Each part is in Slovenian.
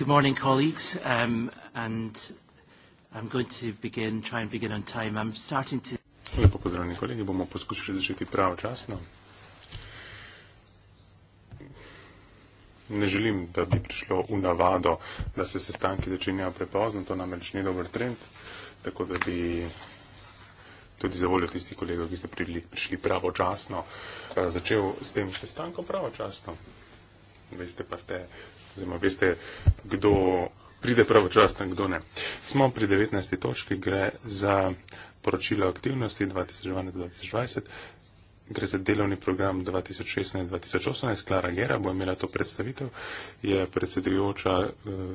Good morning, colleagues. Um, and I'm going to begin, try and begin on time. I'm starting to... Lepo pozdravljeni kolegi, bomo poskušali začeti pravočasno. Ne želim, da bi prišlo v navado, da se sestanki začenjajo prepozno, to namreč ni dober trend, tako da bi tudi za voljo tistih kolegov, ki ste prišli pravočasno, eh, začel s tem sestankom pravočasno. Veste pa ste oziroma veste, kdo pride pravočasno, kdo ne. Smo pri 19. točki, gre za poročilo aktivnosti 2012-2020, gre za delovni program 2016-2018. Klara Gera bo imela to predstavitev, je predsedujoča uh,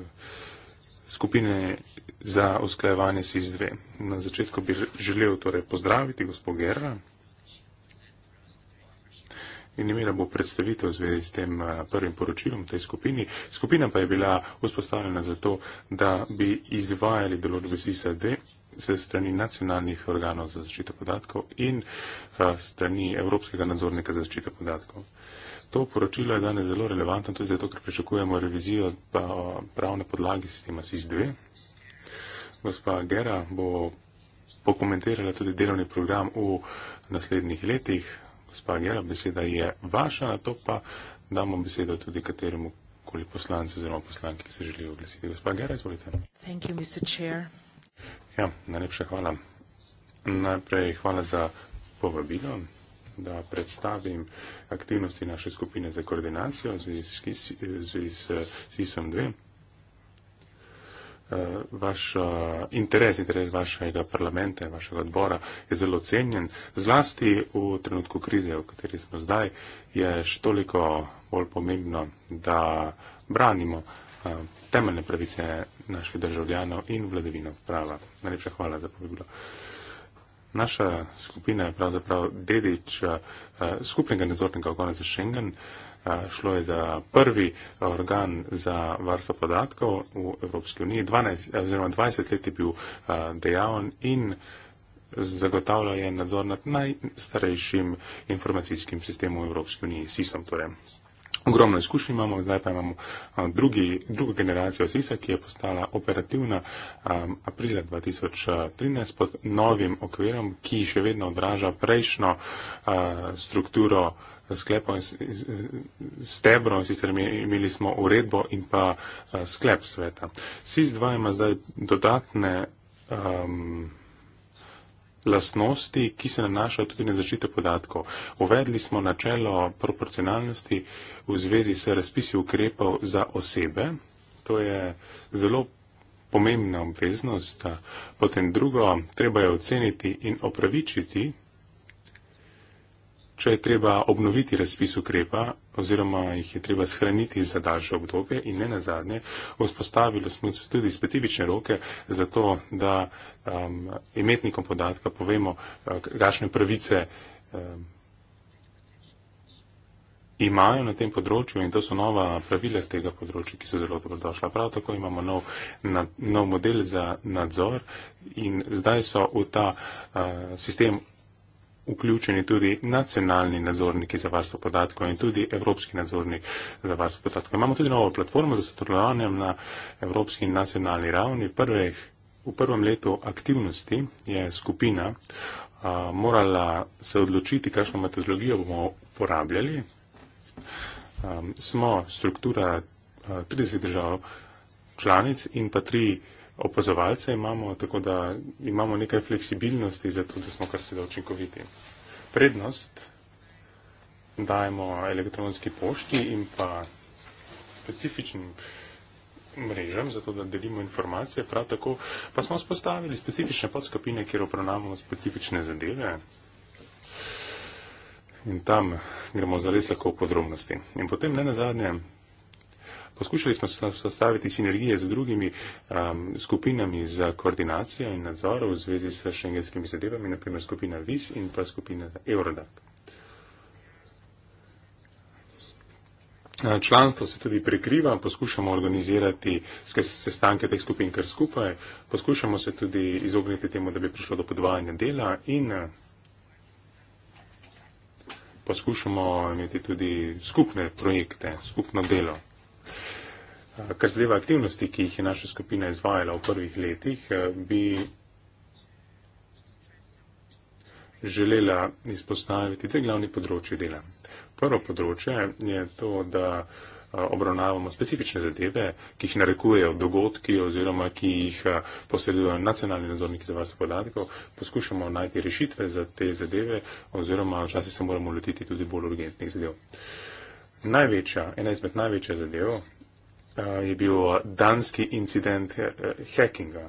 skupine za usklajevanje SIS-2. Na začetku bi želel torej pozdraviti gospod Gera in imela bo predstavitev v zvezi s tem eh, prvim poročilom tej skupini. Skupina pa je bila vzpostavljena zato, da bi izvajali določbe SISA-2 se strani nacionalnih organov za zaščito podatkov in eh, strani Evropskega nadzornika za zaščito podatkov. To poročilo je danes zelo relevantno tudi zato, ker pričakujemo revizijo pravne podlage sistema SIS-2. Gospa Gera bo pokomentirala tudi delovni program v naslednjih letih, gospa Jela, beseda je vaša, na to pa damo besedo tudi kateremu koli poslancu oziroma poslanki, ki se želi oglasiti. Gospa Gera, izvolite. You, ja, najlepša hvala. Najprej hvala za povabilo, da predstavim aktivnosti naše skupine za koordinacijo z SISM 2. Eh, vaš eh, interes, interes vašega parlamenta in vašega odbora je zelo cenjen. Zlasti v trenutku krize, v kateri smo zdaj, je še toliko bolj pomembno, da branimo eh, temeljne pravice naših državljanov in vladavino prava. Najlepša hvala za povedlo. Naša skupina je pravzaprav dedič skupnega nadzornega okona za Schengen šlo je za prvi organ za varstvo podatkov v Evropski uniji. 12, oziroma 20 let je bil dejavn in zagotavlja je nadzor nad najstarejšim informacijskim sistemom v Evropski uniji, SIS-om torej. Ogromno izkušnje imamo, zdaj pa imamo drugi, drugo generacijo SIS-a, ki je postala operativna um, aprila 2013 pod novim okvirom, ki še vedno odraža prejšnjo uh, strukturo uh, sklepom in stebrom, sicer imeli smo uredbo in pa eh, sklep sveta. SIS-2 ima zdaj dodatne um, lasnosti, ki se nanašajo tudi na zaščito podatkov. Uvedli smo načelo proporcionalnosti v zvezi s razpisi ukrepov za osebe. To je zelo pomembna obveznost. Potem drugo, treba je oceniti in opravičiti Če je treba obnoviti razpis ukrepa oziroma jih je treba shraniti za daljše obdobje in ne nazadnje, vzpostavili smo tudi specifične roke za to, da um, imetnikom podatka povemo, uh, kakšne pravice um, imajo na tem področju in to so nova pravila z tega področja, ki so zelo dobrodošla. Prav tako imamo nov, na, nov model za nadzor in zdaj so v ta uh, sistem vključeni tudi nacionalni nadzorniki za varstvo podatkov in tudi evropski nadzornik za varstvo podatkov. Imamo tudi novo platformo za sodelovanje na evropski in nacionalni ravni. Prvih, v prvem letu aktivnosti je skupina a, morala se odločiti, kakšno metodologijo bomo uporabljali. A, smo struktura a, 30 držav članic in pa tri opazovalce imamo, tako da imamo nekaj fleksibilnosti, zato da smo kar se da učinkoviti. Prednost dajemo elektronski pošti in pa specifičnim mrežam, zato da delimo informacije, prav tako pa smo spostavili specifične podskupine, kjer opravnamo specifične zadeve. In tam gremo zares lahko v podrobnosti. In potem ne na zadnje, Poskušali smo sestaviti sinergije z drugimi um, skupinami za koordinacijo in nadzor v zvezi s šengenskimi zadevami, naprimer skupina VIS in pa skupina Eurodac. Uh, članstvo se tudi prekriva, poskušamo organizirati sestanke teh skupin kar skupaj, poskušamo se tudi izogniti temu, da bi prišlo do podvajanja dela in uh, poskušamo imeti tudi skupne projekte, skupno delo. Eh, kar zadeva aktivnosti, ki jih je naša skupina izvajala v prvih letih, eh, bi želela izpostaviti dve glavni področji dela. Prvo področje je to, da eh, obravnavamo specifične zadeve, ki jih narekujejo dogodki oziroma ki jih posredujejo nacionalni nadzorniki za varstvo podatkov. Poskušamo najti rešitve za te zadeve oziroma včasih se moramo lotiti tudi bolj urgentnih zadev. Uh, največja, ena izmed največjih zadev uh, je bil danski incident uh, hackinga.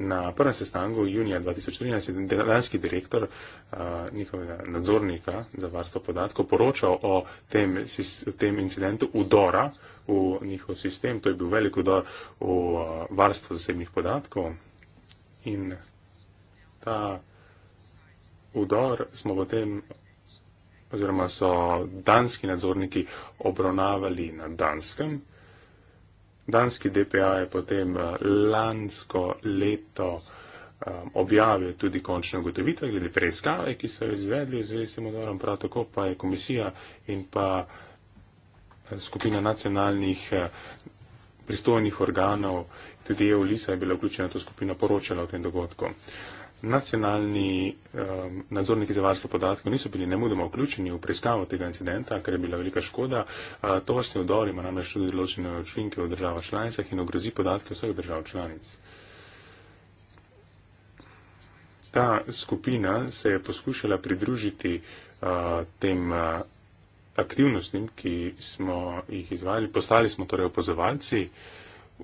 Na prvem sestanku junija 2013 je danski direktor uh, njihovega nadzornika za varstvo podatkov poročal o tem, o tem incidentu udora v njihov sistem. To je bil velik udor v uh, varstvo zasebnih podatkov in ta udor smo potem oziroma so danski nadzorniki obravnavali na danskem. Danski DPA je potem eh, lansko leto eh, objavil tudi končne ugotovitve glede preiskave, ki so jo izvedli v zvezi s tem odorom, prav tako pa je komisija in pa eh, skupina nacionalnih pristojnih organov, tudi EU-LISA je bila vključena v to skupino, poročala o tem dogodku nacionalni um, nadzorniki za varstvo podatkov niso bili nemudoma vključeni v preiskavo tega incidenta, ker je bila velika škoda. Uh, to vrstne vdor ima namreč tudi določene učinke v državah članicah in ogrozi podatke vseh držav članic. Ta skupina se je poskušala pridružiti uh, tem uh, aktivnostim, ki smo jih izvajali. Postali smo torej opozovalci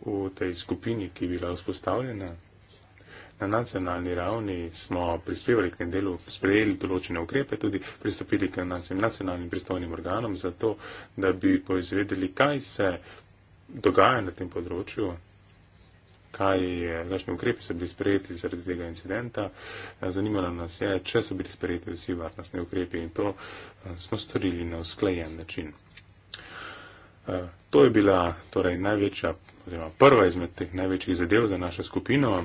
v tej skupini, ki je bila vzpostavljena. Na nacionalni ravni smo prispevali k tem delu, sprejeli določene ukrepe, tudi pristopili k nacionalnim pristojnim organom, zato da bi poizvedeli, kaj se dogaja na tem področju, kaj je, kakšni ukrepi so bili sprejeti zaradi tega incidenta. Zanimalo nas je, če so bili sprejeti vsi varnostni ukrepi in to eh, smo storili na usklajen način. Eh, to je bila torej največja, oziroma prva izmed teh največjih zadev za našo skupino.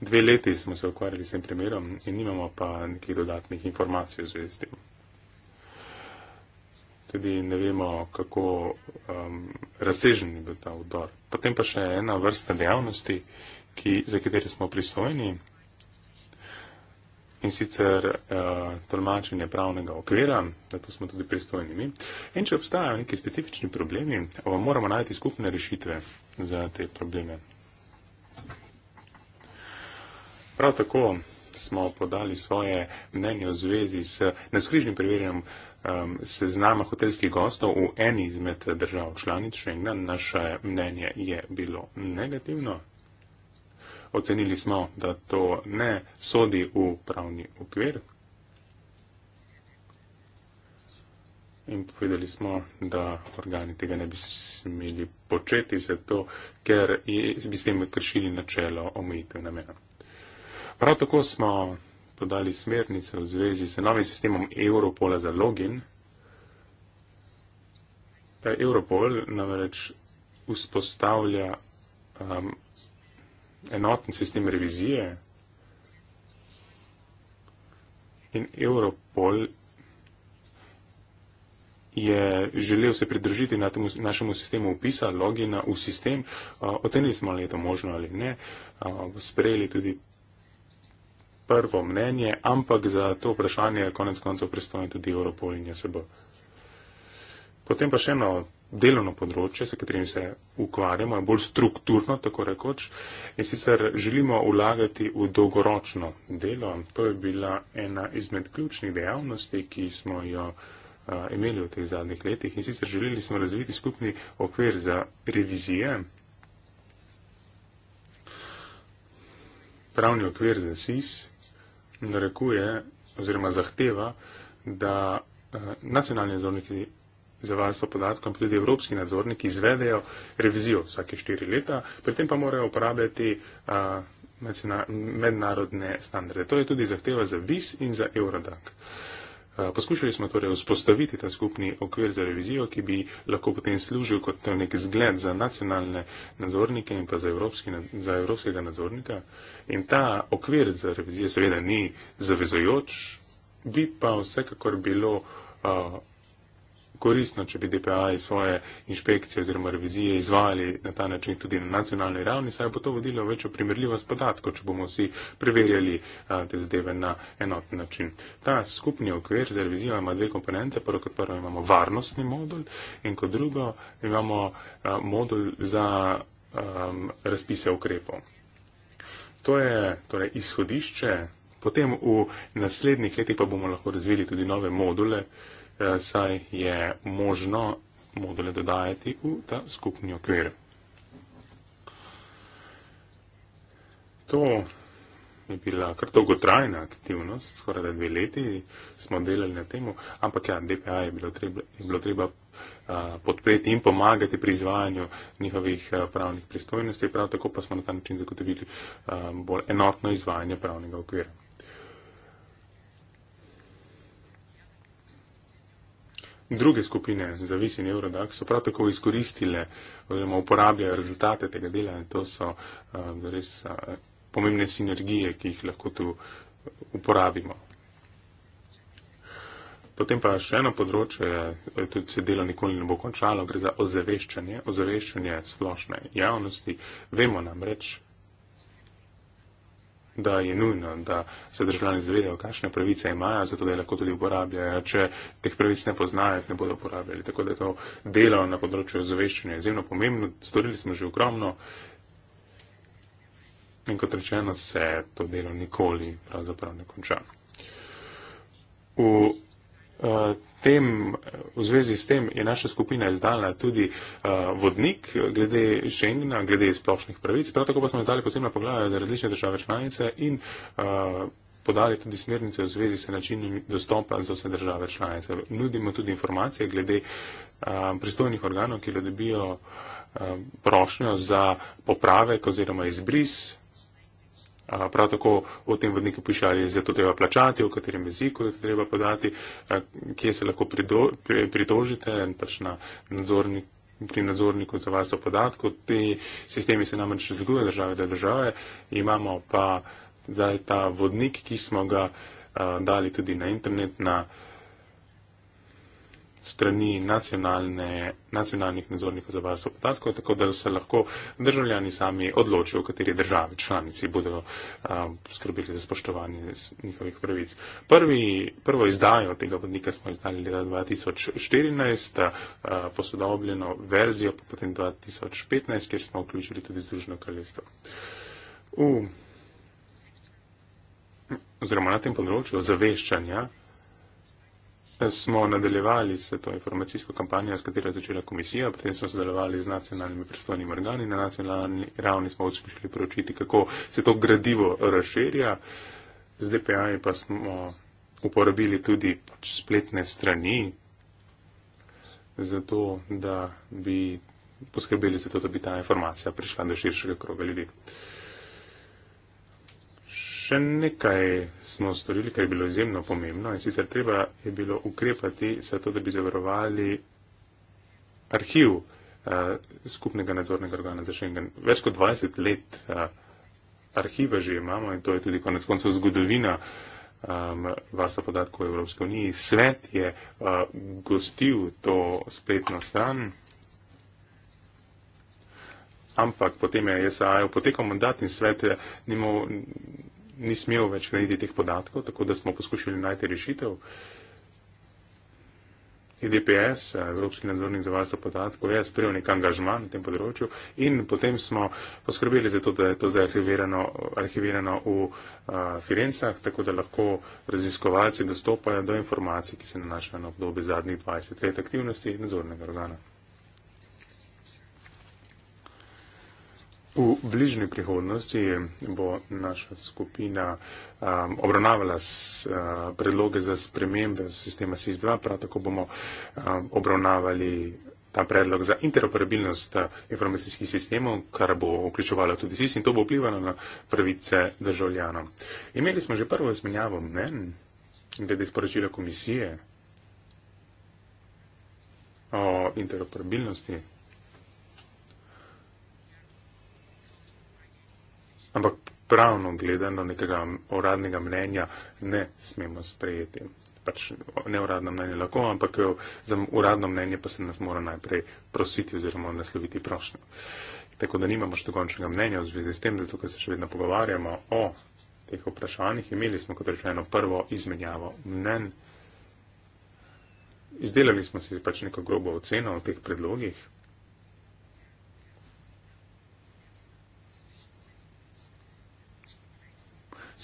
dve leti smo se ukvarjali s tem primerom in nimamo pa nekih dodatnih informacij v zvezi s tem. Tudi ne vemo, kako um, razsežen je bil ta vdor. Potem pa še ena vrsta dejavnosti, ki, za katero smo pristojni in sicer uh, tolmačenje pravnega okvira, da to smo tudi pristojni mi. In če obstajajo neki specifični problemi, moramo najti skupne rešitve za te probleme. Prav tako smo podali svoje mnenje v zvezi s naskrižnim preverjanjem um, seznama hotelskih gostov v eni izmed držav članic. Še eno naše mnenje je bilo negativno. Ocenili smo, da to ne sodi v pravni okvir. In povedali smo, da organi tega ne bi smeli početi, zato, ker bi s tem kršili načelo omejitev namena. Prav tako smo podali smernice v zvezi s novim sistemom Europola za login. E, Europol namreč vzpostavlja um, enoten sistem revizije in Europol je želel se pridružiti na temu, našemu sistemu upisa, logina v sistem. Uh, ocenili smo, ali je to možno ali ne. Uh, sprejeli tudi prvo mnenje, ampak za to vprašanje je konec koncev pristojen tudi Europol in JSB. Potem pa še eno delovno področje, s katerim se ukvarjamo, je bolj strukturno, tako rekoč, in sicer želimo ulagati v dolgoročno delo. To je bila ena izmed ključnih dejavnosti, ki smo jo eh, imeli v teh zadnjih letih in sicer želeli smo razviti skupni okvir za revizije, pravni okvir za SIS narekuje oziroma zahteva, da eh, nacionalni nadzorniki za varstvo podatkov in tudi evropski nadzorniki izvedejo revizijo vsake štiri leta, pri tem pa morajo uporabljati eh, mednarodne standarde. To je tudi zahteva za VIS in za Eurodac. Eh, poskušali smo torej vzpostaviti ta skupni okvir za revizijo, ki bi lahko potem služil kot nek zgled za nacionalne nadzornike in pa za, evropski, za evropskega nadzornika. In ta okvir za revizijo seveda ni zavezojoč, bi pa vsekakor bilo eh, koristno, če bi DPA-ji svoje inšpekcije oziroma revizije izvali na ta način tudi na nacionalni ravni, saj bo to vodilo večjo primerljivost podatkov, če bomo vsi preverjali a, te zadeve na enoten način. Ta skupni okvir za revizijo ima dve komponente. Prvo kot prvo imamo varnostni modul in kot drugo imamo a, modul za a, razpise ukrepov. To je torej, izhodišče. Potem v naslednjih letih pa bomo lahko razvili tudi nove module, uh, Eh, saj je možno module dodajati v ta skupni okvir. To je bila kar dolgotrajna aktivnost, skoraj da dve leti smo delali na temu, ampak ja, DPA je bilo treba, je bilo treba a, eh, podpreti in pomagati pri izvajanju njihovih a, eh, pravnih pristojnosti, prav tako pa smo na ta način zagotovili a, bolj enotno izvajanje pravnega okvira. druge skupine za visi neurodak so prav tako izkoristile oziroma uporabljajo rezultate tega dela in to so uh, res uh, pomembne sinergije, ki jih lahko tu eh, uporabimo. Potem pa še eno področje, tudi se delo nikoli ne bo končalo, gre za ozaveščanje, ozaveščanje splošne javnosti. Vemo namreč, da je nujno, da se državljani zavedajo, kakšne pravice imajo, zato da je lahko tudi uporabljajo. Če teh pravic ne poznajo, ne bodo uporabljali. Tako da je to delo na področju ozaveščanja izjemno pomembno. Storili smo že ogromno. In kot rečeno, se to delo nikoli pravzaprav ne konča. V Eh, tem, v zvezi s tem je naša skupina izdala tudi uh, vodnik glede Schengena, glede splošnih pravic. Prav tako pa smo izdali posebna poglavja za različne države članice in uh, podali tudi smernice v zvezi s načinom dostopa za vse države članice. Nudimo tudi informacije glede uh, pristojnih organov, ki le dobijo uh, prošnjo za popravek oziroma izbris uh, Prav tako v tem vodniku piše, ali je za to treba plačati, v katerem jeziku je to treba podati, kje se lahko prido, pri, pritožite pač na nadzornik, pri nadzorniku za vaso podatkov. Ti sistemi se namreč razlikuje države do države. Imamo pa zdaj ta vodnik, ki smo ga a, dali tudi na internet, na a, strani nacionalnih nadzornikov za varstvo podatkov, tako da se lahko državljani sami odločijo, v kateri državi članici bodo uh, skrbeli za spoštovanje njihovih pravic. Prvi, prvo izdajo tega vodnika smo izdali leta 2014, uh, posodobljeno verzijo pa potem 2015, kjer smo vključili tudi Združeno kraljestvo. Oziroma na tem področju zaveščanja smo nadaljevali s to informacijsko kampanjo, s katero je začela komisija, potem smo sodelovali z nacionalnimi predstavnimi organi, na nacionalni ravni smo uspešili preučiti, kako se to gradivo razširja. Z DPA-ji pa smo uporabili tudi pač spletne strani, zato da bi poskrbeli za to, da bi ta informacija prišla do širšega kroga ljudi še nekaj smo storili, kar je bilo izjemno pomembno in sicer treba je bilo ukrepati za to, da bi zavarovali arhiv uh, skupnega nadzornega organa za Schengen. Več kot 20 let uh, arhiva že imamo in to je tudi konec koncev zgodovina um, varstva podatkov v Evropske unije. Svet je uh, gostil to spletno stran. Ampak potem je SAA potekal mandat in svet je nimal ni smel več krediti teh podatkov, tako da smo poskušali najti rešitev. EDPS, Evropski nadzornik za varstvo podatkov, je sprejel nek angažman na tem področju in potem smo poskrbeli za to, da je to zdaj arhivirano, arhivirano v a, Firencah, tako da lahko raziskovalci dostopajo do informacij, ki se nanašajo na obdobje zadnjih 20 let aktivnosti nadzornega organa. V bližnji prihodnosti bo naša skupina um, obravnavala s, uh, predloge za spremembe sistema SIS-2, prav tako bomo um, obravnavali ta predlog za interoperabilnost uh, informacijskih sistemov, kar bo vključevalo tudi SIS in to bo vplivalo na pravice državljanov. Imeli smo že prvo izmenjavo mnen glede sporočila komisije o interoperabilnosti ampak pravno gledano nekega uradnega mnenja ne smemo sprejeti. Pač ne uradno mnenje lahko, ampak jo, eh, za uradno mnenje pa se nas mora najprej prositi oziroma nasloviti prošnjo. Tako da nimamo še dokončnega mnenja v zvezi s tem, da tukaj se še vedno pogovarjamo o teh vprašanjih. Imeli smo, kot rečeno, prvo izmenjavo mnen. Izdelali smo si pač neko grobo oceno o teh predlogih.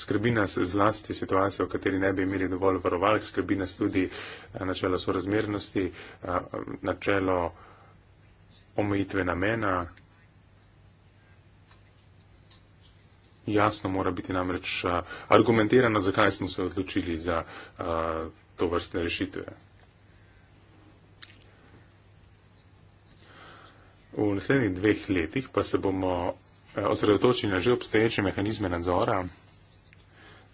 skrbi nas zlasti situacija, v kateri ne bi imeli dovolj varovalk, skrbi nas tudi eh, načelo sorazmernosti, eh, načelo omejitve namena. Jasno mora biti namreč eh, argumentirano, zakaj smo se odločili za to vrstne rešitve. V naslednjih dveh letih pa se bomo osredotočili na že obstoječe mehanizme nadzora,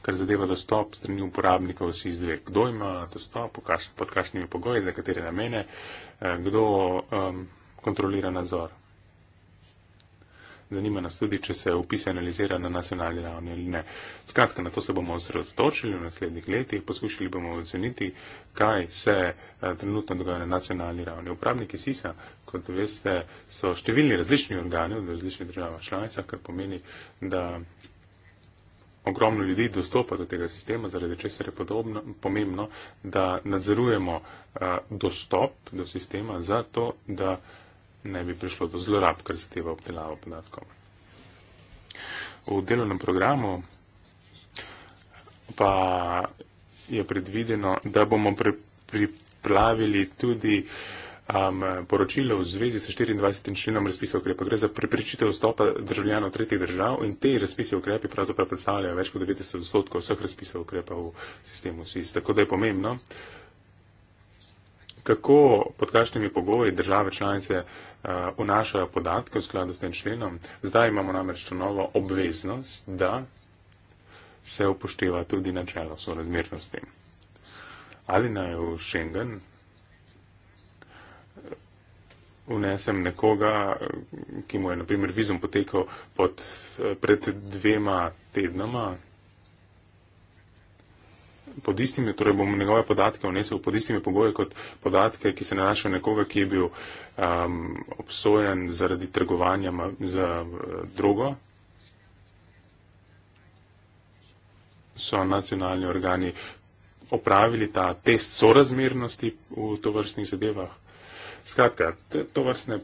kar zadeva dostop strani uporabnikov, si izve, kdo ima dostop, pod kakšnimi pogoji, za katere namene, eh, kdo um, kontrolira nadzor. Zanima nas tudi, če se upis analizira na nacionalni ravni ali ne. Skratka, na to se bomo osredotočili v naslednjih letih, poskušali bomo oceniti, kaj se eh, trenutno dogaja na nacionalni ravni. Upravniki SISA, kot veste, so številni različni organi v različnih državah članicah, kar pomeni, da ogromno ljudi dostopa do tega sistema, zaradi česar je podobno, pomembno, da nadzorujemo uh, dostop do sistema za to, da ne bi prišlo do zlorab, kar se teva obdelava podatkov. V delovnem programu pa je predvideno, da bomo pri, priplavili tudi uh, um, poročilo v zvezi s 24. členom razpisa ukrepa. Gre za preprečitev vstopa državljanov tretjih držav in te razpise ukrepi pravzaprav predstavljajo več kot 90 odstotkov vseh razpisov ukrepa v sistemu SIS. Tako da je pomembno, kako pod kakšnimi pogoji države članice eh, vnašajo uh, podatke v skladu s tem členom. Zdaj imamo namreč to novo obveznost, da se upošteva tudi načelo sorazmernosti. Ali naj v Schengen unesem nekoga, ki mu je, na primer, vizum potekal pod, pred dvema tednoma, pod istimi, torej bom njegove podatke unesel pod istimi pogoji kot podatke, ki se nanašajo nekoga, ki je bil um, obsojen zaradi trgovanja z uh, drogo. So nacionalni organi opravili ta test sorazmernosti v tovrstnih zadevah? Skratka, to vrstne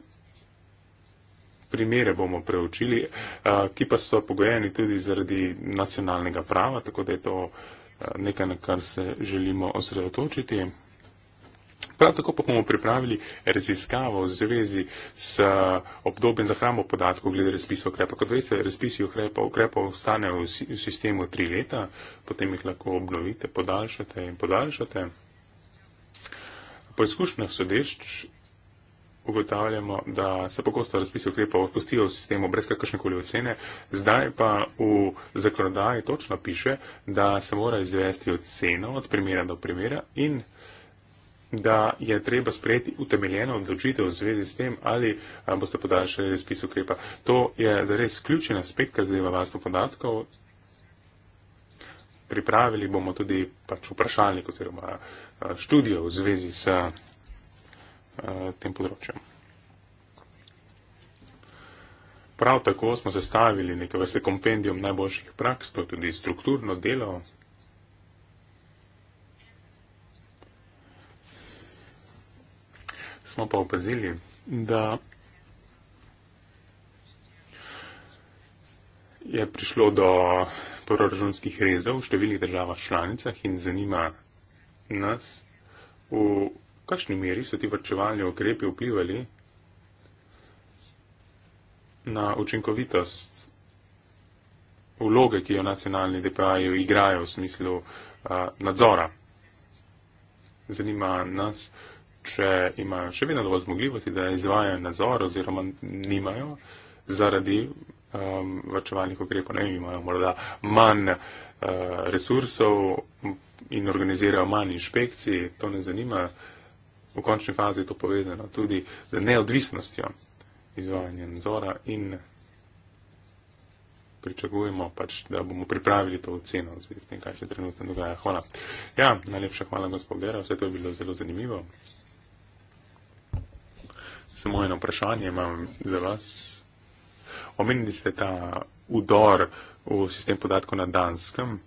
primere bomo preučili, eh, ki pa so pogojeni tudi zaradi nacionalnega prava, tako da je to eh, nekaj, na kar se želimo osredotočiti. Prav tako pa bomo pripravili raziskavo v zvezi s eh, obdobjem za hrambo podatkov glede razpisov ukrepov. Kot veste, razpisi ukrepov, ukrepov ostanejo v sistemu tri leta, potem jih lahko obnovite, podaljšate in podaljšate. Po izkušnjah sodeč ugotavljamo, da se pogosto razpis ukrepov odpustijo v sistemu brez kakršne koli ocene, zdaj pa v zakonodaji točno piše, da se mora izvesti oceno od primera do primera in da je treba sprejeti utemeljeno odločitev v zvezi s tem, ali boste podaljšali razpis ukrepa. To je zares ključen aspekt, kar zadeva varstvo podatkov. Pripravili bomo tudi pač vprašalnik oziroma študijo v zvezi s Eh, tem področju. Prav tako smo sestavili nekaj vrste kompendijum najboljših praks, to je tudi strukturno delo. Smo pa opazili, da je prišlo do proračunskih rezov v številnih državah članicah in zanima nas v V kakšni meri so ti vrčevalni ukrepi vplivali na učinkovitost vloge, ki jo nacionalni DPA-ji igrajo v smislu a, nadzora? Zanima nas, če imajo še vedno dovolj zmogljivosti, da izvajajo nadzor oziroma nimajo zaradi um, vrčevalnih ukrepov. Ne vem, imajo morda manj uh, resursov in organizirajo manj inšpekcij. To ne zanima. Uh, v končni fazi to povezano tudi z neodvisnostjo izvajanja nadzora in pričakujemo pač, da bomo pripravili to oceno v zvezi s tem, kaj se trenutno dogaja. Hvala. Ja, najlepša hvala, gospod Gera, vse to je bilo zelo zanimivo. Samo eno vprašanje imam za vas. Omenili ste ta udor v sistem podatkov na Danskem,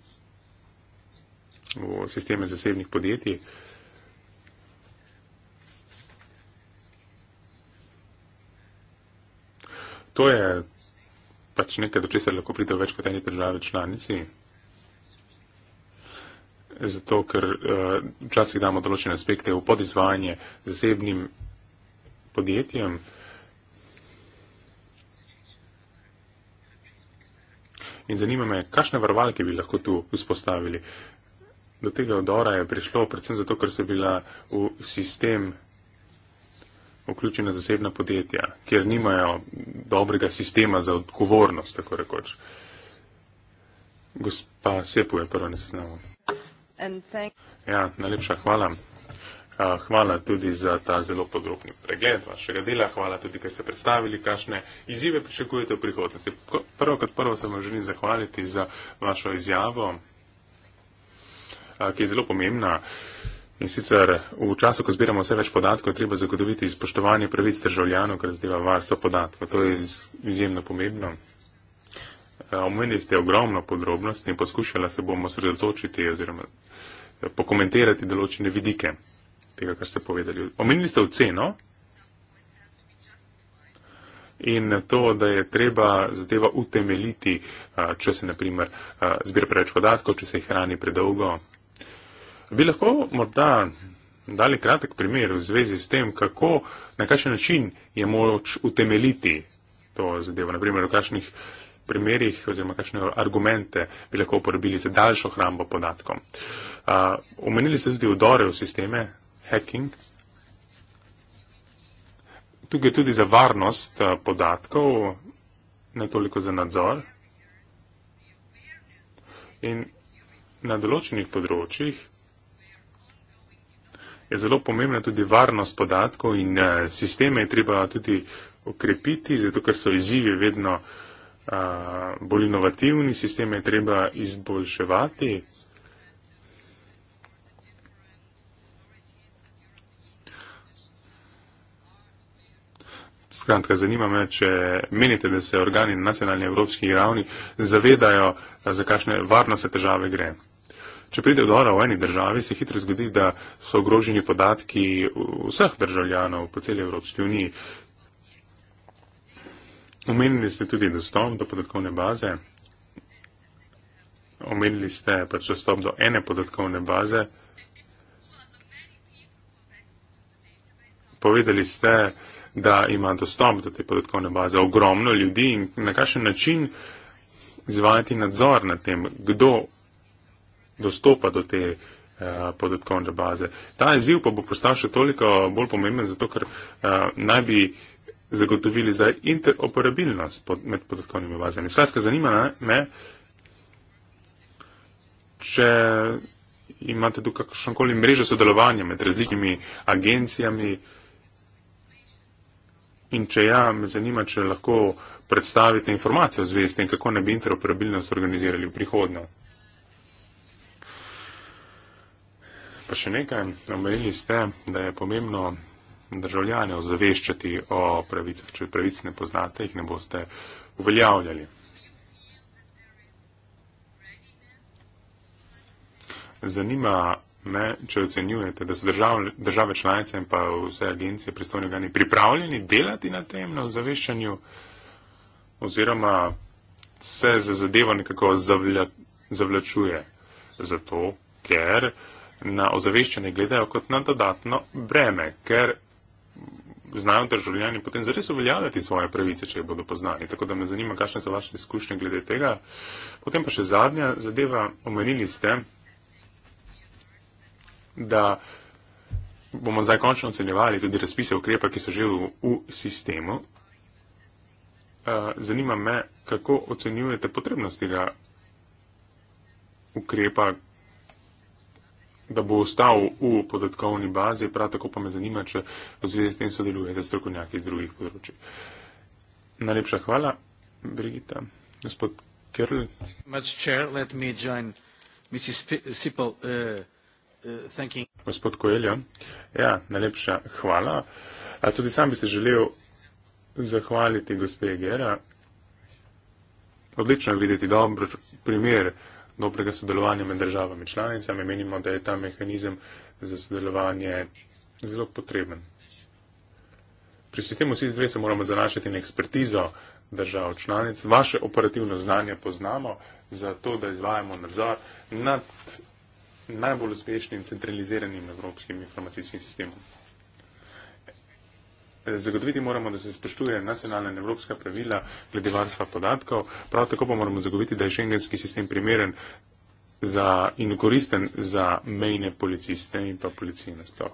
v sisteme zasebnih podjetij. to je pač nekaj, do česar lahko pride več kot eni države članici. Zato, ker uh, včasih damo določene aspekte v podizvajanje zasebnim podjetjem. In zanima me, kakšne varovalke bi lahko tu vzpostavili. Do tega odora je prišlo predvsem zato, ker so bila v sistem vključena zasebna podjetja, kjer nimajo dobrega sistema za odgovornost, tako rekoč. Gospa Sepu je prva na seznamu. Ja, najlepša hvala. Hvala tudi za ta zelo podrobni pregled vašega dela. Hvala tudi, ker ste predstavili, kakšne izzive pričakujete v prihodnosti. Prvo kot prvo se vam želim zahvaliti za vašo izjavo, ki je zelo pomembna. In sicer v času, ko zbiramo vse več podatkov, je treba zagotoviti spoštovanje pravic državljanov, kar zadeva varstvo podatkov. To je izjemno pomembno. Eh, omenili ste ogromno podrobnosti in poskušala se bomo sredotočiti oziroma eh, pokomentirati določene vidike tega, kar ste povedali. Omenili ste oceno in to, da je treba zadeva utemeliti, eh, če se naprimer zbira preveč podatkov, če se jih hrani predolgo. Bi lahko morda dali kratek primer v zvezi s tem, kako, na kakšen način je moč utemeliti to zadevo, naprimer v kakšnih primerih oziroma kakšne argumente bi lahko uporabili za daljšo hrambo podatkom. Omenili uh, ste tudi vdore v sisteme, hacking. Tukaj tudi za varnost podatkov, ne toliko za nadzor. In na določenih področjih je zelo pomembna tudi varnost podatkov in eh, sisteme je treba tudi okrepiti, zato ker so izzivi vedno eh, bolj inovativni, sisteme je treba izboljševati. Skratka, zanima me, če menite, da se organi na nacionalni evropski ravni zavedajo, za kakšne varnostne težave gre če pride do ora v eni državi, se hitro zgodi, da so ogroženi podatki vseh državljanov po celi Evropski uniji. Omenili ste tudi dostop do podatkovne baze. Omenili ste pač dostop do ene podatkovne baze. Povedali ste, da ima dostop do te podatkovne baze ogromno ljudi in na kakšen način izvajati nadzor nad tem, kdo dostopa do te eh, podatkovne baze. Ta izziv pa bo postal še toliko bolj pomemben, zato ker eh, naj bi zagotovili zdaj interoperabilnost med podatkovnimi bazami. Skratka, zanima me, če imate tu kakšnokoli mrežo sodelovanja med različnimi agencijami in če ja, me zanima, če lahko predstavite informacije o zvezi s tem, kako ne bi interoperabilnost organizirali v prihodnosti. Pa še nekaj, omenili ste, da je pomembno državljane ozaveščati o pravicah. Če pravic ne poznate, jih ne boste uveljavljali. Zanima me, če ocenjujete, da so države, države članice in pa vse agencije pristojnega ni pripravljeni delati na tem, na ozaveščanju, oziroma se za zadevo nekako zavlja, zavlačuje zato, ker uh, na ozaveščene gledajo kot na dodatno breme, ker znajo državljani potem zares uveljavljati svoje pravice, če jih bodo poznali. Tako da me zanima, kakšne so vaše izkušnje glede tega. Potem pa še zadnja zadeva, omenili ste, da bomo zdaj končno ocenjevali tudi razpise ukrepa, ki so že v, v sistemu. Eh, zanima me, kako ocenjujete potrebnost tega ukrepa, da bo ostal v podatkovni bazi, prav tako pa me zanima, če v zvezi s tem sodelujete strokovnjaki iz drugih področij. Najlepša hvala, Brigita. Gospod Kerl. Chair, join, Sipel, uh, uh, Gospod Koelja, ja, najlepša hvala. A tudi sam bi se želel zahvaliti gospe Gera. Odlično je videti dober primer uh, dobrega sodelovanja med državami članicami, menimo, da je ta mehanizem za sodelovanje zelo potreben. Pri sistemu SIS-2 se moramo zanašati na ekspertizo držav članic. Vaše operativno znanje poznamo za to, da izvajamo nadzor nad najbolj uspešnim centraliziranim evropskim informacijskim sistemom. Zagotoviti moramo, da se spoštuje nacionalna in evropska pravila glede varstva podatkov. Prav tako pa moramo zagotoviti, da je šengenski sistem primeren za, in koristen za mejne policiste in pa policijne stov.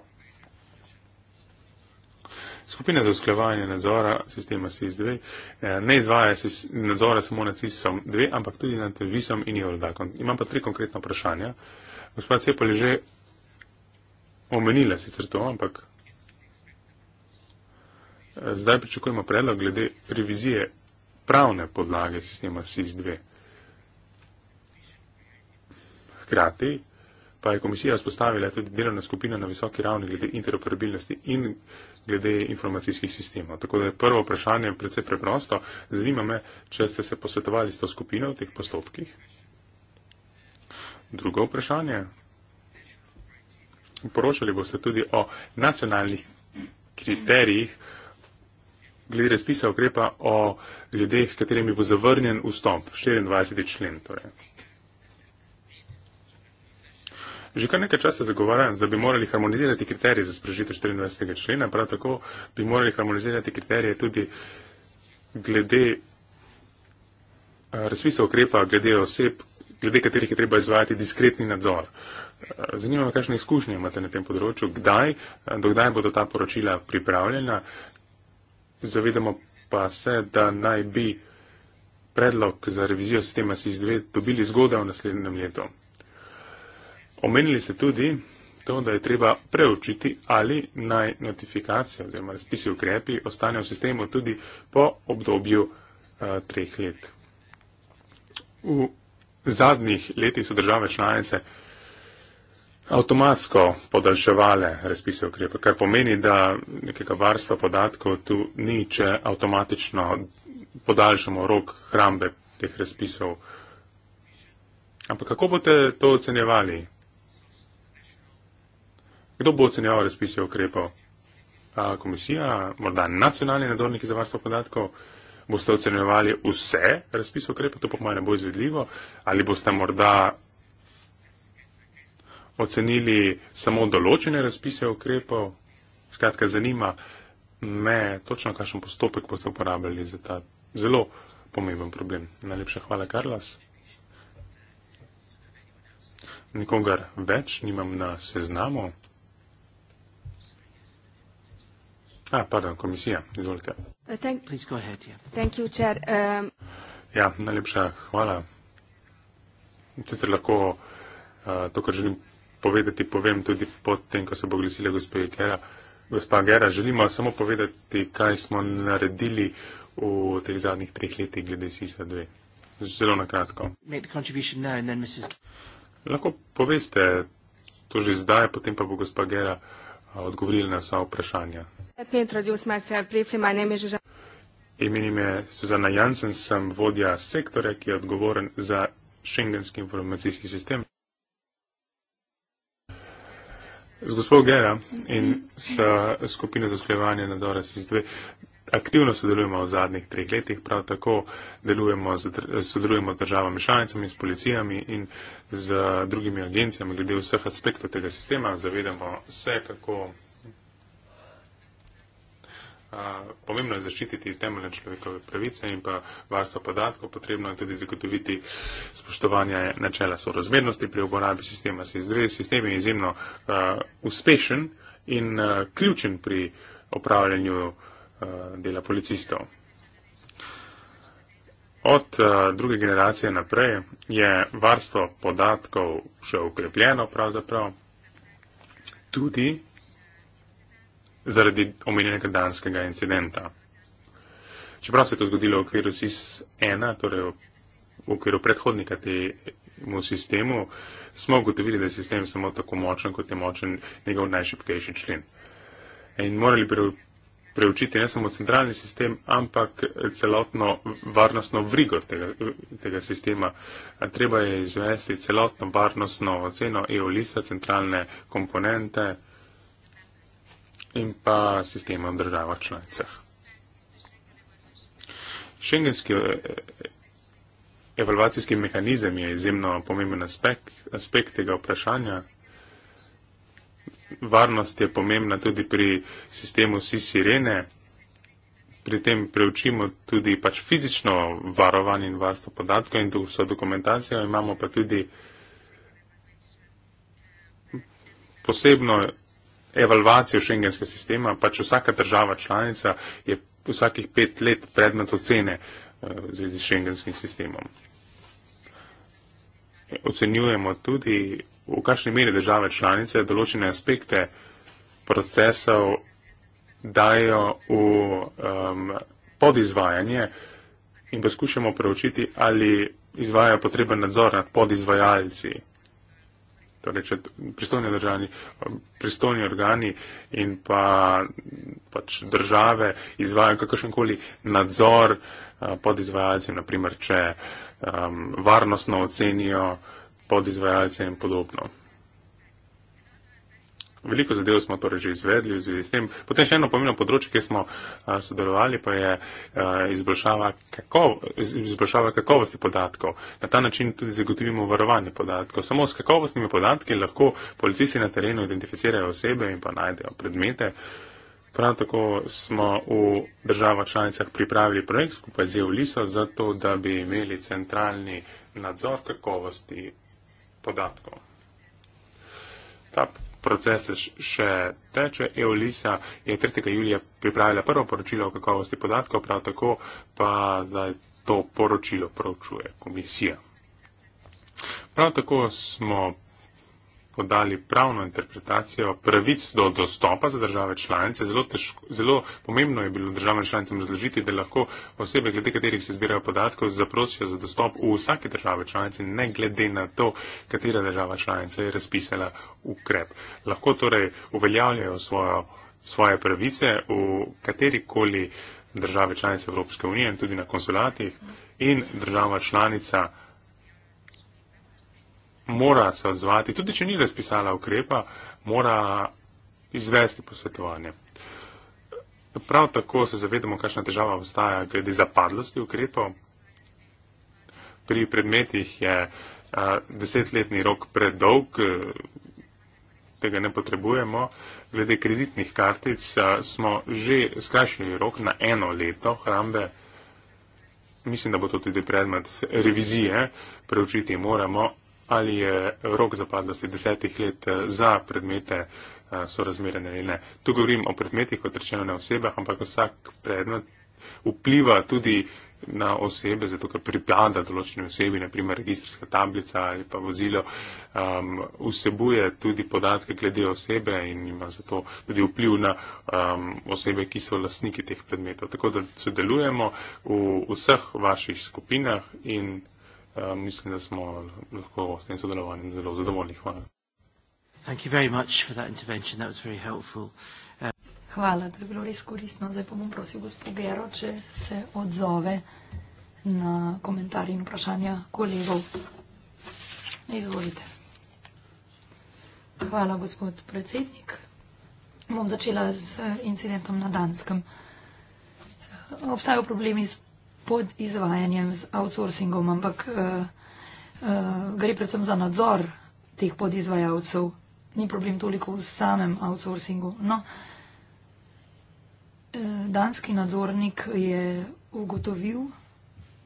Skupina za usklevanje nadzora sistema SIS-2 eh, ne izvaja nadzora samo nad SIS-om 2, ampak tudi nad VIS-om in Eurodacom. Imam pa tri konkretna vprašanja. Gospod Cepol je že omenila sicer to, ampak Zdaj pričakujemo predlog glede revizije pravne podlage sistema SIS-2. Hkrati pa je komisija spostavila tudi delovna skupina na visoki ravni glede interoperabilnosti in glede informacijskih sistemov. Tako da je prvo vprašanje predvsej preprosto. Zanima me, če ste se posvetovali s to skupino v teh postopkih. Drugo vprašanje. Poročali boste tudi o nacionalnih kriterijih, glede razpisa ukrepa o ljudeh, katerim bo zavrnjen vstop, 24. člen. Torej. Že kar nekaj časa zagovarjam, da bi morali harmonizirati kriterije za sprežitev 24. člena, prav tako bi morali harmonizirati kriterije tudi glede eh, razpisa ukrepa, glede oseb, glede katerih je treba izvajati diskretni nadzor. Eh, zanima me, kakšne izkušnje imate na tem področju, kdaj, eh, dokdaj bodo ta poročila pripravljena, Zavedamo pa se, da naj bi predlog za revizijo sistema SIS-2 dobili zgodaj v naslednjem letu. Omenili ste tudi to, da je treba preučiti, ali naj notifikacije oziroma razpisi ukrepi ostanejo v sistemu tudi po obdobju a, eh, treh let. V zadnjih letih so države članice avtomatsko podaljševale razpise ukrepe, kar pomeni, da nekega varstva podatkov tu ni, če avtomatično podaljšamo rok hrambe teh razpisov. Ampak kako boste to ocenjevali? Kdo bo ocenjeval razpise ukrepov? Komisija, morda nacionalni nadzorniki za varstvo podatkov, boste ocenjevali vse razpise ukrepov, to pa malo ne bo izvedljivo, ali boste morda ocenili samo določene razpise ukrepov. Skratka, zanima me točno, kakšen postopek boste uporabljali za ta zelo pomemben problem. Najlepša hvala, Karlas. Nikogar več nimam na seznamu. A, pardon, komisija, izvolite. Uh, um, ja, najlepša hvala. Sicer lahko uh, to, kar želim povedati, povem tudi potem, ko se bo glasila gospod Gera. Gospa Gera, želimo samo povedati, kaj smo naredili v teh zadnjih treh letih glede SISA 2. Zelo na kratko. Lahko poveste to že zdaj, potem pa bo gospa Gera odgovorila na vsa vprašanja. Imen ime je Suzana Jansen, sem vodja sektora, ki je odgovoren za šengenski informacijski sistem. Z gospod Gera in s skupino za uslevanje nadzora SIS-2 aktivno sodelujemo v zadnjih treh letih, prav tako sodelujemo z državami članicami, s policijami in z drugimi agencijami glede vseh aspektov tega sistema. Zavedamo se, kako pomembno je zaščititi temeljne človekove pravice in pa varstvo podatkov, potrebno je tudi zagotoviti spoštovanje načela sorozmernosti pri uporabi sistema SIS-2. Sistem je izjemno uh, uspešen in uh, ključen pri opravljanju uh, dela policistov. Od uh, druge generacije naprej je varstvo podatkov še ukrepljeno pravzaprav. Tudi zaradi omenjenega danskega incidenta. Čeprav se je to zgodilo v okviru SIS-1, torej v okviru predhodnika temu sistemu, smo ugotovili, da je sistem samo tako močen, kot je močen njegov najšipkejši člen. In morali bi preučiti ne samo centralni sistem, ampak celotno varnostno vrigo tega, tega sistema. Treba je izvesti celotno varnostno oceno EOLISA, centralne komponente in pa sistema v državah članicah. Šengenski eh, evalvacijski mehanizem je izjemno pomemben aspekt, aspekt tega vprašanja. Varnost je pomembna tudi pri sistemu SIS-sirene. Pri tem preučimo tudi pač fizično varovanje in varstvo podatkov in vso dokumentacijo. Imamo pa tudi posebno evalvacijo šengenskega sistema, pač vsaka država članica je vsakih pet let predmet ocene eh, v zvezi s šengenskim sistemom. Ocenjujemo tudi, v kakšni meri države članice določene aspekte procesov dajo v um, podizvajanje in poskušamo preučiti, ali izvajajo potreben nadzor nad podizvajalci torej če pristojni državni, pristojni organi in pa pač države izvajo kakršenkoli nadzor eh, pod izvajalcem, naprimer, če um, varnostno ocenijo pod izvajalcem in podobno. Veliko zadev smo torej že izvedli v zvezi s tem. Potem še eno pomembno področje, kjer smo a, sodelovali, pa je a, izboljšava, kakov, izboljšava kakovosti podatkov. Na ta način tudi zagotovimo varovanje podatkov. Samo s kakovostnimi podatki lahko policisti na terenu identificirajo osebe in pa najdejo predmete. Prav tako smo v državah članicah pripravili projekt skupaj z EULISO, zato da bi imeli centralni nadzor kakovosti podatkov. Tap proces še teče. EOLISA je 3. julija pripravila prvo poročilo o kakovosti podatkov, prav tako pa zdaj to poročilo proučuje komisija. Prav tako smo podali pravno interpretacijo pravic do dostopa za države članice. Zelo, težko, zelo pomembno je bilo državam članicam razložiti, da lahko osebe, glede katerih se zbirajo podatkov, zaprosijo za dostop v vsake države članice, ne glede na to, katera država članica je razpisala ukrep. Lahko torej uveljavljajo svojo, svoje pravice v katerikoli države članice Evropske unije in tudi na konsulatih in država članica mora se odzvati, tudi če ni razpisala ukrepa, mora izvesti posvetovanje. Prav tako se zavedamo, kakšna težava obstaja glede zapadlosti ukrepov. Pri predmetih je a, desetletni rok predolg, e, tega ne potrebujemo. Glede kreditnih kartic a, smo že skrašili rok na eno leto hrambe. Mislim, da bo to tudi predmet revizije, preučiti moramo, ali je rok zapadlosti desetih let eh, za predmete eh, sorazmeren ali ne. Tu govorim o predmetih, kot rečeno na osebah, ampak vsak predmet vpliva tudi na osebe, zato ker pripada določeni osebi, naprimer registrska tablica ali pa vozilo, um, vsebuje tudi podatke glede osebe in ima zato tudi vpliv na um, osebe, ki so lastniki teh predmetov. Tako da sodelujemo v vseh vaših skupinah in Eh, mislim, da smo lahko s tem sodelovanjem zelo zadovoljni. Hvala. Eh, Hvala, to je bilo res koristno. Zdaj pa bom prosil gospod Gero, če se odzove na komentarje in vprašanja kolegov. Izvolite. Hvala, gospod predsednik. Bom začela z eh, incidentom na Danskem. Obstajajo problemi s pod izvajanjem z outsourcingom, ampak uh, uh, gre predvsem za nadzor teh podizvajalcev. Ni problem toliko v samem outsourcingu. No, eh, danski nadzornik je ugotovil,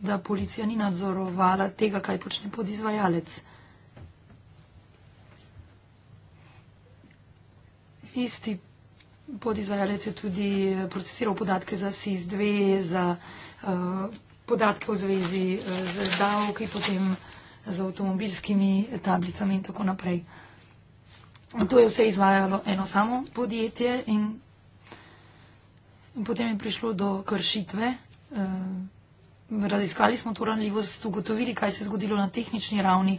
da policija ni nadzorovala tega, kaj počne podizvajalec. Isti podizvajalec je tudi procesiral podatke za SIS-2, za Eh, podatke v zvezi eh, z davki, potem z avtomobilskimi tablicami in tako naprej. To je vse izvajalo eno samo podjetje in, in potem je prišlo do kršitve. Eh, raziskali smo to ranljivost, ugotovili, kaj se je zgodilo na tehnični ravni.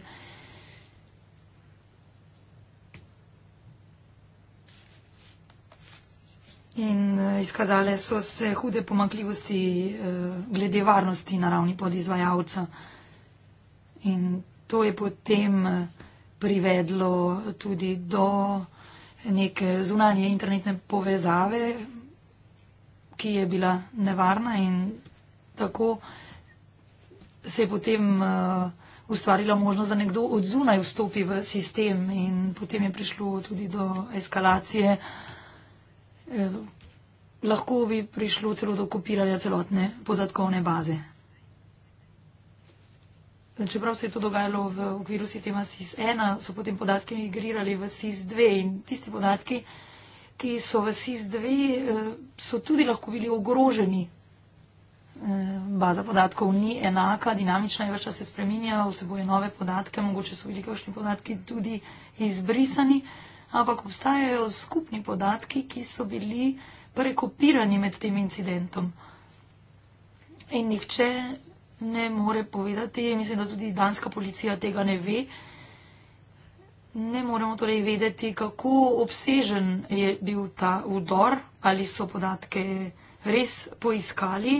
in eh, izkazale so se hude pomakljivosti eh, glede varnosti na ravni podizvajalca. In to je potem eh, privedlo tudi do neke zunanje internetne povezave, ki je bila nevarna in tako se je potem ustvarila možnost, da nekdo od zunaj vstopi v sistem in potem je prišlo tudi do eskalacije uh, Eh, lahko bi prišlo celo do kopiranja celotne podatkovne baze. Čeprav se je to dogajalo v okviru sistema SIS-1, so potem podatke migrirali v SIS-2 in tisti podatki, ki so v SIS-2, eh, so tudi lahko bili ogroženi. Eh, baza podatkov ni enaka, dinamična je, vrča se spreminja, vseboje nove podatke, mogoče so bili kakšni podatki tudi izbrisani ampak obstajajo skupni podatki, ki so bili prekopirani med tem incidentom. In nihče ne more povedati, mislim, da tudi danska policija tega ne ve. Ne moremo torej vedeti, kako obsežen je bil ta vdor, ali so podatke res poiskali,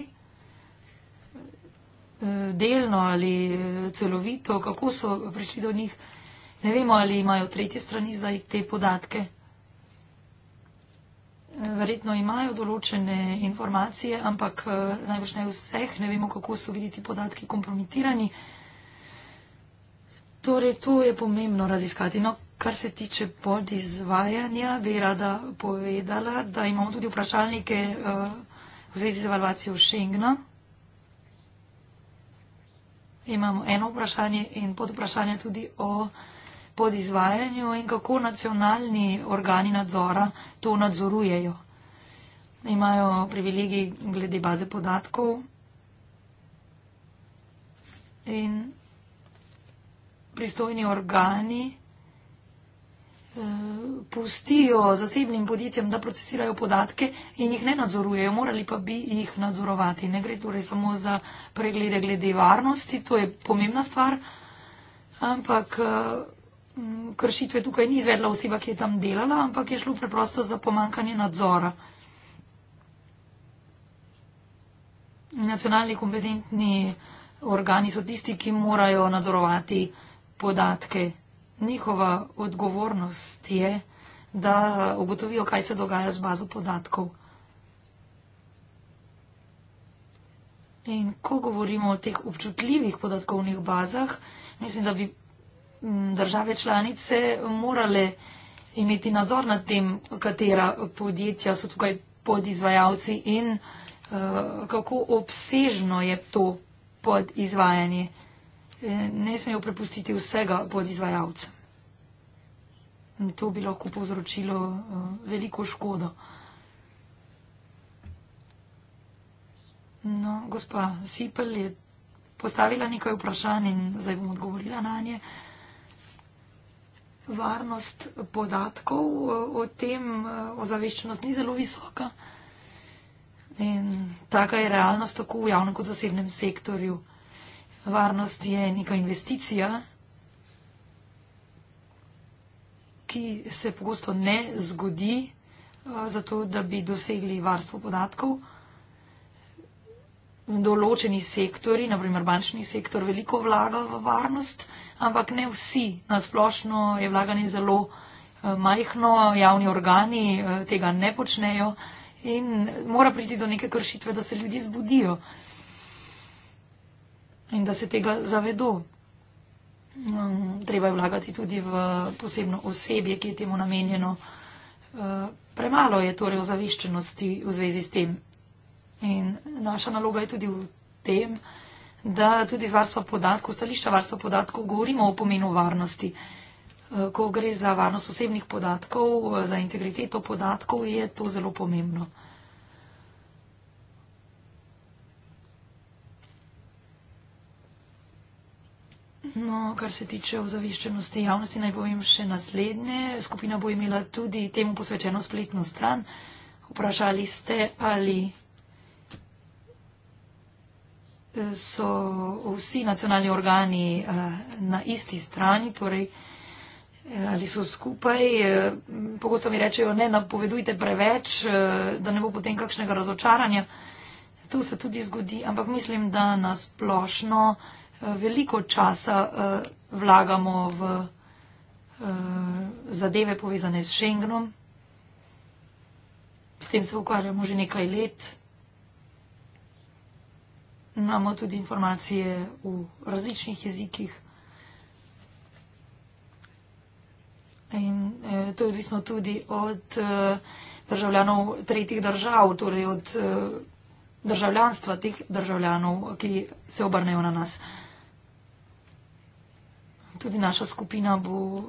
eh, delno ali eh, celovito, kako so prišli do njih. Ne vemo, ali imajo v tretji strani zdaj te podatke. Verjetno imajo določene informacije, ampak eh, najbrž ne vseh. Ne vemo, kako so bili ti podatki kompromitirani. Torej, to je pomembno raziskati. No, kar se tiče pod izvajanja, bi rada povedala, da imamo tudi vprašalnike eh, v zvezi z evalvacijo Schengna. Imamo eno vprašanje in pod vprašanje tudi o pod izvajanju in kako nacionalni organi nadzora to nadzorujejo. Imajo privilegij glede baze podatkov in pristojni organi eh, pustijo zasebnim podjetjem, da procesirajo podatke in jih ne nadzorujejo, morali pa bi jih nadzorovati. Ne gre torej samo za preglede glede varnosti, to je pomembna stvar, ampak eh, kršitve tukaj ni izvedla oseba, ki je tam delala, ampak je šlo preprosto za pomankanje nadzora. Nacionalni kompetentni organi so tisti, ki morajo nadzorovati podatke. Njihova odgovornost je, da ugotovijo, kaj se dogaja z bazo podatkov. In ko govorimo o teh občutljivih podatkovnih bazah, mislim, da bi države članice morale imeti nadzor nad tem, katera podjetja so tukaj podizvajalci in eh, kako obsežno je to podizvajanje. Eh, ne smejo prepustiti vsega podizvajalcem. To bi lahko povzročilo eh, veliko škodo. No, gospa Sipel je postavila nekaj vprašanj in zdaj bom odgovorila na nje varnost podatkov o tem, ozaveščenost ni zelo visoka. In taka je realnost tako v javnem kot zasebnem sektorju. Varnost je neka investicija, ki se pogosto ne zgodi, eh, zato da bi dosegli varstvo podatkov. Določeni sektori, naprimer bančni sektor, veliko vlaga v varnost ampak ne vsi. Na splošno je vlaganje zelo eh, majhno, javni organi eh, tega ne počnejo in mora priti do neke kršitve, da se ljudje zbudijo in da se tega zavedo. Mm, treba je vlagati tudi v posebno osebje, ki je temu namenjeno. Eh, premalo je torej ozaveščenosti v zvezi s tem. In naša naloga je tudi v tem, da da tudi z varstva podatkov, stališča varstva podatkov govorimo o pomenu varnosti. Eh, ko gre za varnost osebnih podatkov, eh, za integriteto podatkov, je to zelo pomembno. No, kar se tiče ozaviščenosti javnosti, naj povem še naslednje. Skupina bo imela tudi temu posvečeno spletno stran. Vprašali ste, ali so vsi nacionalni organi eh, na isti strani, torej eh, ali so skupaj. Eh, pogosto mi rečejo, ne napovedujte preveč, da ne bo potem kakšnega razočaranja. To se tudi zgodi, ampak mislim, da nasplošno veliko časa vlagamo v zadeve povezane s Schengenom. S tem se ukvarjamo že nekaj let imamo tudi informacije v različnih jezikih. In eh, to je odvisno tudi od eh, državljanov tretjih držav, torej od eh, državljanstva teh državljanov, ki se obrnejo na nas. Tudi naša skupina bo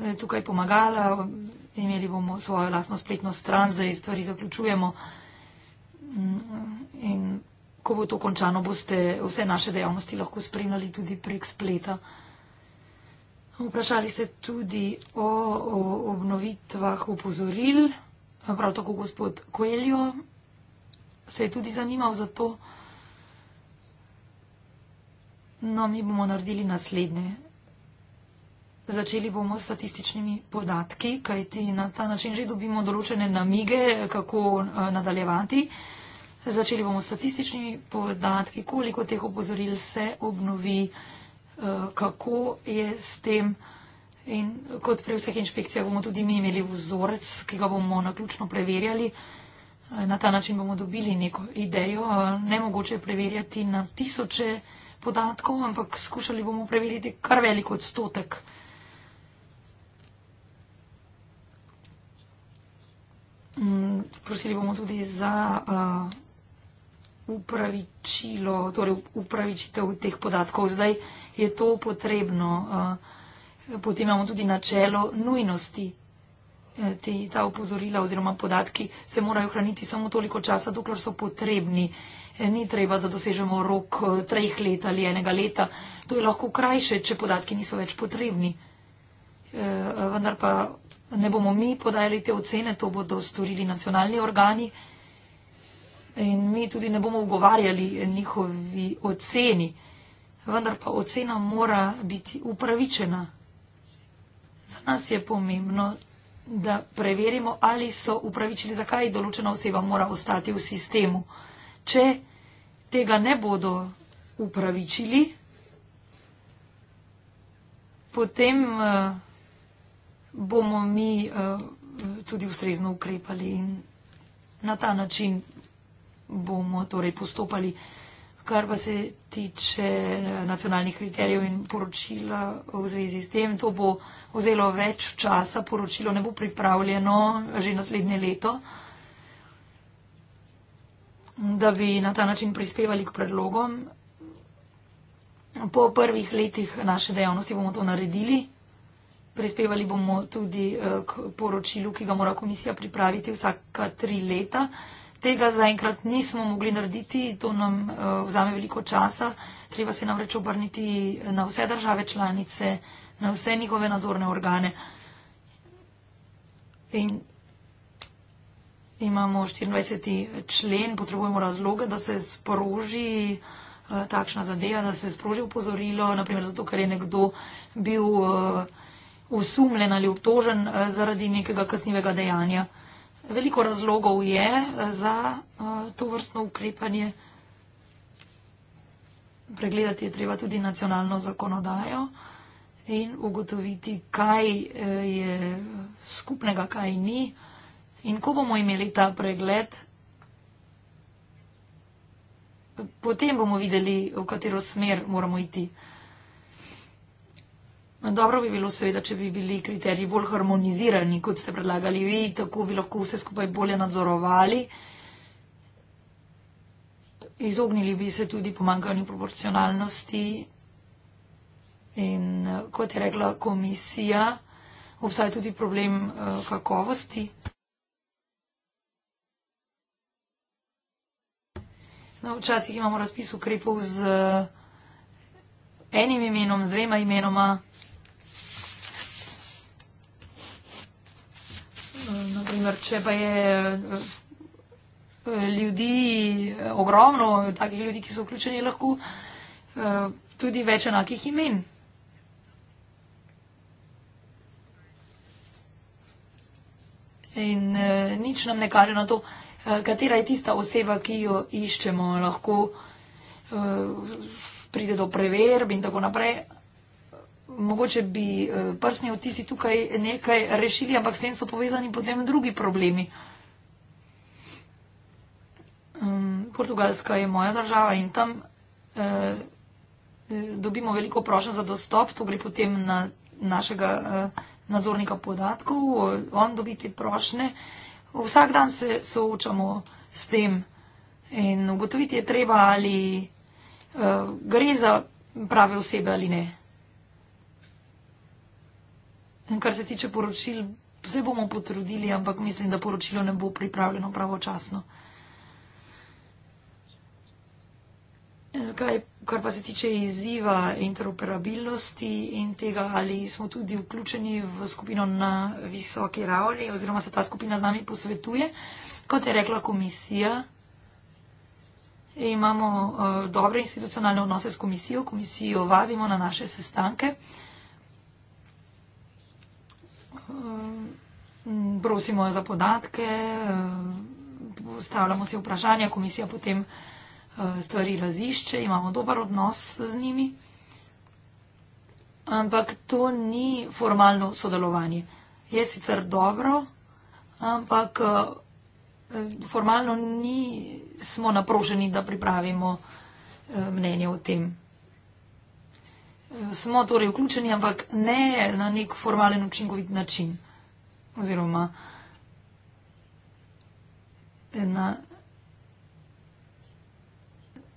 eh, tukaj pomagala, imeli bomo svojo lastno spletno stran, zdaj stvari zaključujemo. Mm -hmm. In ko bo to končano, boste vse naše dejavnosti lahko spremljali tudi prek spleta. Vprašali ste tudi o, o obnovitvah upozoril. Prav tako gospod Koeljo se je tudi zanimal za to. No, mi bomo naredili naslednje. Začeli bomo s statističnimi podatki, kajti na ta način že dobimo določene namige, kako eh, nadaljevati. Začeli bomo s statističnimi podatki, koliko teh opozoril se obnovi, eh, kako je s tem. In kot pri vseh inšpekcijah bomo tudi mi imeli vzorec, ki ga bomo naključno preverjali. Eh, na ta način bomo dobili neko idejo. Eh, nemogoče je preverjati na tisoče podatkov, ampak skušali bomo preveriti kar veliko odstotek. Mm, prosili bomo tudi za upravičilo, torej upravičitev teh podatkov. Zdaj je to potrebno. Eh, potem imamo tudi načelo nujnosti. Eh, te, ta upozorila oziroma podatki se morajo hraniti samo toliko časa, dokler so potrebni. Eh, ni treba, da dosežemo rok treh let ali enega leta. To je lahko krajše, če podatki niso več potrebni. Vendar pa ne bomo mi podajali te ocene, to bodo storili nacionalni organi in mi tudi ne bomo ugovarjali njihovi oceni. Vendar pa ocena mora biti upravičena. Za nas je pomembno, da preverimo, ali so upravičili, zakaj določena oseba mora ostati v sistemu. Če tega ne bodo upravičili, potem eh, bomo mi eh, tudi ustrezno ukrepali in na ta način bomo torej postopali. Kar pa se tiče eh, nacionalnih kriterijev in poročila v zvezi s tem, to bo vzelo več časa, poročilo ne bo pripravljeno že naslednje leto, da bi na ta način prispevali k predlogom. Po prvih letih naše dejavnosti bomo to naredili. Prispevali bomo tudi eh, k poročilu, ki ga mora komisija pripraviti vsaka tri leta. Tega zaenkrat nismo mogli narediti, to nam uh, vzame veliko časa. Treba se namreč obrniti na vse države članice, na vse njihove nadzorne organe. In imamo 24. člen, potrebujemo razloge, da se sproži uh, takšna zadeva, da se sproži upozorilo, naprimer zato, ker je nekdo bil uh, eh, usumljen ali obtožen uh, zaradi nekega kasnivega dejanja. Uh, Veliko razlogov je eh, za eh, to vrstno ukrepanje. Pregledati je treba tudi nacionalno zakonodajo in ugotoviti, kaj eh, je skupnega, kaj ni. In ko bomo imeli ta pregled, potem bomo videli, v katero smer moramo iti. No, dobro bi bilo seveda, če bi bili kriteriji bolj harmonizirani, kot ste predlagali vi, tako bi lahko vse skupaj bolje nadzorovali. Izognili bi se tudi pomankanju proporcionalnosti in kot je rekla komisija, obstaja tudi problem eh, kakovosti. No, včasih imamo razpis ukrepov z eh, enim imenom, z dvema imenoma. naprimer, če pa je eh, ljudi eh, ogromno, takih ljudi, ki so vključeni, lahko eh, tudi več enakih imen. In eh, nič nam ne kaže na to, eh, katera je tista oseba, ki jo iščemo, lahko eh, pride do preverb in tako naprej, mogoče bi eh, prsni vtisi tukaj nekaj rešili, ampak s tem so povezani potem drugi problemi. Mm, Portugalska je moja država in tam eh, eh dobimo veliko prošen za dostop, to gre potem na našega eh, nadzornika podatkov, eh, on dobi te prošne. Vsak dan se soočamo s tem in ugotoviti je treba, ali eh, gre za prave osebe ali ne. Kar se tiče poročil, se bomo potrudili, ampak mislim, da poročilo ne bo pripravljeno pravočasno. E, kaj, kar pa se tiče izziva interoperabilnosti in tega, ali smo tudi vključeni v skupino na visoki ravni oziroma se ta skupina z nami posvetuje, kot je rekla komisija, imamo uh, dobre institucionalne odnose s komisijo, komisijo vabimo na naše sestanke. Uh, Ehm, prosimo za podatke, ehm, stavljamo si vprašanja, komisija potem eh, stvari razišče, imamo dober odnos z njimi. Ampak to ni formalno sodelovanje. Je sicer dobro, ampak eh, formalno ni, smo naproženi, da pripravimo eh, mnenje o tem smo torej vključeni, ampak ne na nek formalen učinkovit način. Oziroma na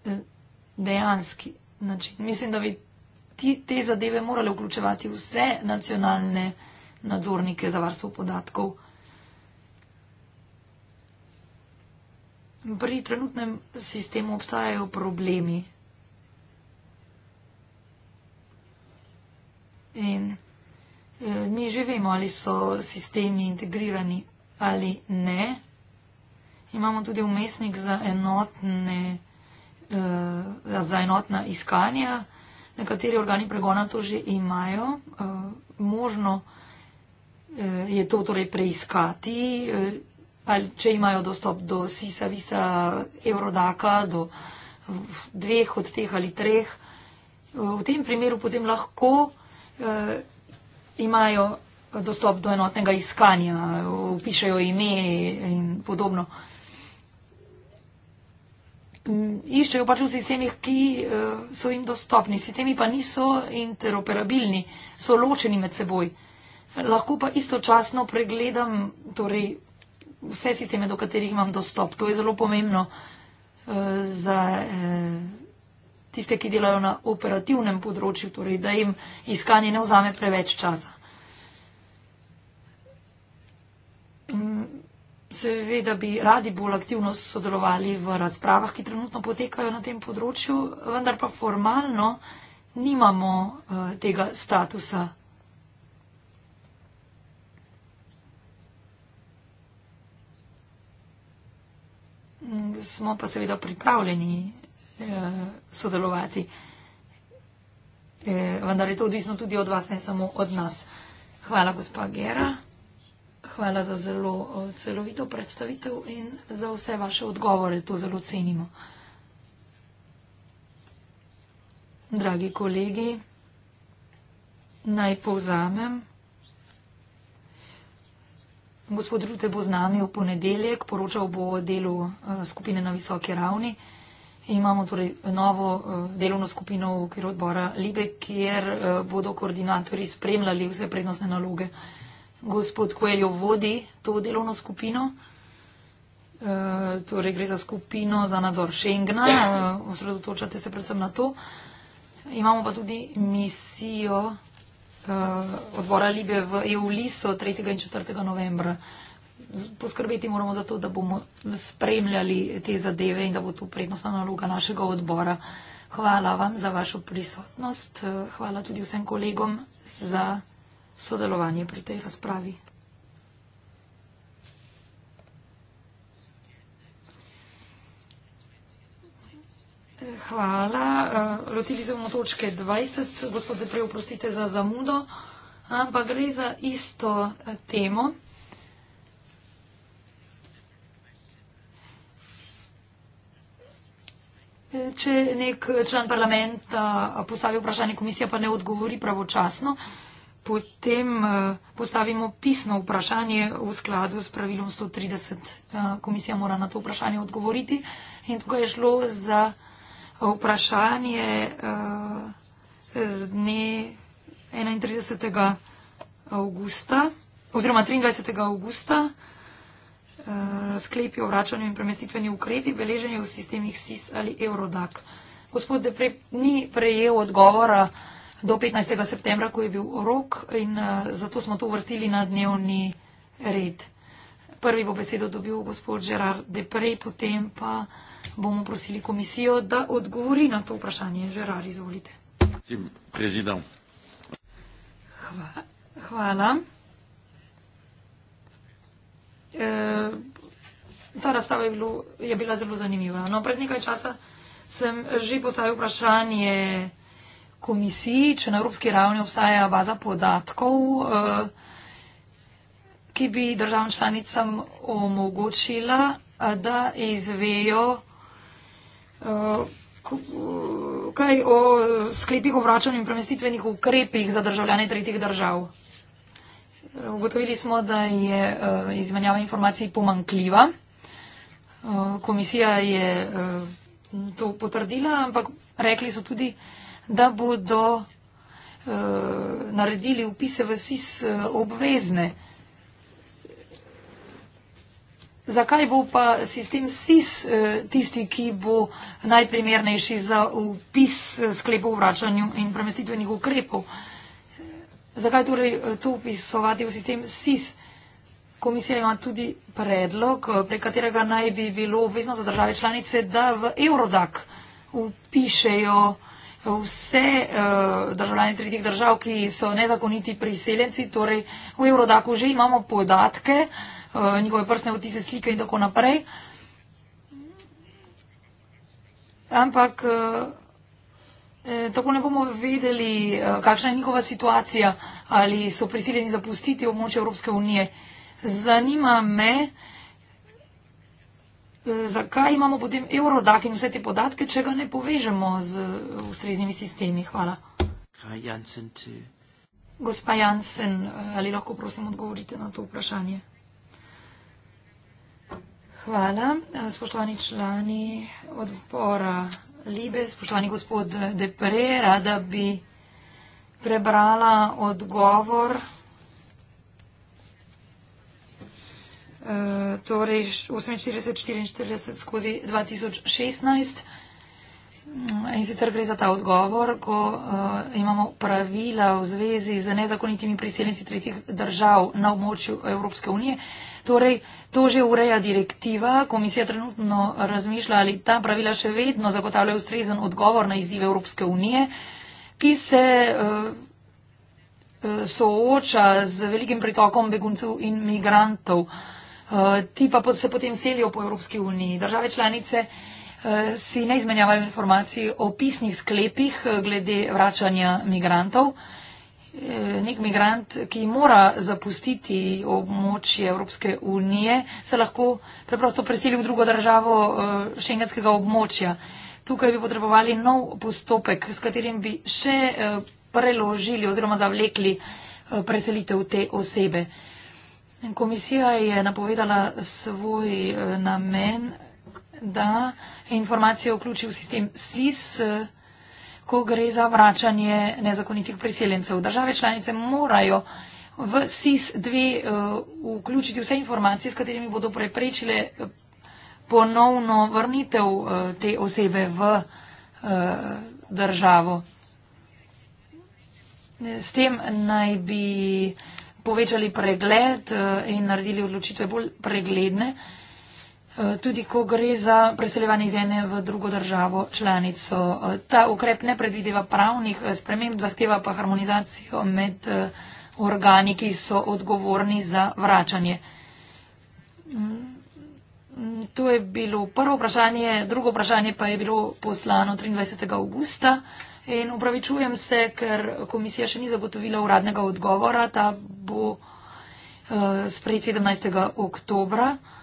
eh, dejanski način. Mislim, da bi ti, te zadeve morale vključevati vse nacionalne nadzornike za varstvo podatkov. Pri trenutnem sistemu obstajajo problemi. in eh, mi živimo, ali so sistemi integrirani ali ne. Imamo tudi umestnik za, enotne, eh, za enotna iskanja, nekateri organi pregona to že imajo. Eh, možno eh, je to torej preiskati, eh, ali če imajo dostop do SISA, VISA, Eurodaka, do dveh od teh ali treh. Eh, v tem primeru potem lahko uh, imajo dostop do enotnega iskanja, upišajo ime in podobno. Mm, iščejo pač v sistemih, ki eh, so jim dostopni. Sistemi pa niso interoperabilni, so ločeni med seboj. Lahko pa istočasno pregledam torej, vse sisteme, do katerih imam dostop. To je zelo pomembno eh, za tiste, ki delajo na operativnem področju, torej da jim iskanje ne vzame preveč časa. Seveda bi radi bolj aktivno sodelovali v razpravah, ki trenutno potekajo na tem področju, vendar pa formalno nimamo eh, tega statusa. Smo pa seveda pripravljeni Eh, sodelovati. Eh, vendar je to odvisno tudi od vas, ne samo od nas. Hvala, gospa Gera. Hvala za zelo eh, celovito predstavitev in za vse vaše odgovore. To zelo cenimo. Dragi kolegi, naj povzamem. Gospod Rute bo z nami v ponedeljek, poročal bo o delu skupine na visoki ravni. Imamo torej novo eh, delovno skupino v okviru odbora Libe, kjer eh, bodo koordinatori spremljali vse prednostne naloge. Gospod Kojeljo vodi to delovno skupino. Eh, torej gre za skupino za nadzor Schengna, osredotočate se predvsem na to. Imamo pa tudi misijo odbora Libe v EU-LISO 3. in 4. novembra poskrbeti moramo za to, da bomo spremljali te zadeve in da bo to prednostna naloga našega odbora. Hvala vam za vašo prisotnost. Hvala tudi vsem kolegom za sodelovanje pri tej razpravi. Hvala. Eh, lotili se bomo točke 20. Gospod Zeprej, oprostite za zamudo, ampak gre za isto eh, temo. Če nek član parlamenta postavi vprašanje, komisija pa ne odgovori pravočasno, potem eh, postavimo pisno vprašanje v skladu s pravilom 130. Eh, komisija mora na to vprašanje odgovoriti. In tukaj je šlo za vprašanje eh, z dne 31. augusta oziroma 23. augusta Eh, sklepi o vračanju in premestitveni ukrepi, beleženje v sistemih SIS ali Eurodak. Gospod Depre ni prejel odgovora do 15. septembra, ko je bil rok in eh, zato smo to vrstili na dnevni red. Prvi bo besedo dobil gospod Gerard Depre, potem pa bomo prosili komisijo, da odgovori na to vprašanje. Gerard, izvolite. Hva, hvala eh, ta razprava je, bilo, je bila zelo zanimiva. No, pred nekaj časa sem že postavil vprašanje komisiji, če na evropski ravni obstaja baza podatkov, eh, ki bi državam članicam omogočila, eh, da izvejo, eh, eh, kaj o sklepih o vračanju in premestitvenih ukrepih za državljane tretjih držav. Ugotovili smo, da je eh, izmenjava informacij pomankljiva. Eh, komisija je eh, to potrdila, ampak rekli so tudi, da bodo naredili upise v SIS obvezne. Zakaj bo pa sistem SIS tisti, ki bo najprimernejši za upis sklepov vračanju in premestitvenih ukrepov? Zakaj torej eh, to upisovati v sistem SIS? Komisija ima tudi predlog, eh, prek katerega naj bi bilo obvezno za države članice, da v Eurodak upišejo vse eh, državljane tretjih držav, ki so nezakoniti priseljenci. Torej v Eurodaku že imamo podatke, njihove prstne vtise, slike in tako naprej. Ampak Eh, tako ne bomo vedeli, eh, kakšna je njihova situacija, ali so prisiljeni zapustiti območje Evropske unije. Zanima me, eh, zakaj imamo potem Eurodac in vse te podatke, če ga ne povežemo z ustreznimi sistemi. Hvala. Gospa Jansen, ali lahko prosim odgovorite na to vprašanje? Hvala. Spoštovani člani odbora Libe, spoštovani gospod Depre, rada bi prebrala odgovor. Uh, torej 48-44 skozi 2016. In sicer gre za ta odgovor, ko uh, imamo pravila v zvezi z nezakonitimi priseljenci tretjih držav na območju Evropske unije. Torej, uh, To že ureja direktiva. Komisija trenutno razmišlja, ali ta pravila še vedno zagotavljajo ustrezen odgovor na izzive Evropske unije, ki se eh, eh, sooča z velikim pritokom beguncev in migrantov. Eh, ti pa se potem selijo po Evropski uniji. Države članice si ne izmenjavajo informacij o pisnih sklepih glede vračanja migrantov. Eh, nek migrant, ki mora zapustiti območje Evropske unije, se lahko preprosto preseli v drugo državo eh, šengenskega območja. Tukaj bi potrebovali nov postopek, s katerim bi še eh, preložili oziroma zavlekli preselitev te osebe. Komisija je napovedala svoj namen, da informacije vključi v sistem SIS ko gre za vračanje nezakonitih priseljencev. Države članice morajo v SIS-2 uh, eh, vključiti vse informacije, s katerimi bodo preprečile eh, ponovno vrnitev uh, te osebe v uh, državo. S tem naj bi povečali pregled uh, in naredili odločitve bolj pregledne. Uh, Eh, tudi ko gre za preseljevanje iz ene v drugo državo članico. Eh, ta ukrep ne predvideva pravnih eh, sprememb, zahteva pa harmonizacijo med organi, ki so odgovorni za vračanje. Mm, to je bilo prvo vprašanje, drugo vprašanje pa je bilo poslano 23. augusta in upravičujem se, ker komisija še ni zagotovila uradnega odgovora, ta bo uh, sprejet 17. oktobra. Uh,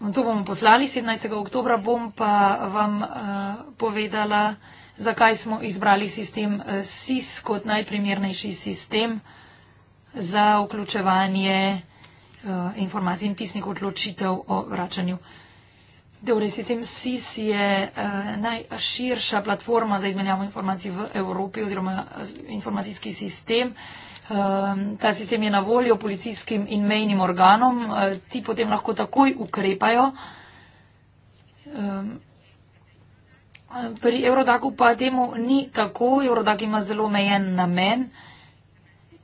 To bomo poslali 17. oktobra, bom pa vam uh, povedala, zakaj smo izbrali sistem eh, SIS kot najprimernejši sistem za vključevanje uh, informacij in pisnih odločitev o vračanju. Dobre, sistem SIS je uh, najširša platforma za izmenjavo informacij v Evropi oziroma informacijski sistem. Uh, Ehm, ta sistem je na voljo policijskim in mejnim organom, eh, ti potem lahko takoj ukrepajo. Ehm, pri Eurodaku pa temu ni tako. Eurodak ima zelo omejen namen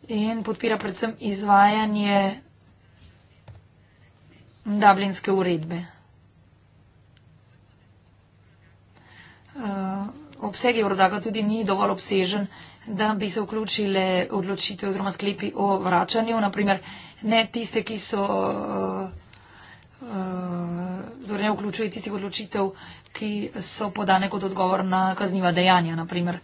in podpira predvsem izvajanje Dublinske uredbe. Ehm, obseg Eurodaka tudi ni dovolj obsežen, da bi se vključile odločitve oziroma sklepi o vračanju, naprimer ne tiste, ki so, uh, uh, torej ne vključuje tistih odločitev, ki so podane kot odgovor na kazniva dejanja, naprimer.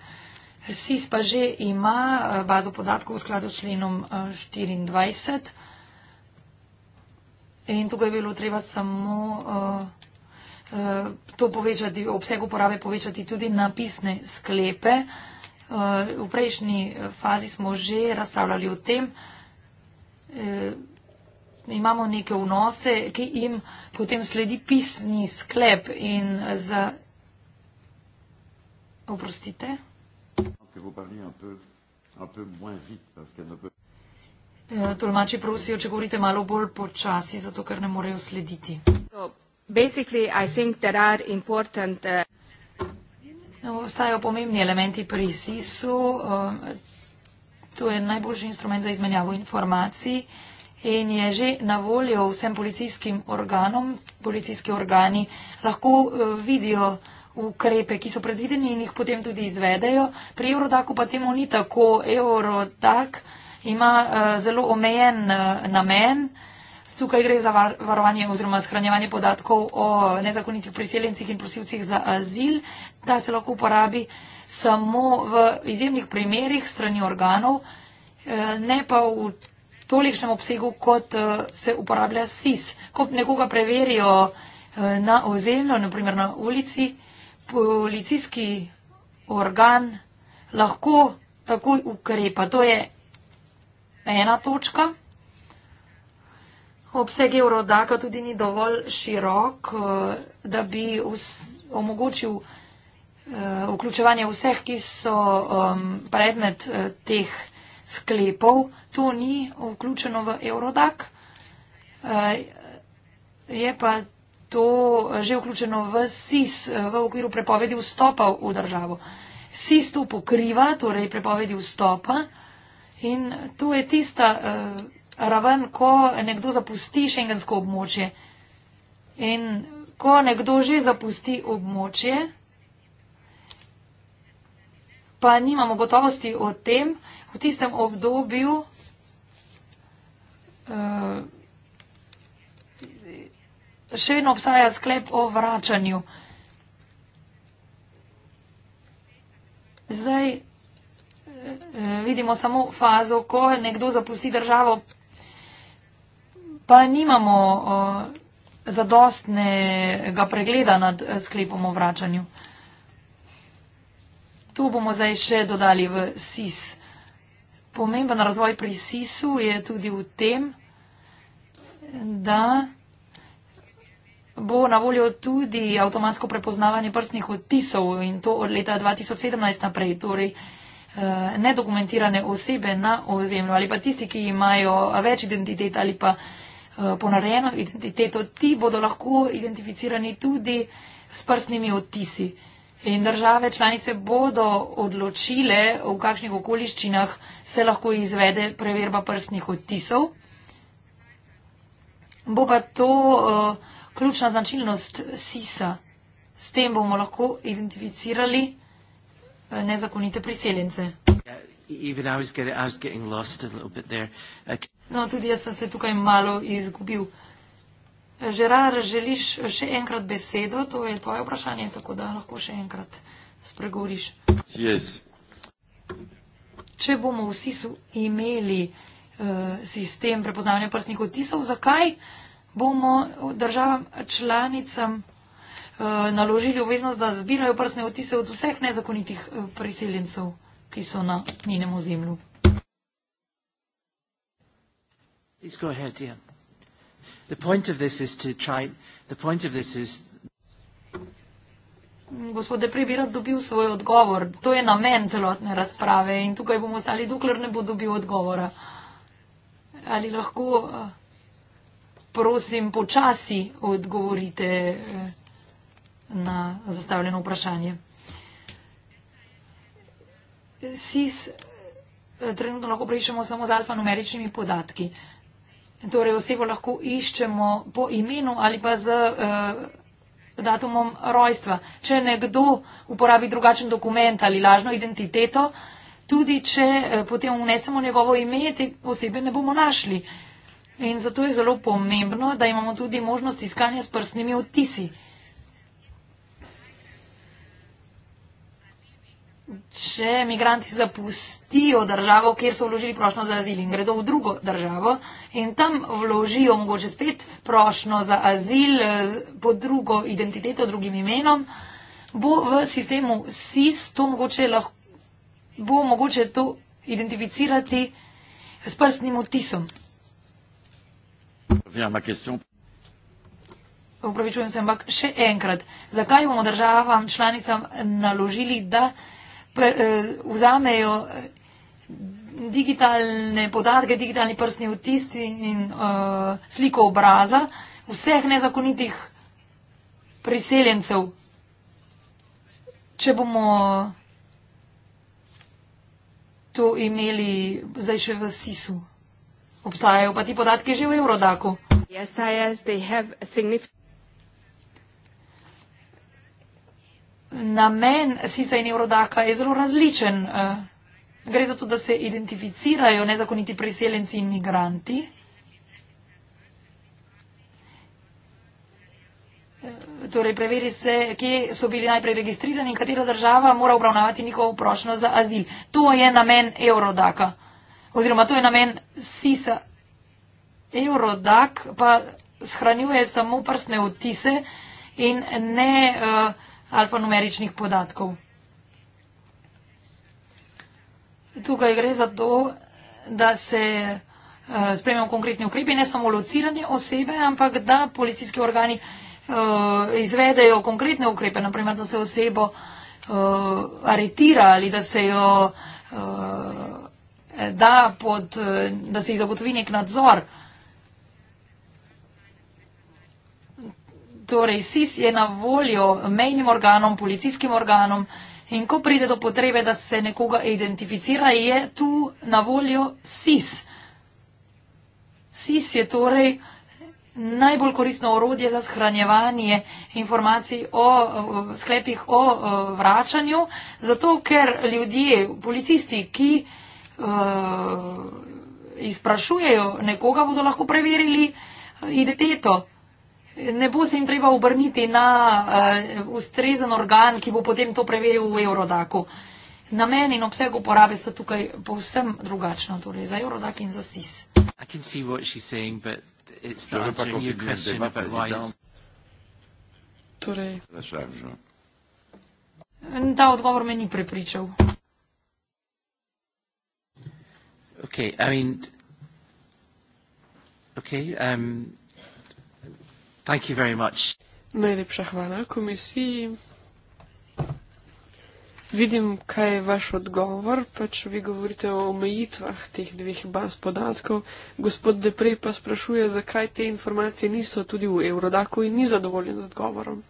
SIS pa že ima uh, bazo podatkov v skladu s členom 24 uh, in tukaj je bilo treba samo uh, uh, to povečati, obseg uporabe povečati tudi na pisne sklepe. Uh, V prejšnji fazi smo že razpravljali o tem, e, imamo neke vnose, ki jim potem sledi pisni sklep in za. Oprostite. E, tolmači prosijo, če govorite malo bolj počasi, zato ker ne morejo slediti. So, Obstajajo pomembni elementi pri SIS-u. Um, to je najboljši instrument za izmenjavo informacij in je že na voljo vsem policijskim organom. Policijski organi lahko uh, vidijo ukrepe, ki so predvideni in jih potem tudi izvedejo. Pri Eurodaku pa temu ni tako. Eurodak ima uh, zelo omejen uh, namen. Tukaj gre za var, varovanje oziroma shranjevanje podatkov o nezakonitih priseljencih in prosilcih za azil. Ta se lahko uporabi samo v izjemnih primerih strani organov, eh, ne pa v tolikšnem obsegu, kot eh, se uporablja SIS. Ko nekoga preverijo eh, na ozemlju, naprimer na ulici, policijski organ lahko takoj ukrepa. To je ena točka obseg evrodaka tudi ni dovolj širok, eh, da bi vs, omogočil eh, vključevanje vseh, ki so um, predmet eh, teh sklepov. To ni vključeno v evrodak, je pa to že vključeno v SIS v okviru prepovedi vstopa v državo. SIS to pokriva, torej prepovedi vstopa in to je tista. Uh, raven, ko nekdo zapusti šengensko območje. In ko nekdo že zapusti območje, pa nimamo gotovosti o tem, v tistem obdobju. Uh, še vedno obstaja sklep o vračanju. Zdaj uh, vidimo samo fazo, ko nekdo zapusti državo, pa nimamo uh, zadostnega pregleda nad eh, sklepom o vračanju. To bomo zdaj še dodali v SIS. Pomemben razvoj pri SIS-u je tudi v tem, da bo na voljo tudi avtomatsko prepoznavanje prstnih odtisov in to od leta 2017 naprej, torej eh, nedokumentirane osebe na ozemlju ali pa tisti, ki imajo več identitet ali pa Eh, ponarejeno identiteto, ti bodo lahko identificirani tudi s prstnimi odtisi. In države članice bodo odločile, v kakšnih okoliščinah se lahko izvede preverba prstnih odtisov. Bo pa to uh, ključna značilnost SIS-a. S tem bomo lahko identificirali eh, nezakonite priseljence. Uh, No, tudi jaz sem se tukaj malo izgubil. Žerar, želiš še enkrat besedo? To je tvoje vprašanje, tako da lahko še enkrat spregovoriš. Yes. Če bomo vsi imeli eh, sistem prepoznavanja prstnih odtisov, zakaj bomo državam članicam eh, naložili obveznost, da zbirajo prstne odtise od vseh nezakonitih eh, priseljencev, ki so na njenem ozemlju? Please go ahead, yeah. The point of this is to try, the point of this is... Gospod Prebirat dobil svoj odgovor. To je namen celotne razprave in tukaj bomo stali, dokler ne bo dobil odgovora. Ali lahko, eh, prosim, počasi odgovorite eh, na zastavljeno vprašanje? SIS eh, trenutno lahko prišemo samo z alfanumeričnimi podatki. Torej osebo lahko iščemo po imenu ali pa z uh, datumom rojstva. Če nekdo uporabi drugačen dokument ali lažno identiteto, tudi če uh, potem unesemo njegovo ime, te osebe ne bomo našli. In zato je zelo pomembno, da imamo tudi možnost iskanja s prstnimi odtisi. Uh, če imigranti zapustijo državo, kjer so vložili prošlost za azil in gredo v drugo državo in tam vložijo mogoče spet prošlost za azil eh, pod drugo identiteto, drugim imenom, bo v sistemu SIS to mogoče lahko bo mogoče to identificirati s prstnim otisom. Upravičujem se, ampak še enkrat, zakaj bomo državam članicam naložili, da Eh, vzamejo eh, digitalne podatke, digitalni prstni vtisti in uh, sliko obraza vseh nezakonitih priseljencev. Če bomo to imeli zdaj še v SIS-u, obstajajo pa ti podatki že v Eurodaku. Yes, yes, namen SISA in Eurodaka je zelo različen. Eh, gre za to, da se identificirajo nezakoniti priseljenci in migranti. Eh, torej, preveri se, kje so bili najprej registrirani in katera država mora obravnavati njihovo prošnjo za azil. To je namen Eurodaka. Oziroma, to je namen SISA. Eurodak pa shranjuje samo prstne otise in ne. Uh, alfanumeričnih podatkov. Tukaj gre za to, da se eh, spremljajo konkretni ukrepi, ne samo lociranje osebe, ampak da policijski organi eh, izvedejo konkretne ukrepe, naprimer, da se osebo eh, aretira ali da se jo da, pod, da se jih zagotovi nek nadzor. Torej, SIS je na voljo mejnim organom, policijskim organom in ko pride do potrebe, da se nekoga identificira, je tu na voljo SIS. SIS je torej najbolj koristno orodje za shranjevanje informacij o sklepih o vračanju, zato ker ljudje, policisti, ki eh, izprašujejo nekoga, bodo lahko preverili eh, identiteto ne bo se jim treba obrniti na uh, ustrezen organ, ki bo potem to preveril v Eurodaku. Namen in obseg uporabe sta tukaj povsem drugačna, torej za Eurodak in za SIS. Ja, torej, no. ta odgovor me ni prepričal. Okay, I mean, okay, um, Thank you very much. Najlepša hvala komisiji. Vidim, kaj je vaš odgovor, pač vi govorite o omejitvah teh dveh baz podatkov. Gospod Deprej pa sprašuje, zakaj te informacije niso tudi v Eurodaku in ni zadovoljen z odgovorom.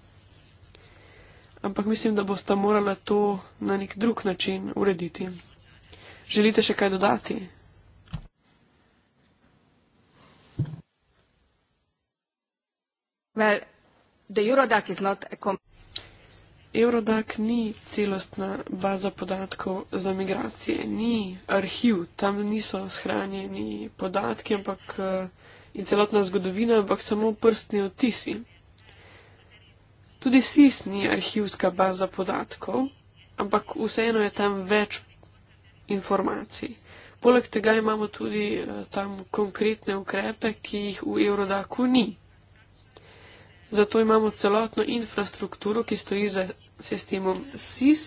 Ampak mislim, da boste morali to na nek drug način urediti. Želite še kaj dodati? Well, the Eurodac is not a com Eurodac ni celostna baza podatkov za migracije, ni arhiv, tam niso shranjeni podatki ampak, eh, in celotna zgodovina, ampak samo prstni odtisi. Tudi SIS ni arhivska baza podatkov, ampak vseeno je tam več informacij. Poleg tega imamo tudi eh, tam konkretne ukrepe, ki jih v Eurodacu ni. Zato imamo celotno infrastrukturo, ki stoji za sistemom SIS,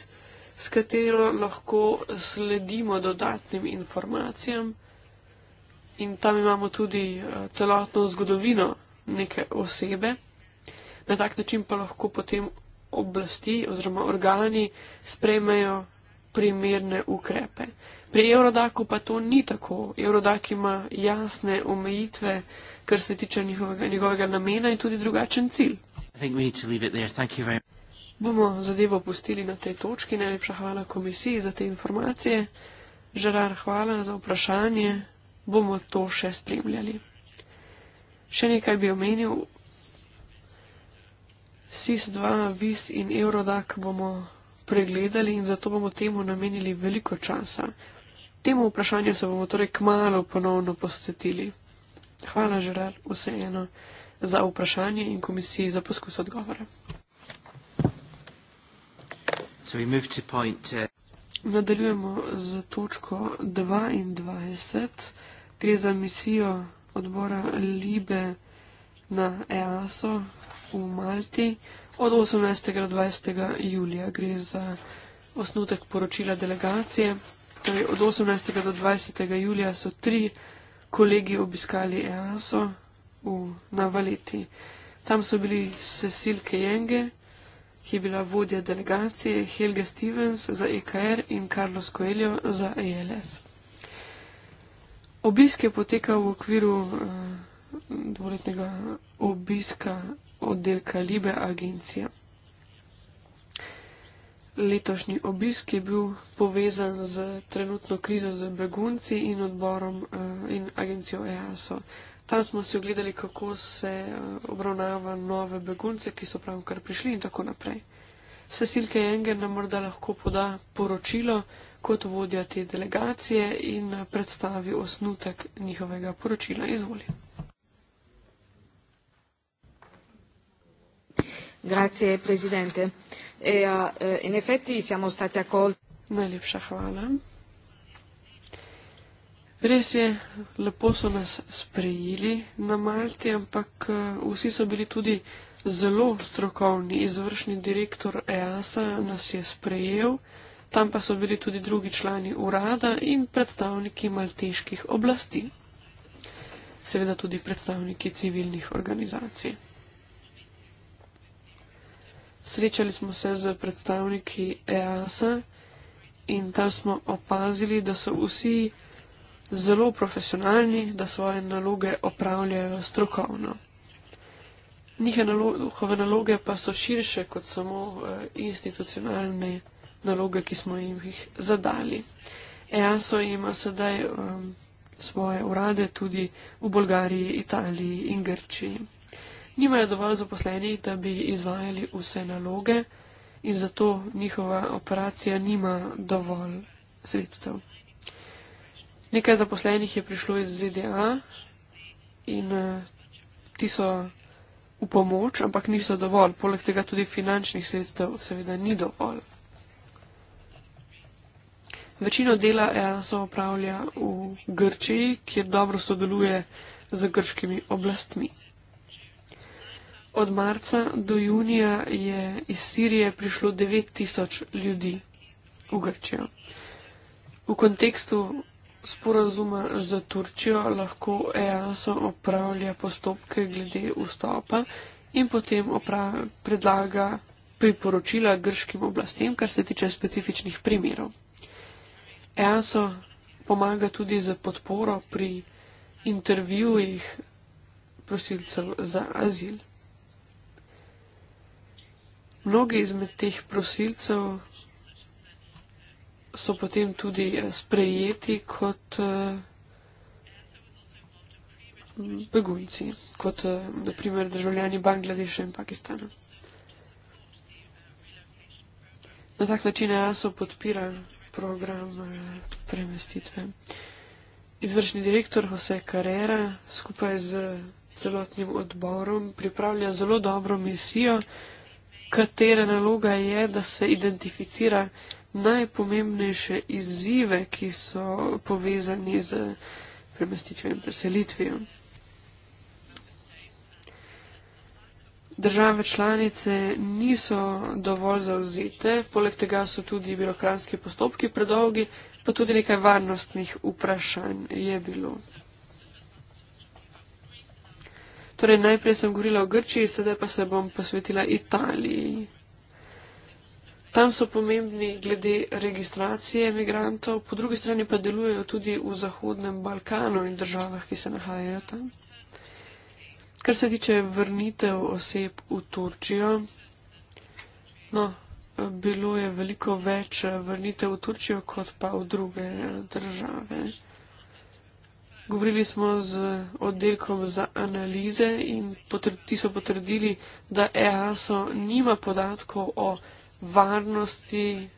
s katero lahko sledimo dodatnim informacijam in tam imamo tudi eh, celotno zgodovino neke osebe. Na tak način pa lahko potem oblasti oziroma organi sprejmejo primerne ukrepe. Pri Eurodaku pa to ni tako. Eurodak ima jasne omejitve, kar se tiče njihovega, njegovega namena in tudi drugačen cilj. Bomo zadevo pustili na tej točki. Najlepša hvala komisiji za te informacije. Žerar, hvala za vprašanje. Bomo to še spremljali. Še nekaj bi omenil. SIS-2, VIS in Eurodak bomo pregledali in zato bomo temu namenili veliko časa. Temu vprašanju se bomo torej kmalo ponovno posvetili. Hvala, Žerar, vseeno za vprašanje in komisiji za poskus odgovora. Uh, Nadaljujemo z točko 22. Gre za misijo odbora Libe na EASO v Malti od 18. do 20. julija. Gre za osnutek poročila delegacije torej od 18. do 20. julija so tri kolegi obiskali EASO v Navaleti. Tam so bili Cecil Kejenge, ki je bila vodja delegacije, Helge Stevens za EKR in Carlos Coelho za ALS. Obisk je potekal v okviru uh, dvoletnega obiska oddelka Libe agencija letošnji obisk je bil povezan z trenutno krizo z begunci in odborom eh, in agencijo EASO. Tam smo si ogledali, kako se eh, obravnava nove begunce, ki so pravkar prišli in tako naprej. Cecilke Engen nam morda lahko poda poročilo kot vodja te delegacije in eh, predstavi osnutek njihovega poročila. Izvolite. Grazie, Presidente. E, uh, in effetti siamo stati accolti. Najlepša hvala. Res je, lepo so nas sprejeli na Malti, ampak eh, vsi so bili tudi zelo strokovni. Izvršni direktor EASA nas je sprejel, tam pa so bili tudi drugi člani urada in predstavniki malteških oblasti. Seveda tudi predstavniki civilnih organizacij. Srečali smo se z predstavniki EASA in tam smo opazili, da so vsi zelo profesionalni, da svoje naloge opravljajo strokovno. Njihove naloge pa so širše kot samo e, institucionalne naloge, ki smo jim jih zadali. EASO ima sedaj um, svoje urade tudi v Bolgariji, Italiji in Grčiji nimajo dovolj zaposlenih, da bi izvajali vse naloge in zato njihova operacija nima dovolj sredstev. Nekaj zaposlenih je prišlo iz ZDA in uh, ti so v pomoč, ampak niso dovolj. Poleg tega tudi finančnih sredstev seveda ni dovolj. Večino dela EASO opravlja v Grčiji, kjer dobro sodeluje z grškimi oblastmi. Od marca do junija je iz Sirije prišlo 9000 ljudi v Grčijo. V kontekstu sporazuma z Turčijo lahko EASO opravlja postopke glede vstopa in potem predlaga priporočila grškim oblastem, kar se tiče specifičnih primerov. EASO pomaga tudi z podporo pri intervjujih prosilcev za azil. Mnogi izmed teh prosilcev so potem tudi eh, sprejeti kot eh, begunci, kot eh, naprimer državljani Bangladeša in Pakistana. Na tak način ASO podpira program premestitve. Izvršni direktor Jose Carrera skupaj z celotnim odborom pripravlja zelo dobro misijo, katere naloga je, da se identificira najpomembnejše izzive, ki so povezani z premestitvijo in preselitvijo. Države članice niso dovolj zauzete, poleg tega so tudi birokratski postopki predolgi, pa tudi nekaj varnostnih vprašanj je bilo. Torej, najprej sem govorila o Grčiji, sedaj pa se bom posvetila Italiji. Tam so pomembni glede registracije migrantov, po drugi strani pa delujejo tudi v Zahodnem Balkanu in državah, ki se nahajajo tam. Kar se tiče vrnitev oseb v Turčijo, no, bilo je veliko več vrnitev v Turčijo kot pa v druge države. Govorili smo z oddelkom za analize in ti so potrdili, da EASO nima podatkov o varnosti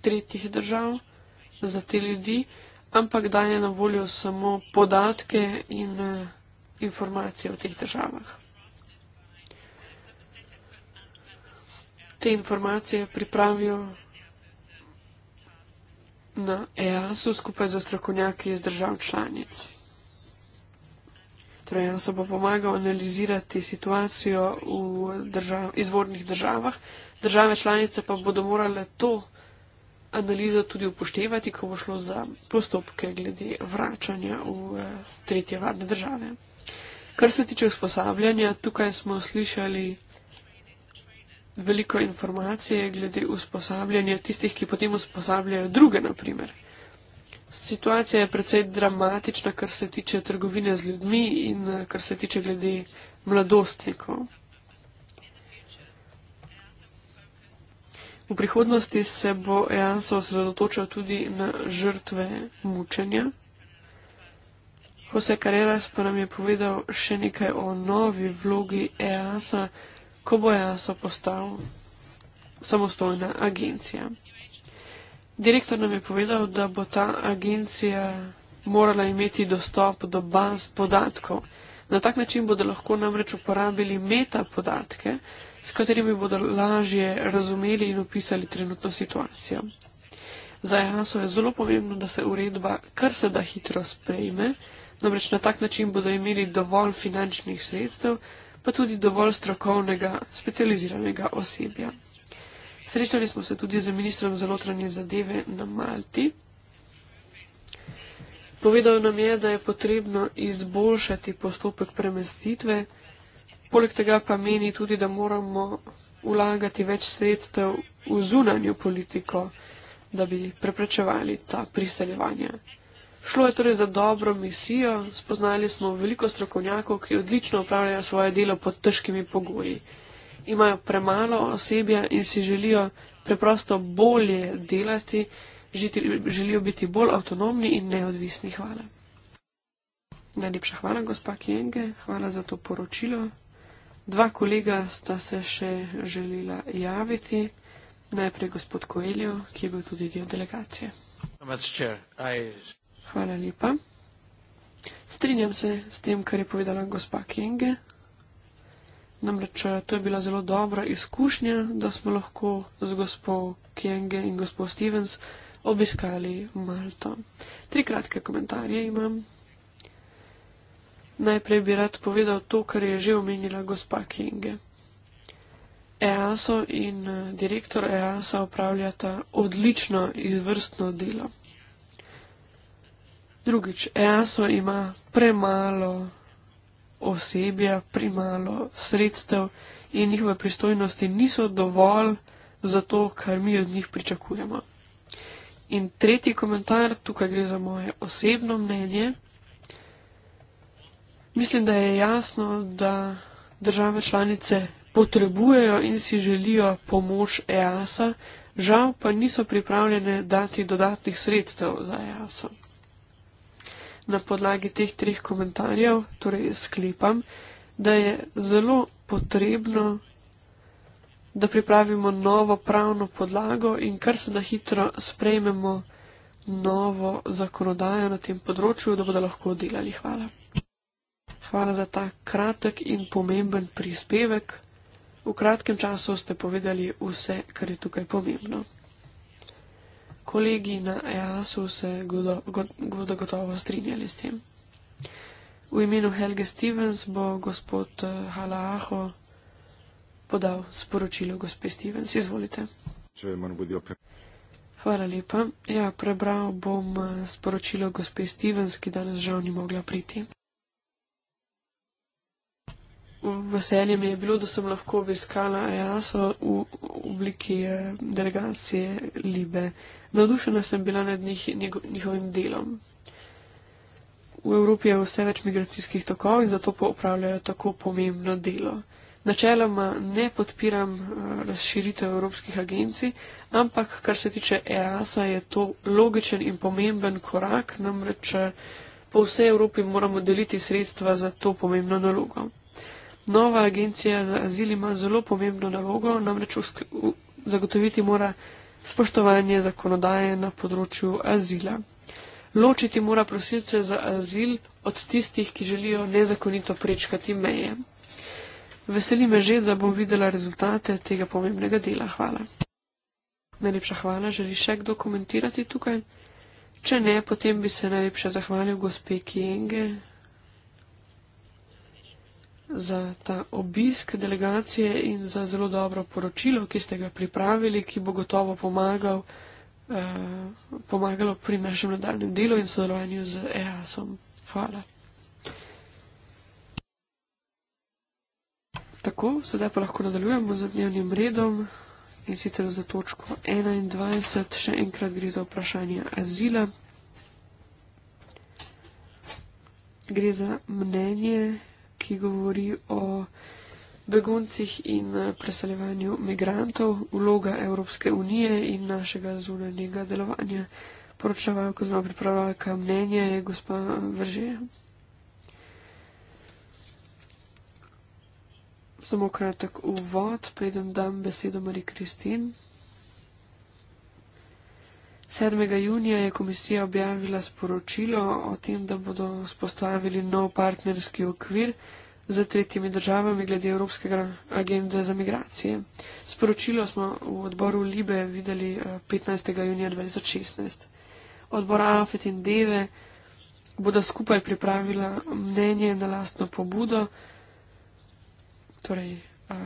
tretjih držav za te ljudi, ampak daje na voljo samo podatke in eh, informacije o teh državah. Te informacije pripravijo na EASU skupaj za strokovnjaki iz držav članic. Torej, jaz sem pa pomagal analizirati situacijo v držav, izvornih državah. Države članice pa bodo morale to analizo tudi upoštevati, ko bo šlo za postopke glede vračanja v eh, tretje varne države. Kar se tiče usposabljanja, tukaj smo slišali veliko informacije glede usposabljanja tistih, ki potem usposabljajo druge, naprimer. Situacija je precej dramatična, kar se tiče trgovine z ljudmi in eh, kar se tiče glede mladostnikov. V prihodnosti se bo EANSO osredotočal tudi na žrtve mučenja. Jose Carreras pa nam je povedal še nekaj o novi vlogi EANSO ko bo EASO postal samostojna agencija. Direktor nam je povedal, da bo ta agencija morala imeti dostop do baz podatkov. Na tak način bodo lahko namreč uporabili meta podatke, s katerimi bodo lažje razumeli in opisali trenutno situacijo. Za EASO je zelo pomembno, da se uredba kar se da hitro sprejme, namreč na tak način bodo imeli dovolj finančnih sredstev, pa tudi dovolj strokovnega, specializiranega osebja. Srečali smo se tudi z ministrom za notranje zadeve na Malti. Povedal nam je, da je potrebno izboljšati postopek premestitve, poleg tega pa meni tudi, da moramo vlagati več sredstev v zunanjo politiko, da bi preprečevali ta priseljevanja. Šlo je torej za dobro misijo, spoznali smo veliko strokovnjakov, ki odlično upravljajo svoje delo pod težkimi pogoji. Imajo premalo osebja in si želijo preprosto bolje delati, želijo biti bolj avtonomni in neodvisni. Hvala. Najlepša hvala, gospa Kienge, hvala za to poročilo. Dva kolega sta se še želila javiti. Najprej gospod Koeljo, ki je bil tudi del delegacije. Hvala, Hvala lepa. Strinjam se s tem, kar je povedala gospa Kenge. Namreč eh, to je bila zelo dobra izkušnja, da smo lahko z gospo Kenge in gospo Stevens obiskali Malto. Tri kratke komentarje imam. Najprej bi rad povedal to, kar je že omenila gospa Kenge. EASO in eh, direktor EASA upravljata odlično, izvrstno delo. Drugič, EASO ima premalo osebja, premalo sredstev in njihove pristojnosti niso dovolj za to, kar mi od njih pričakujemo. In tretji komentar, tukaj gre za moje osebno mnenje. Mislim, da je jasno, da države članice potrebujejo in si želijo pomoč EASA, žal pa niso pripravljene dati dodatnih sredstev za EASO na podlagi teh treh komentarjev, torej sklepam, da je zelo potrebno, da pripravimo novo pravno podlago in kar se na hitro sprejmemo novo zakonodajo na tem področju, da bodo lahko delali. Hvala. Hvala za ta kratek in pomemben prispevek. V kratkem času ste povedali vse, kar je tukaj pomembno. Kolegi na EASU se bodo gotovo strinjali s tem. V imenu Helge Stevens bo gospod eh, Halaho podal sporočilo gospe Stevens. Izvolite. Hvala lepa. Ja, prebral bom eh, sporočilo gospe Stevens, ki danes žal ni mogla priti veselje mi je bilo, da sem lahko obiskala EASO v obliki eh, delegacije Libe. Navdušena sem bila nad njih, njihovim delom. V Evropi je vse več migracijskih tokov in zato opravljajo tako pomembno delo. Načeloma ne podpiram eh, razširitev evropskih agencij, ampak kar se tiče EASA je to logičen in pomemben korak, namreč eh, po vsej Evropi moramo deliti sredstva za to pomembno nalogo. Nova agencija za azil ima zelo pomembno nalogo, namreč zagotoviti mora spoštovanje zakonodaje na področju azila. Ločiti mora prosilce za azil od tistih, ki želijo nezakonito prečkati meje. Veseli me že, da bom videla rezultate tega pomembnega dela. Hvala. Najlepša hvala. Želi še kdo komentirati tukaj? Če ne, potem bi se najlepše zahvalil gospe Kienge za ta obisk delegacije in za zelo dobro poročilo, ki ste ga pripravili, ki bo gotovo pomagal, eh, pomagalo pri našem nadaljem delu in sodelovanju z EASom. Hvala. Tako, sedaj pa lahko nadaljujemo z dnevnim redom in sicer za točko 21. Še enkrat gre za vprašanje azila. Gre za mnenje ki govori o beguncih in eh, preseljevanju migrantov, vloga Evropske unije in našega zunanjega delovanja. Poročevalka oziroma pripravljalka mnenja je gospa Vržeja. Samo kratek uvod, preden dam besedo Mari Kristin. 7. junija je komisija objavila sporočilo o tem, da bodo vzpostavili nov partnerski okvir z tretjimi državami glede Evropskega agenda za migracije. Sporočilo smo v odboru Libe videli 15. Eh, junija 2016. Odbor AFET in DEVE bodo skupaj pripravila mnenje na lastno pobudo, torej uh,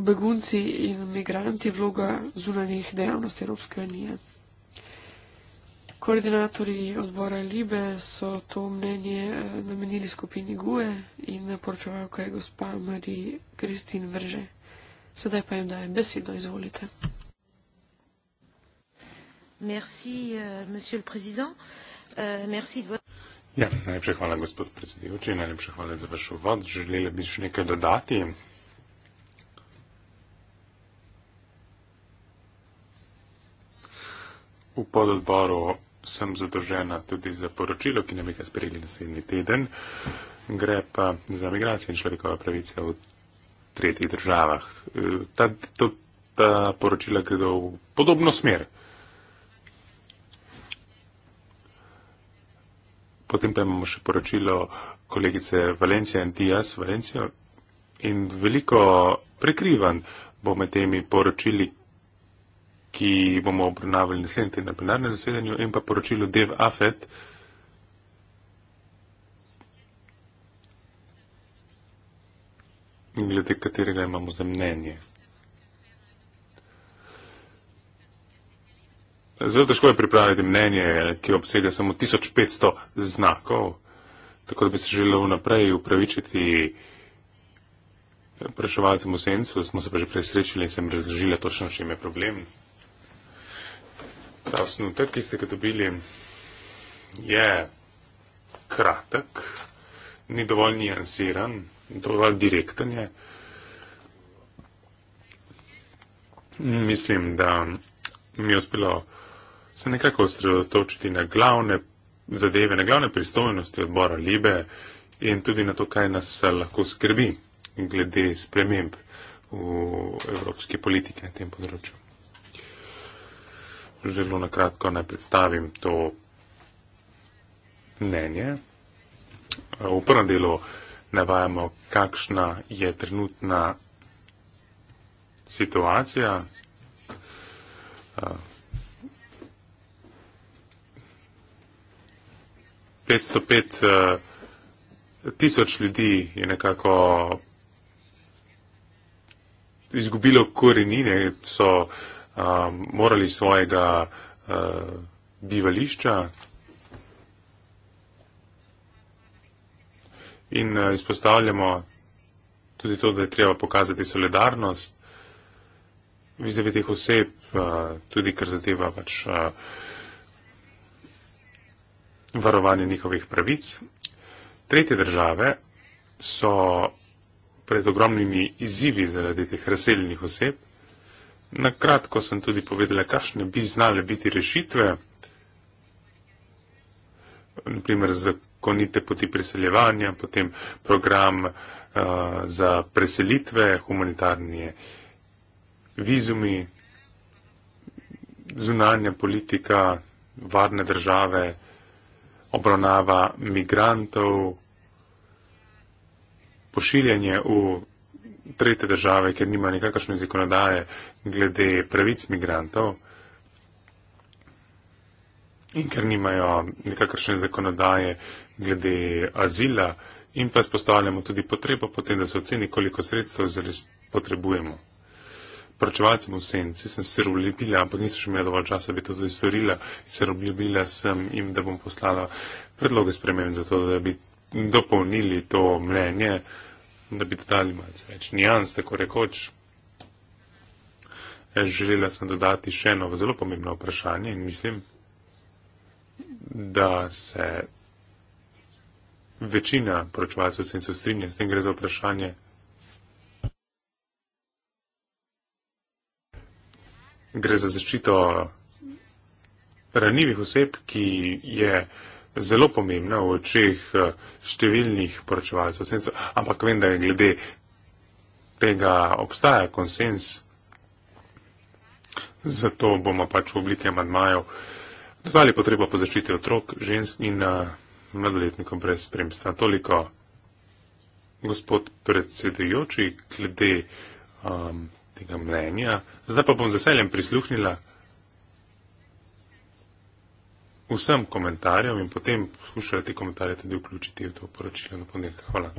begunci in migranti vloga zunanjih dejavnosti Evropske unije. Koordinatori odbora Libe so to mnenje eh, namenili skupini GUE in poročevalka je gospa Mari Kristin Vrže. Sedaj pa jim dajem besedo, izvolite. Merci, eh, monsieur le président. Eh, merci de votre... Ja, najlepša hvala, gospod predsedujoči, najlepša hvala za vaš uvod. Želela bi še nekaj dodati. V pododboru sem zadržena tudi za poročilo, ki nam je sprejeli naslednji teden. Gre pa za migracije in človekove pravice v tretjih državah. E, ta, to, ta poročila gredo v podobno smer. Potem pa imamo še poročilo kolegice Valencija in Dias Valencijo in veliko prekrivan bo med temi poročili, ki bomo obravnavali naslednji teden na plenarnem zasedanju, in pa poročilo Dev Afet. glede katerega imamo za mnenje. Zelo težko je pripraviti mnenje, ki obsega samo 1500 znakov, tako da bi se želel naprej upravičiti prešovalcem v sencu, smo se pa že prej srečili in sem razložila točno, če je problem. Ta osnutek, ki ste ga dobili, je kratek, ni dovolj nijanziran, dovolj direkten je. Mislim, da mi je uspelo se nekako osredotočiti na glavne zadeve, na glavne pristojnosti odbora Libe in tudi na to, kaj nas lahko skrbi glede sprememb v evropski politiki na tem področju zelo na kratko naj predstavim to mnenje. V prvem delu navajamo, kakšna je trenutna situacija. Eh, tisoč ljudi je nekako izgubilo korenine, so uh, morali svojega uh, bivališča. In uh, izpostavljamo tudi to, da je treba pokazati solidarnost vizavi teh oseb, uh, tudi kar zadeva pač uh, varovanje njihovih pravic. Tretje države so pred ogromnimi izzivi zaradi teh razseljenih oseb. Na kratko sem tudi povedala, kakšne bi znale biti rešitve, naprimer zakonite poti preseljevanja, potem program uh, za preselitve, humanitarnije vizumi, zunanja politika, varne države, obravnava migrantov, pošiljanje v tretje države, ker nima nikakršne zakonodaje, glede pravic migrantov in ker nimajo nekakršne zakonodaje glede azila in pa spostavljamo tudi potrebo potem, da se oceni, koliko sredstev zares potrebujemo. Pročevalci v senci sem se obljubila, ampak nisem še imela dovolj časa, da bi to tudi storila in se obljubila sem jim, da bom poslala predloge spremembe za to, da bi dopolnili to mnenje, da bi dodali malce več nijans, tako rekoč. Želela sem dodati še eno zelo pomembno vprašanje in mislim, da se večina poročevalcev s tem se strinja, s tem gre za vprašanje. Gre za zaščito ranljivih oseb, ki je zelo pomembna v očeh eh, številnih poročevalcev, ampak vem, da je glede tega obstaja konsens zato bomo pač v obliki amadmajev dodali potrebo po zaščiti otrok, žensk in eh, mladoletnikov brez spremstva. Toliko, gospod predsedujoči, glede um, tega mnenja. Zdaj pa bom z veseljem prisluhnila vsem komentarjem in potem poskušala te komentarje tudi vključiti v to poročilo na ponedeljka. Hvala.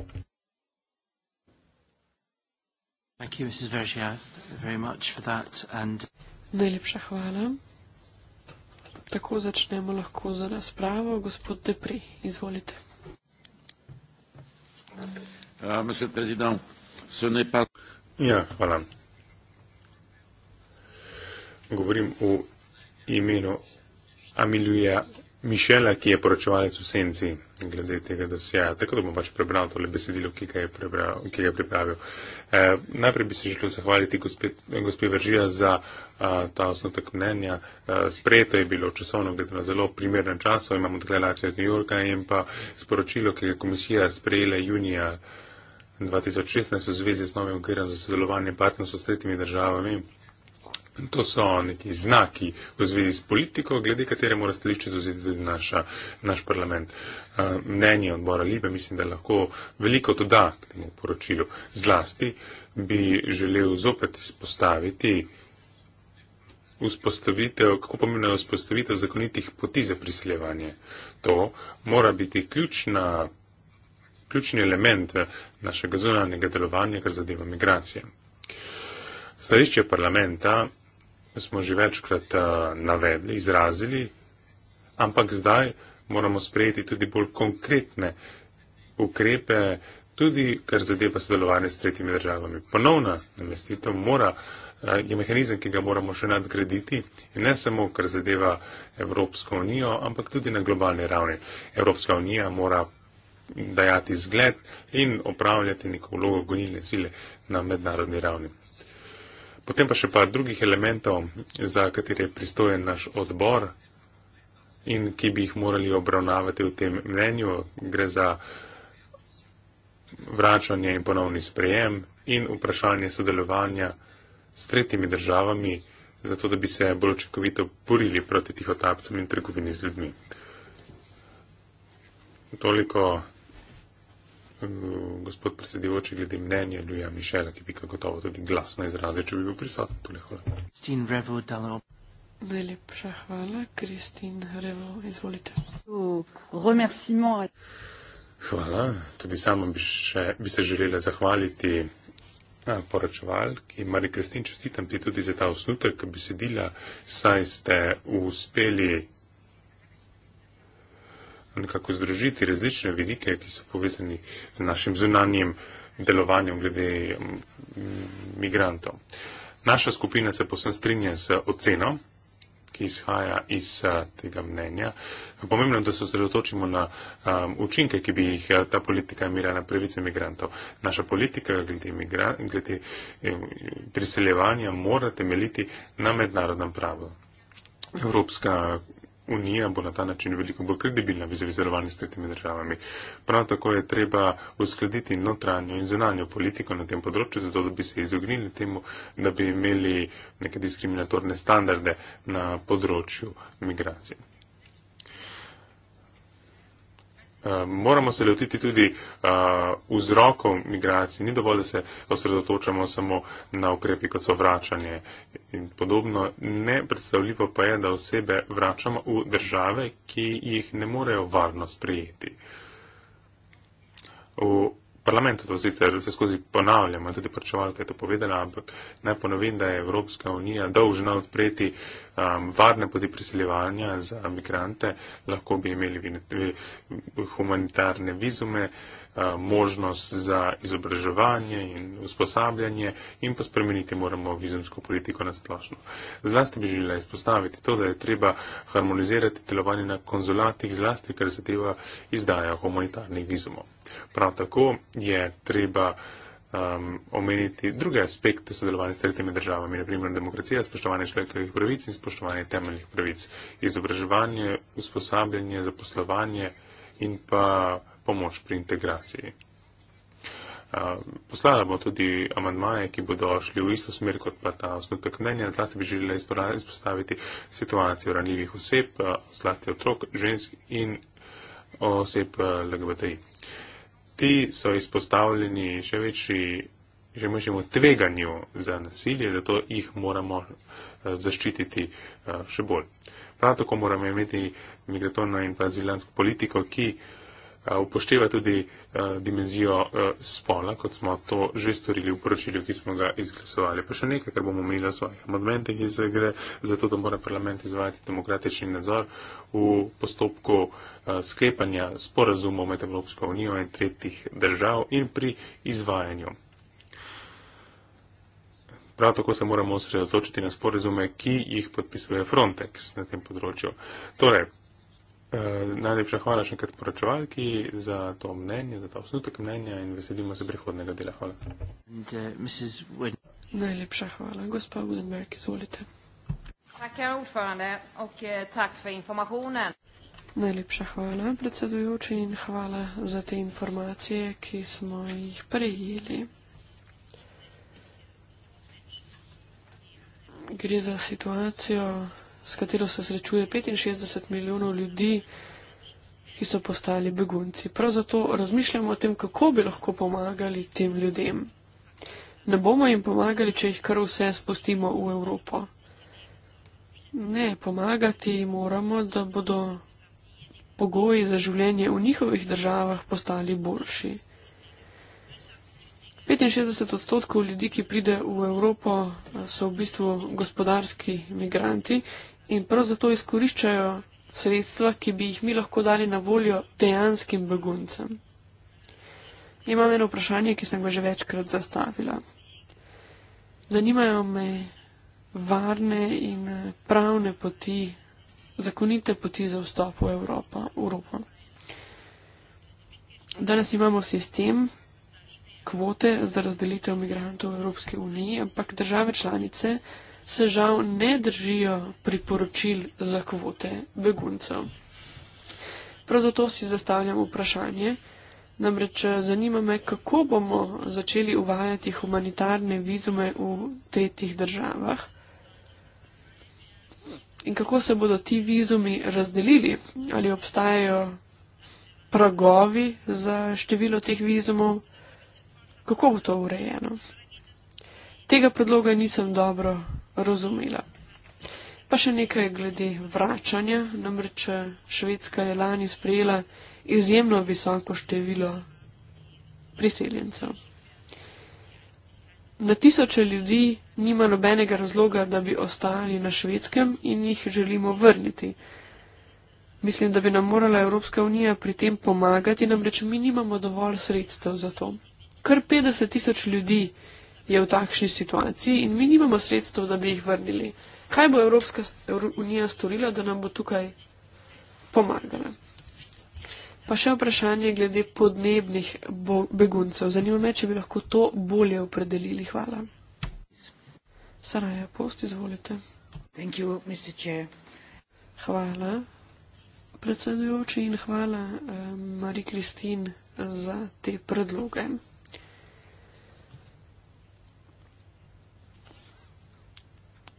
Thank you, Mrs. Vergiat, very much for that. And... Najlepša hvala. Tako začnemo lahko za razpravo. Gospod Depri, izvolite. Ah, ja, hvala. Govorim v imenu Amiluja Mišela, ki je poročevalec v Senci glede tega dosjeja. Tako da bom pač prebral tole besedilo, ki ga je, prebral, ki ga je pripravil. E, najprej bi se želel zahvaliti gospe Veržija za a, eh, ta osnotek mnenja. E, sprejeto je bilo časovno gledano zelo primernem času, imamo deklaracijo iz New Yorka in pa sporočilo, ki ga je komisija sprejela junija 2016 v zvezi z novim okvirom za sodelovanje partnerstva s tretjimi državami. In to so neki znaki v zvezi s politiko, glede katere mora stališče zauzeti tudi naša, naš parlament. Eh, mnenje odbora Libe mislim, da lahko veliko doda k temu poročilu. Zlasti bi želel zopet izpostaviti vzpostavitev, kako pomembno je vzpostavitev zakonitih poti za priseljevanje. To mora biti ključna, ključni element našega zunanjega delovanja, kar zadeva migracije. Stališče parlamenta smo že večkrat uh, navedli, izrazili, ampak zdaj moramo sprejeti tudi bolj konkretne ukrepe, tudi kar zadeva sodelovanje s tretjimi državami. Ponovna namestitev mora, uh, je mehanizem, ki ga moramo še nadgraditi in ne samo kar zadeva Evropsko unijo, ampak tudi na globalni ravni. Evropska unija mora dajati zgled in opravljati neko vlogo gonilne sile na mednarodni ravni. Potem pa še par drugih elementov, za katere je pristojen naš odbor in ki bi jih morali obravnavati v tem mnenju. Gre za vračanje in ponovni sprejem in vprašanje sodelovanja s tretjimi državami, zato da bi se bolj očekovito purili proti tihotapcem in trgovini z ljudmi. Toliko gospod predsedujoči, glede mnenja Ljuja Mišela, ki bi ga gotovo tudi glasno izrazil, če bi bil prisoten tu lehole. Najlepša hvala, Kristin Revo, izvolite. Hvala, tudi sama bi, še, bi se želela zahvaliti poročevalki Mari Kristin, čestitam ti tudi za ta osnutek, besedila, saj ste uspeli nekako združiti različne vidike, ki so povezani z našim zunanjim delovanjem glede migrantov. Naša skupina se posem strinja s oceno, ki izhaja iz tega mnenja. Pomembno je, da se osredotočimo na um, učinke, ki bi jih ta politika imela na pravice migrantov. Naša politika glede, migra, glede eh, priseljevanja mora temeljiti na mednarodnem pravu. Evropska Unija bo na ta način veliko bolj kredibilna v zvezi z rovanji s tretjimi državami. Prav tako je treba uskladiti notranjo in zunanjo politiko na tem področju, zato da bi se izognili temu, da bi imeli neke diskriminatorne standarde na področju migracije. Eh, moramo se lotiti tudi uh, vzrokov migracij. Ni dovolj, da se osredotočamo samo na ukrepi, kot so vračanje in podobno. Nepredstavljivo pa je, da osebe vračamo v države, ki jih ne morejo varno sprejeti. V parlamentu to sicer se skozi ponavljamo, tudi pričevalka je to povedala, ampak naj ponovim, da je Evropska unija dolžna odpreti um, varne poti priseljevanja za migrante, lahko bi imeli humanitarne vizume. Uh, Eh, možnost za izobraževanje in usposabljanje in pa spremeniti moramo vizumsko politiko na splošno. Zlasti bi želela izpostaviti to, da je treba harmonizirati delovanje na konzulatih, zlasti ker se teva izdaja humanitarnih vizumov. Prav tako je treba um, omeniti druge aspekte sodelovanja s tretjimi državami, naprimer demokracija, spoštovanje človekovih pravic in spoštovanje temeljnih pravic, izobraževanje, usposabljanje, zaposlovanje in pa pomoč pri integraciji. Poslala bomo tudi amandmaje, ki bodo šli v isto smer kot pa ta osnutek mnenja. Zlasti bi želela izpostaviti situacijo ranljivih oseb, zlasti otrok, žensk in oseb LGBTI. Ti so izpostavljeni še večji, že mažemo, tveganju za nasilje, zato jih moramo zaščititi še bolj. Prav tako moramo imeti migratorno in pa zilansko politiko, ki uh, upošteva tudi dimenzijo spola, kot smo to že storili v poročilju, ki smo ga izglasovali. Pa še nekaj, kar bomo imeli v svojih amendmentih, gre za to, da mora parlament izvajati demokratični nadzor v postopku sklepanja sporazumov med Evropsko unijo in tretjih držav in pri izvajanju. Prav tako se moramo osredotočiti na sporazume, ki jih podpisuje Frontex na tem področju. Torej, Eh, najlepša hvala še enkrat poročevalki za to mnenje, za ta osnutek mnenja in veselimo se prihodnega dela. Hvala. And, uh, eh, Mrs. Wood. Najlepša hvala. Gospa Woodenberg, izvolite. Tak, ja, ufane, okay, tak, Najlepša hvala, predsedujoči, in hvala za te informacije, ki smo jih prejeli. Gre za situacijo s katero se srečuje 65 milijonov ljudi, ki so postali begunci. Prav zato razmišljamo o tem, kako bi lahko pomagali tem ljudem. Ne bomo jim pomagali, če jih kar vse spustimo v Evropo. Ne, pomagati moramo, da bodo pogoji za življenje v njihovih državah postali boljši. 65 odstotkov ljudi, ki pride v Evropo, so v bistvu gospodarski migranti in prav zato izkoriščajo sredstva, ki bi jih mi lahko dali na voljo dejanskim beguncem. Imam eno vprašanje, ki sem ga že večkrat zastavila. Zanimajo me varne in pravne poti, zakonite poti za vstop v Evropo. Evropo. Danes imamo sistem kvote za razdelitev migrantov v Evropski uniji, ampak države članice se žal ne držijo priporočil za kvote beguncev. Prav zato si zastavljam vprašanje, namreč eh, zanima me, kako bomo začeli uvajati humanitarne vizume v tretjih državah in kako se bodo ti vizumi razdelili, ali obstajajo pragovi za število teh vizumov, kako bo to urejeno. Tega predloga nisem dobro razumela. Pa še nekaj glede vračanja, namreč eh, Švedska je lani sprejela izjemno visoko število priseljencev. Na tisoče ljudi nima nobenega razloga, da bi ostali na švedskem in jih želimo vrniti. Mislim, da bi nam morala Evropska unija pri tem pomagati, namreč mi nimamo dovolj sredstev za to. Kar 50 tisoč ljudi je v takšni situaciji in mi nimamo sredstev, da bi jih vrnili. Kaj bo Evropska unija storila, da nam bo tukaj pomagala? Pa še vprašanje glede podnebnih beguncev. Zanima me, če bi lahko to bolje opredelili. Hvala. Saraja, post izvolite. You, hvala, predsedujoči, in hvala, um, Mari Kristin, za te predloge.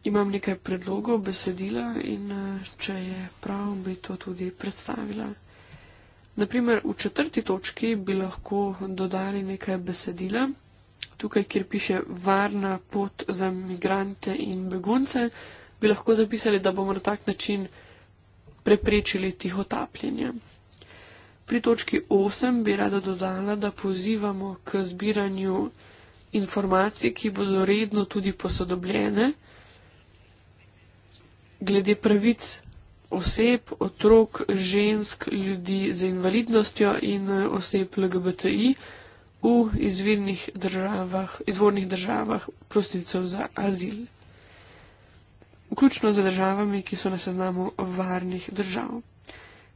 Imam nekaj predlogov, besedila in eh, če je prav, bi to tudi predstavila. Naprimer, v četrti točki bi lahko dodali nekaj besedila. Tukaj, kjer piše varna pot za migrante in begunce, bi lahko zapisali, da bomo na tak način preprečili tiho tapljenje. Pri točki 8 bi rada dodala, da pozivamo k zbiranju informacij, ki bodo redno tudi posodobljene glede pravic oseb, otrok, žensk, ljudi z invalidnostjo in eh, oseb LGBTI v izvirnih državah, izvornih državah prosilcev za azil. Vključno za državami, ki so na seznamu varnih držav.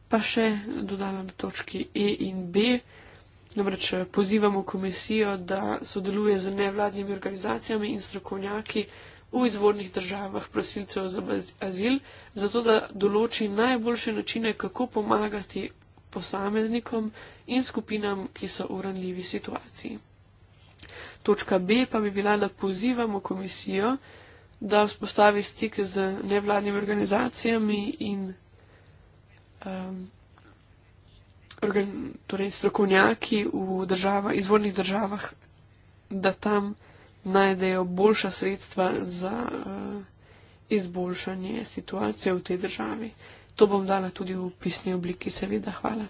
Pa še dodala bi točki E in B. Namreč eh, pozivamo komisijo, da sodeluje z nevladnimi organizacijami in strokovnjaki, v izvornih državah prosilcev za azil, zato da določi najboljše načine, kako pomagati posameznikom in skupinam, ki so v ranljivi situaciji. Točka B pa bi bila, da pozivamo komisijo, da vzpostavi stik z nevladnimi organizacijami in um, organ, torej strokovnjaki v država, izvornih državah, da tam najdejo boljša sredstva za uh, izboljšanje situacije v tej državi. To bom dala tudi v pisni obliki, seveda. Hvala.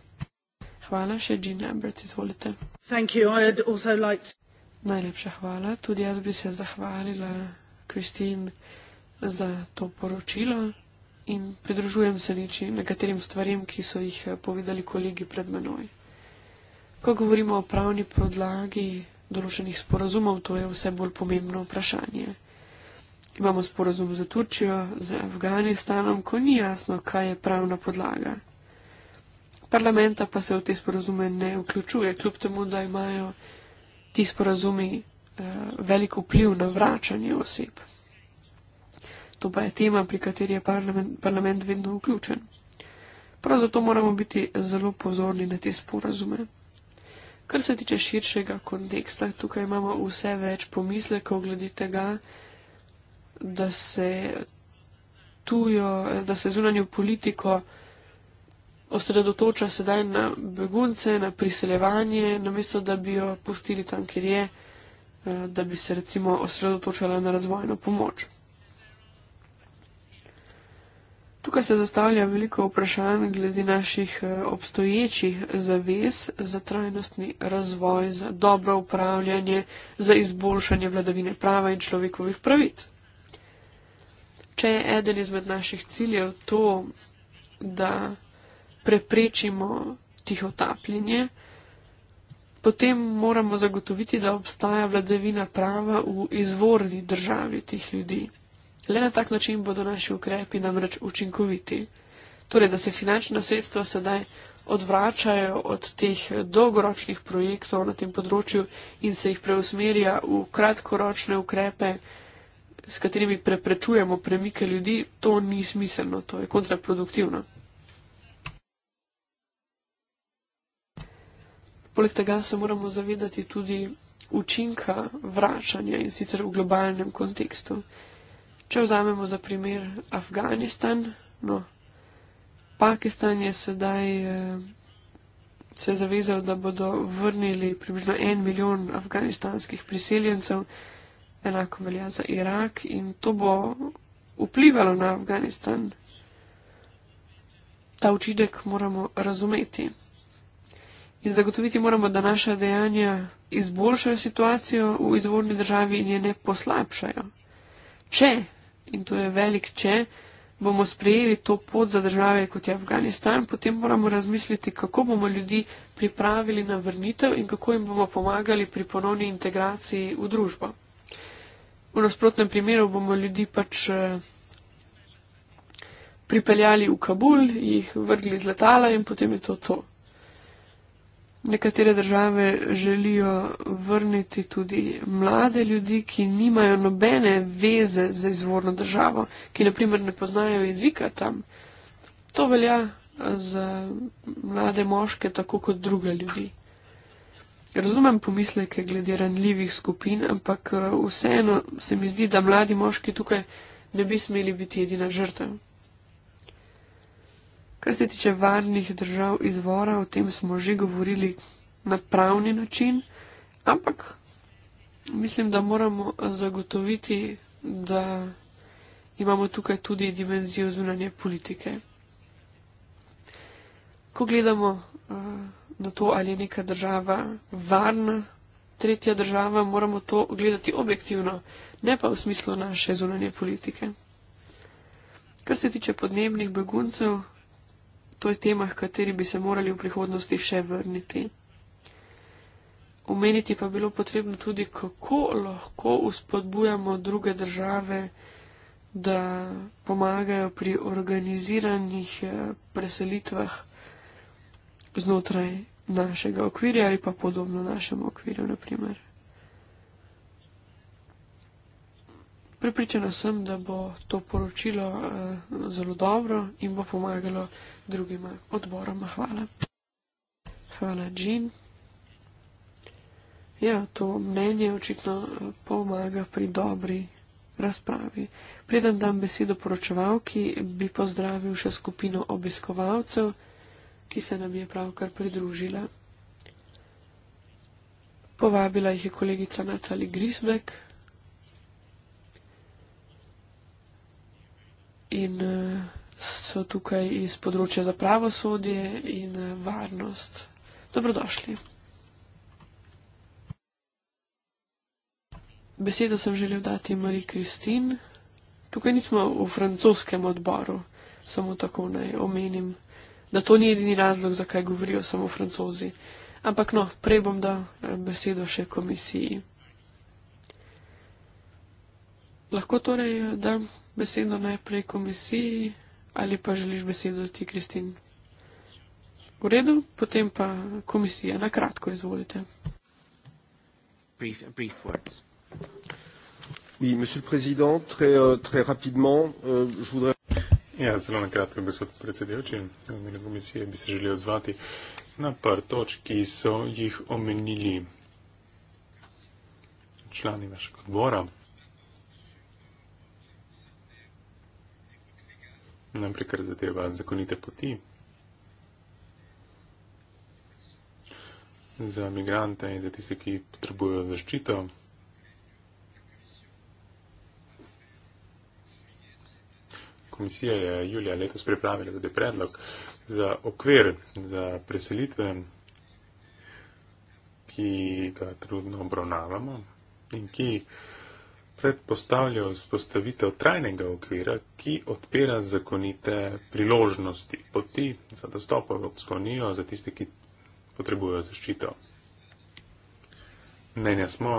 Hvala še, Jean Lambert, izvolite. Liked... Najlepša hvala. Tudi jaz bi se zahvalila Kristin za to poročilo in pridružujem se neči nekaterim stvarim, ki so jih eh, povedali kolegi pred menoj. Ko govorimo o pravni podlagi določenih sporazumov, to je vse bolj pomembno vprašanje. Imamo sporazum za Turčijo, za Afganistanom, ko ni jasno, kaj je pravna podlaga. Parlamenta pa se v te sporazume ne vključuje, kljub temu, da imajo ti sporazumi eh, velik vpliv na vračanje oseb. To pa je tema, pri kateri je parlament, parlament vedno vključen. Prav zato moramo biti zelo pozorni na te sporazume. Kar se tiče širšega konteksta, tukaj imamo vse več pomislekov glede tega, da se, tujo, da se zunanjo politiko osredotoča sedaj na begunce, na priseljevanje, namesto da bi jo pustili tam, kjer je, eh, da bi se recimo osredotočala na razvojno pomoč. Tukaj se zastavlja veliko vprašanj glede naših eh, obstoječih zavez za trajnostni razvoj, za dobro upravljanje, za izboljšanje vladavine prava in človekovih pravic. Če je eden izmed naših ciljev to, da preprečimo tiho tapljenje, potem moramo zagotoviti, da obstaja vladavina prava v izvorni državi tih ljudi. Le na tak način bodo naši ukrepi namreč učinkoviti. Torej, da se finančna sredstva sedaj odvračajo od teh dolgoročnih projektov na tem področju in se jih preusmerja v kratkoročne ukrepe, s katerimi preprečujemo premike ljudi, to ni smiselno, to je kontraproduktivno. Poleg tega se moramo zavedati tudi učinka vračanja in sicer v globalnem kontekstu. Če vzamemo za primer Afganistan, no, Pakistan je sedaj eh, se zavezal, da bodo vrnili približno en milijon afganistanskih priseljencev, enako velja za Irak in to bo vplivalo na Afganistan. Ta učinek moramo razumeti. In zagotoviti moramo, da naša dejanja izboljšajo situacijo v izvorni državi in je ne poslabšajo. Če in to je velik, če bomo sprejeli to pot za države, kot je Afganistan, potem moramo razmisliti, kako bomo ljudi pripravili na vrnitev in kako jim bomo pomagali pri ponovni integraciji v družbo. V nasprotnem primeru bomo ljudi pač eh, pripeljali v Kabul, jih vrgli z letala in potem je to to. Nekatere države želijo vrniti tudi mlade ljudi, ki nimajo nobene veze z izvorno državo, ki naprimer ne poznajo jezika tam. To velja za mlade moške tako kot druge ljudi. Razumem pomisleke glede ranljivih skupin, ampak eh, vseeno se mi zdi, da mladi moški tukaj ne bi smeli biti edina žrtev. Kar se tiče varnih držav izvora, o tem smo že govorili na pravni način, ampak mislim, da moramo zagotoviti, da imamo tukaj tudi dimenzijo zunanje politike. Ko gledamo eh, na to, ali je neka država varna, tretja država, moramo to gledati objektivno, ne pa v smislu naše zunanje politike. Kar se tiče podnebnih beguncev, to je tema, h kateri bi se morali v prihodnosti še vrniti. Omeniti pa bilo potrebno tudi, kako lahko uspodbujamo druge države, da pomagajo pri organiziranih eh, preselitvah znotraj našega okvirja ali pa podobno našemu okvirju, naprimer. Pripričana sem, da bo to poročilo eh, zelo dobro in bo pomagalo drugima odboroma. Hvala. Hvala, Jean. Ja, to mnenje očitno eh, pomaga pri dobri razpravi. Preden dam besedo poročevalki, bi pozdravil še skupino obiskovalcev, ki se nam je pravkar pridružila. Povabila jih je kolegica Natali Grisbek in uh, so tukaj iz področja za pravosodje in varnost. Dobrodošli. Besedo sem želel dati Marii Kristin. Tukaj nismo v francoskem odboru, samo tako naj omenim, da to ni edini razlog, zakaj govorijo samo francozi. Ampak no, prej bom dal eh, besedo še komisiji. Lahko torej eh, dam besedo najprej komisiji ali pa želiš besedo ti, Kristin? V redu, potem pa komisija, na kratko izvolite. Brief, brief words. Oui, monsieur le président, très, euh, très rapidement, euh, je voudrais. Ja, zelo na kratko, gospod predsedujoči, mene komisije bi se želel odzvati na par toč, ki so jih omenili člani vašega odbora. najprej kar zadeva zakonite poti za migrante in za tiste, ki potrebujo zaščito. Komisija je julija letos pripravila tudi predlog za okvir za preselitve, ki ga trudno obravnavamo in ki predpostavlja vzpostavitev trajnega okvira, ki odpira zakonite priložnosti, poti za dostop v Evropsko unijo za tiste, ki potrebujejo zaščito. Mnenja smo,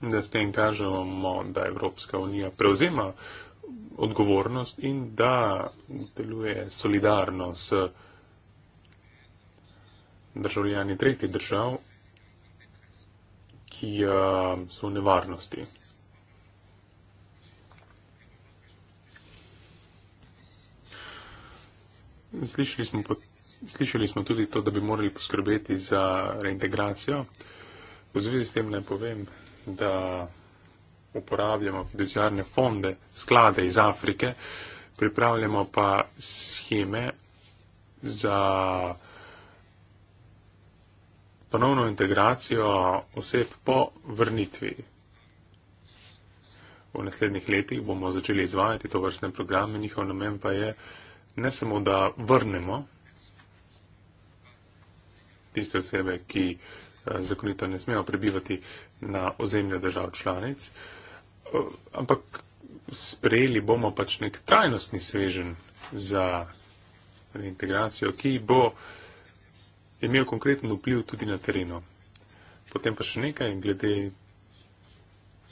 da s tem kažemo, da Evropska unija prevzema odgovornost in da deluje solidarno s državljani tretjih držav ki uh, so v nevarnosti. Slišali smo, po, slišali smo tudi to, da bi morali poskrbeti za reintegracijo. V zvezi s tem naj povem, da uporabljamo fiduciarne fonde, sklade iz Afrike, pripravljamo pa scheme za ponovno integracijo oseb po vrnitvi. V naslednjih letih bomo začeli izvajati to vrstne programe, njihov namen pa je ne samo, da vrnemo tiste osebe, ki eh, zakonito ne smejo prebivati na ozemlju držav članic, eh, ampak sprejeli bomo pač nek trajnostni svežen za integracijo, ki bo uh, je imel konkreten vpliv tudi na terenu. Potem pa še nekaj glede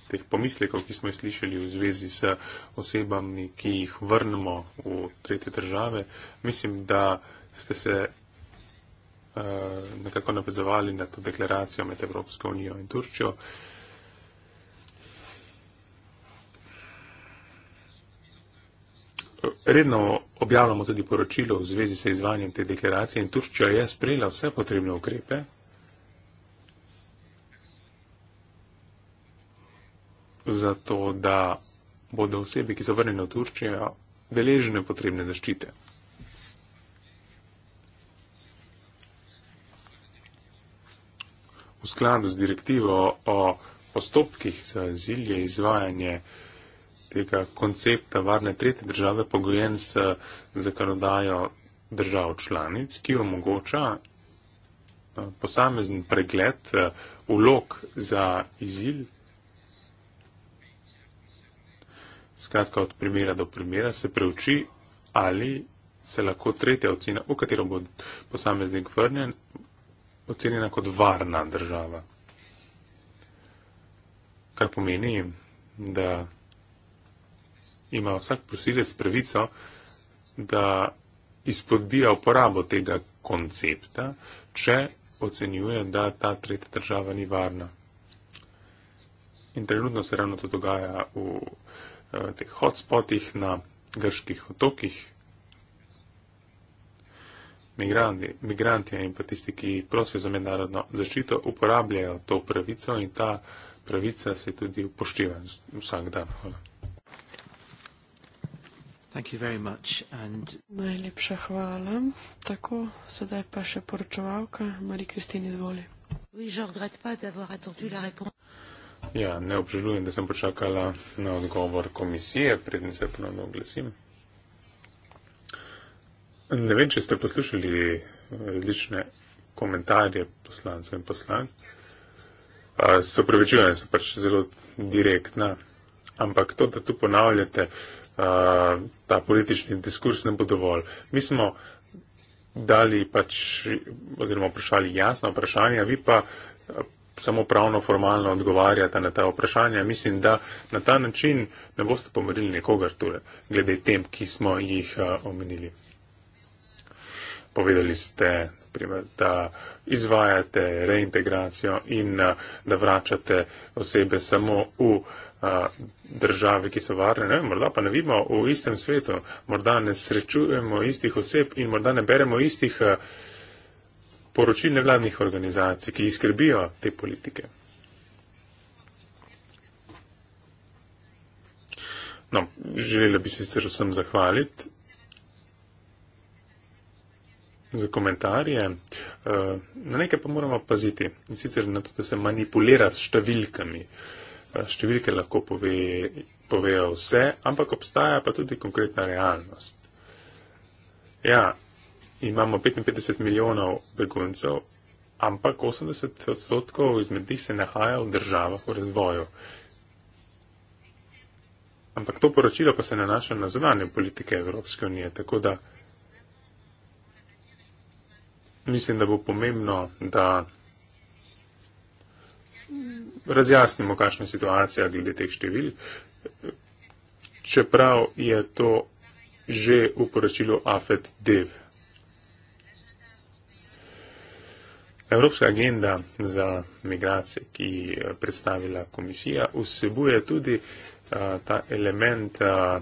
teh pomislekov, ki smo jih slišali v zvezi s osebami, ki jih vrnemo v tretje države. Mislim, da ste se uh, nekako navezovali na to deklaracijo med Evropsko unijo in Turčjo. Uh, redno objavljamo tudi poročilo v zvezi s izvanjem te deklaracije in Turčija je sprejela vse potrebne ukrepe. Zato, da bodo osebe, ki so vrnjene v Turčijo, deležene potrebne zaščite. V skladu z direktivo o postopkih za azil je izvajanje uh, tega koncepta varne tretje države pogojen s zakonodajo držav članic, ki omogoča eh, posamezen pregled ulog eh, za izil. Skratka, od primera do primera se preuči, ali se lahko tretja ocena, v katero bo posameznik vrnjen, ocenjena kot varna država. Kar pomeni, da ima vsak prosilec pravico, da izpodbija uporabo tega koncepta, če ocenjuje, da ta tretja država ni varna. In trenutno se ravno to dogaja v eh, teh hotspotih na grških otokih. Migranti, migranti in pa tisti, ki prosijo za mednarodno zaščito, uporabljajo to pravico in ta pravica se tudi upošteva vsak dan. Hvala. Thank you very much and najlepša hvala. Tako, sedaj pa še poročevalka Marija Kristina izvoli. Ja, ne obžalujem, da sem počakala na odgovor komisije, predtem se ponovno oglasim. Ne vem, če ste poslušali različne eh, komentarje poslancev in poslank. Se upravičujem, sem pač zelo direktna, ampak to, da tu ponavljate, ta politični diskurs ne bo dovolj. Mi smo dali pač, oziroma vprašali jasna vprašanja, vi pa samo pravno, formalno odgovarjate na ta vprašanja. Mislim, da na ta način ne boste pomerili nikogar, torej, glede tem, ki smo jih a, omenili. Povedali ste, primer, da izvajate reintegracijo in a, da vračate osebe samo v a, države, ki so varne, ne? morda pa ne vidimo v istem svetu, morda ne srečujemo istih oseb in morda ne beremo istih a, poročil nevladnih organizacij, ki izkrbijo te politike. No, želela bi se sicer vsem zahvaliti za komentarje. Na nekaj pa moramo paziti in sicer na to, da se manipulira s številkami. Eh, številke lahko pove, povejo vse, ampak obstaja pa tudi konkretna realnost. Ja, imamo 55 milijonov beguncev, ampak 80 odstotkov izmed njih se nahaja v državah v razvoju. Ampak to poročilo pa se nanaša na zunanje politike Evropske unije, tako da mislim, da bo pomembno, da razjasnimo, kakšna je situacija glede teh števil. Čeprav je to že v poročilu AFED DEV. Evropska agenda za migracije, ki je predstavila komisija, vsebuje tudi a, ta element a,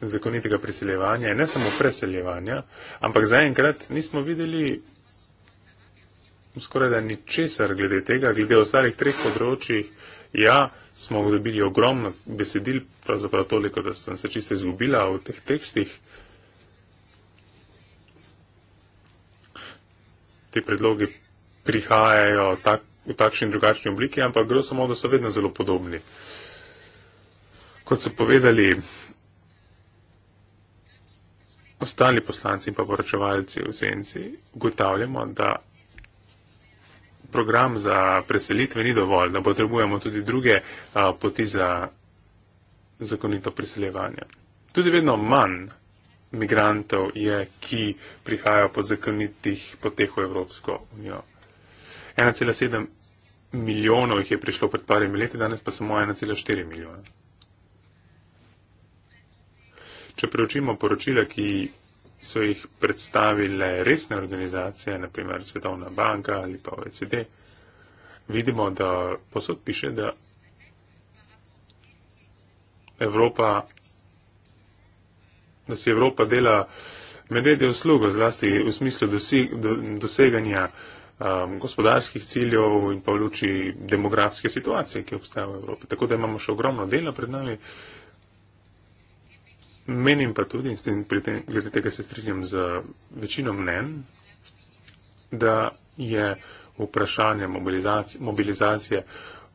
zakonitega priseljevanja, ne samo preseljevanja, ampak zaenkrat nismo videli skoraj da ni česar glede tega, glede ostalih treh področji, ja, smo dobili ogromno besedil, pravzaprav toliko, da sem se čisto izgubila v teh tekstih. Te predlogi prihajajo tak, v takšni in drugačni obliki, ampak gre samo, da so vedno zelo podobni. Kot so povedali ostali poslanci in pa poročevalci v senci, ugotavljamo, da program za preselitve ni dovolj, da potrebujemo tudi druge a, poti za zakonito priseljevanje. Tudi vedno manj migrantov je, ki prihajajo po zakonitih poteh v Evropsko unijo. 1,7 milijonov jih je prišlo pred parimi leti, danes pa samo 1,4 milijona. Če preučimo poročila, ki so jih predstavile resne organizacije, naprimer Svetovna banka ali pa OECD, vidimo, da posod piše, da Evropa, da si Evropa dela medvedje uslugo, zlasti v smislu doseg, do, doseganja um, gospodarskih ciljev in pa v luči demografske situacije, ki obstaja v Evropi. Tako da imamo še ogromno dela pred nami. Uh, Menim pa tudi, in tem, glede tega se strinjam z večino mnen, da je vprašanje mobilizacije, mobilizacije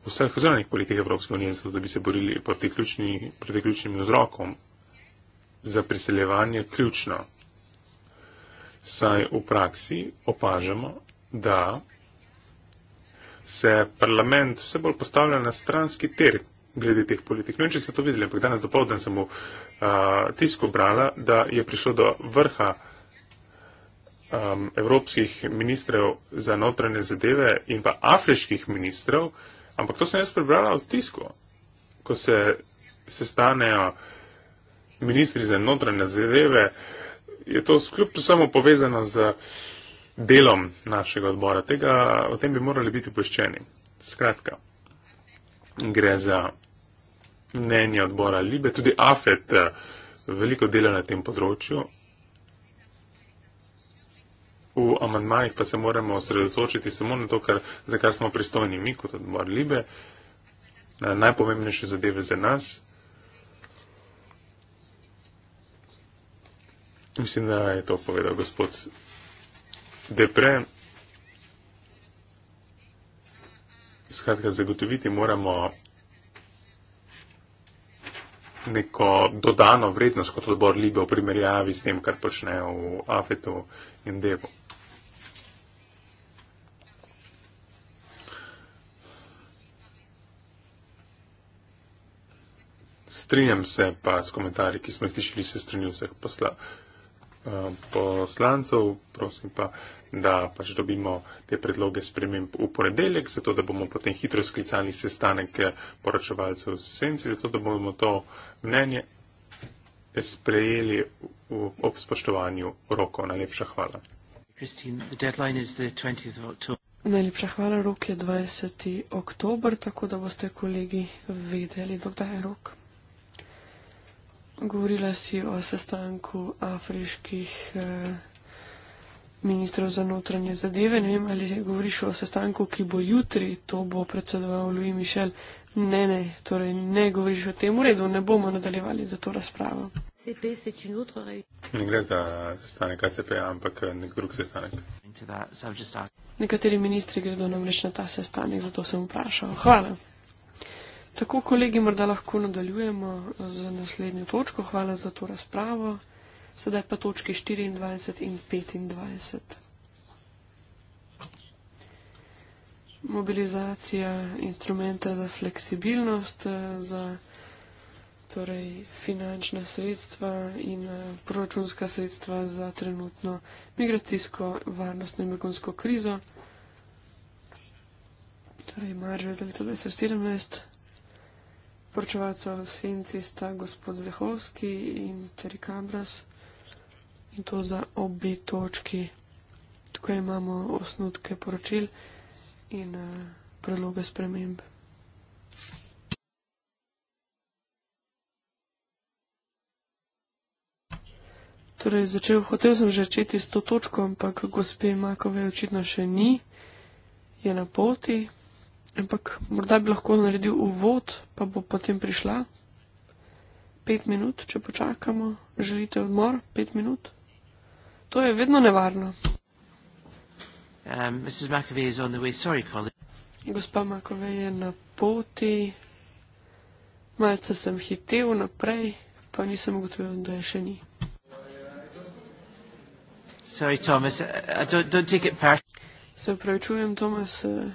vseh zunanjih politik Evropske unije, zato da bi se borili proti ključni, ključnim vzrokom za priseljevanje, ključno. Saj v praksi opažamo, da se parlament vse bolj postavlja na stranski ter glede teh politik. Ne vem, če ste to videli, ampak danes dopoldne sem v tisku brala, da je prišlo do vrha um, evropskih ministrev za notranje zadeve in pa afriških ministrev, ampak to sem jaz prebrala v tisku, ko se, se stanejo ministri za notranje zadeve, je to skljub samo povezano z delom našega odbora. Tega, o tem bi morali biti poščeni. Skratka, gre za mnenje odbora Libe, tudi AFET eh, veliko dela na tem področju. V amandmajih pa se moramo osredotočiti samo na to, kar, za kar smo pristojni mi kot odbor Libe, na najpomembnejše zadeve za nas. Mislim, da je to povedal gospod Depre. Skratka, zagotoviti moramo neko dodano vrednost kot odbor Libe v primerjavi s tem, kar počnejo v Afetu in Devu. Strinjam se pa s komentarji, ki smo slišali, se strinjam vseh posla, eh, poslancov, prosim pa da pač dobimo te predloge spremem v ponedeljek, zato da bomo potem hitro sklicali sestanek eh, poročevalcev v senci, zato da bomo to mnenje sprejeli v, ob spoštovanju rokov. Najlepša hvala. Najlepša hvala, rok je 20. oktober, tako da boste kolegi vedeli, dokdaj je rok. Govorila si o sestanku afriških. Eh, ministrov za notranje zadeve. Ne vem, ali govoriš o sestanku, ki bo jutri, to bo predsedoval Louis Michel. Ne, ne, torej ne govoriš o tem uredu, ne bomo nadaljevali za to razpravo. Ne gre za sestanek ACP, ampak eh, nek drug sestanek. Nekateri ministri gredo namreč na ta sestanek, zato sem vprašal. Hvala. Tako, kolegi, morda lahko nadaljujemo eh, z naslednjo točko. Hvala za to razpravo. Sedaj pa točki 24 in 25. Mobilizacija instrumenta za fleksibilnost, eh, za torej, finančna sredstva in eh, proračunska sredstva za trenutno migracijsko varnostno in begunsko krizo. Torej, marže za leto 2017. Poročevalca v senci sta gospod Zdehovski in Terry Cambras in to za obi točki. Tukaj imamo osnutke poročil in eh, predloge sprememb. Torej, začel, hotel sem že začeti s to točko, ampak gospe Makove očitno še ni, je na poti, ampak morda bi lahko naredil uvod, pa bo potem prišla. Pet minut, če počakamo, želite odmor, pet minut. To je vedno nevarno. Um, Sorry, Gospa Makove je na poti. Malce sem hitel naprej, pa nisem ugotovil, da je še ni. Sorry, Thomas. Uh, uh don't, don't take it Se upravičujem, Tomas, uh,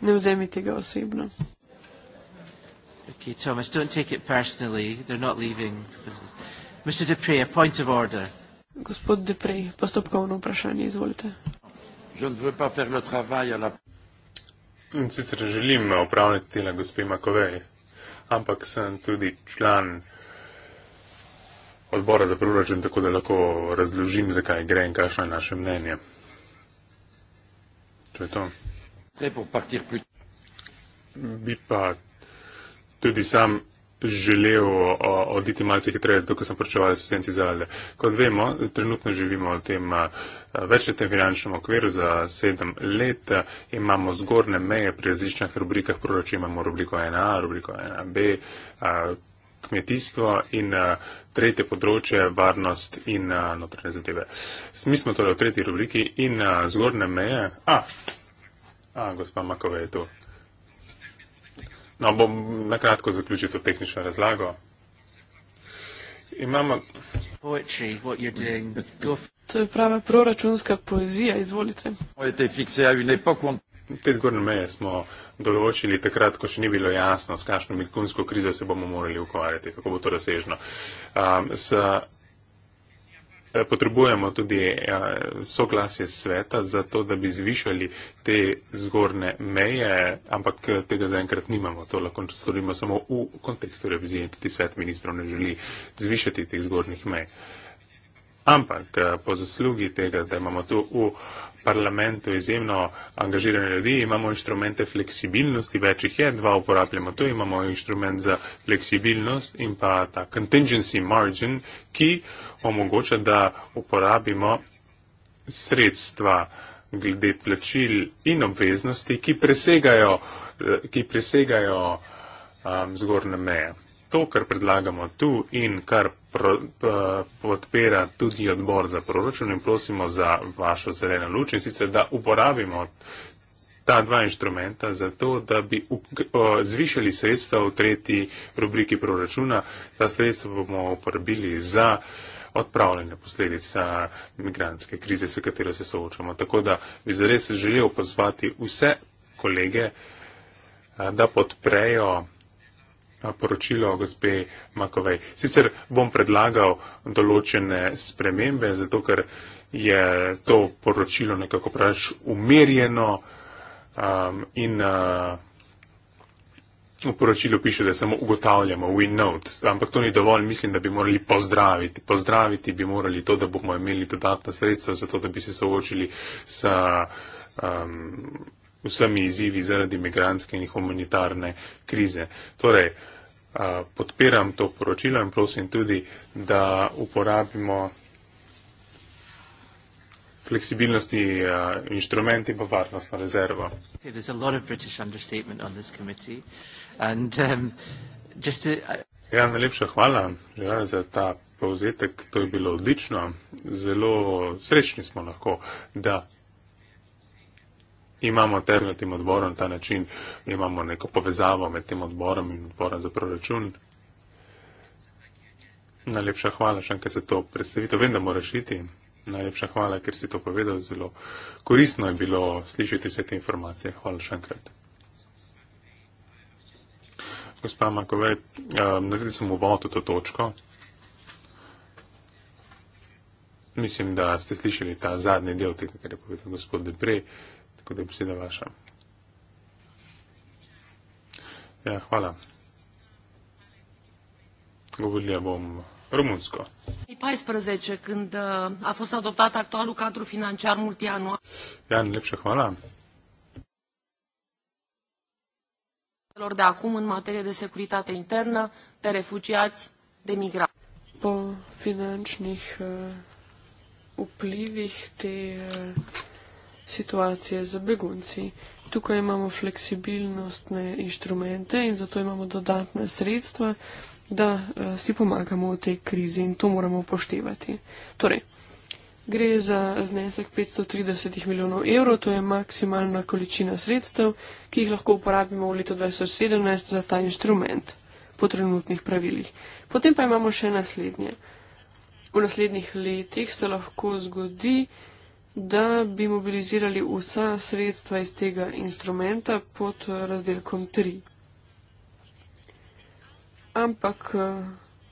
ne vzemi tega osebno. Okay, Thomas, don't take it personally. They're not leaving. Mr. Dupree, a point of order. Gospod Deprej, postopkovno vprašanje, izvolite. Hm, sicer želim upravljati tela gospe Makovej, ampak sem tudi član odbora za proračun, tako da lahko razložim, zakaj gre in kakšno je naše mnenje. To je to. Bi pa tudi sam želel uh, oditi malce hitreje, zato ker sem pričeval s vsem cizalde. Kot vemo, trenutno živimo v tem uh, večletnem finančnem okviru za sedem let, imamo zgornje meje pri različnih rubrikah proračuna, imamo rubriko 1a, rubriko 1b, uh, kmetijstvo in uh, tretje področje, varnost in uh, notranje zadeve. Mi smo torej v tretji rubriki in uh, zgornje meje. A, a gospa Makove je tu. No, bom na kratko zaključil to tehnično razlago. Imamo. Poetry, what you're doing. Go to je prava proračunska poezija, izvolite. Ja, te zgornje meje smo določili takrat, ko še ni bilo jasno, s kakšno milkunsko krizo se bomo morali ukvarjati, kako bo to razsežno. Um, potrebujemo tudi ja, soglasje sveta za to, da bi zvišali te zgorne meje, ampak tega zaenkrat nimamo. To lahko storimo samo v kontekstu revizije in tudi svet ministrov ne želi zvišati teh zgornjih mej. Uh, Ampak eh, po zaslugi tega, da imamo tu v parlamentu izjemno angažirane ljudi, imamo inštrumente fleksibilnosti, več jih je, dva uporabljamo tu, imamo inštrument za fleksibilnost in pa ta contingency margin, ki omogoča, da uporabimo sredstva glede plačil in obveznosti, ki presegajo, eh, ki presegajo um, eh, zgorne meje to, kar predlagamo tu in kar pro, pa, podpira tudi odbor za proračun in prosimo za vašo zeleno luč in sicer, da uporabimo ta dva inštrumenta za to, da bi zvišali sredstva v tretji rubriki proračuna. Ta sredstva bomo uporabili za odpravljanje posledica migranske krize, s katero se soočamo. Tako da bi zares želel pozvati vse kolege, da podprejo poročilo gospe Makovej. Sicer bom predlagal določene spremembe, zato ker je to poročilo nekako praviš umerjeno um, in uh, v poročilu piše, da samo ugotavljamo, we note, ampak to ni dovolj, mislim, da bi morali pozdraviti. Pozdraviti bi morali to, da bomo imeli dodatna sredstva za to, da bi se soočili s. Um, vsemi izzivi zaradi imigranske in humanitarne krize. Torej, podpiram to poročilo in prosim tudi, da uporabimo fleksibilnosti inštrumenti pa varnostno rezervo. Um, ja, najlepša hvala ja, za ta povzetek, to je bilo odlično. Zelo srečni smo lahko, da imamo ter med tem odborom ta način, imamo neko povezavo med tem odborom in odborom za proračun. Najlepša hvala še enkrat za to predstavitev. Vem, da moraš iti. Najlepša hvala, ker si to povedal. Zelo koristno je bilo slišati vse te informacije. Hvala še enkrat. Gospa Makovej, um, eh, naredili smo uvod v to točko. Mislim, da ste slišali ta zadnji del tega, kar je povedal gospod Debrej. Tako da je beseda vaša. Ja, hvala. Govorila bom romunsko. E 14, când uh, a fost adoptat actualul cadru financiar multianual. Ian, ja, lepše hvala. ...de acum în materie de securitate internă, de refugiați, de migrați. Po finančnih uh, vplivih te uh situacije za begunci. Tukaj imamo fleksibilnostne inštrumente in zato imamo dodatne sredstva, da eh, si pomagamo v tej krizi in to moramo upoštevati. Torej, gre za znesek 530 milijonov evrov, to je maksimalna količina sredstev, ki jih lahko uporabimo v letu 2017 za ta inštrument po trenutnih pravilih. Potem pa imamo še naslednje. V naslednjih letih se lahko zgodi, da bi mobilizirali vsa sredstva iz tega instrumenta pod razdelkom 3. Ampak eh,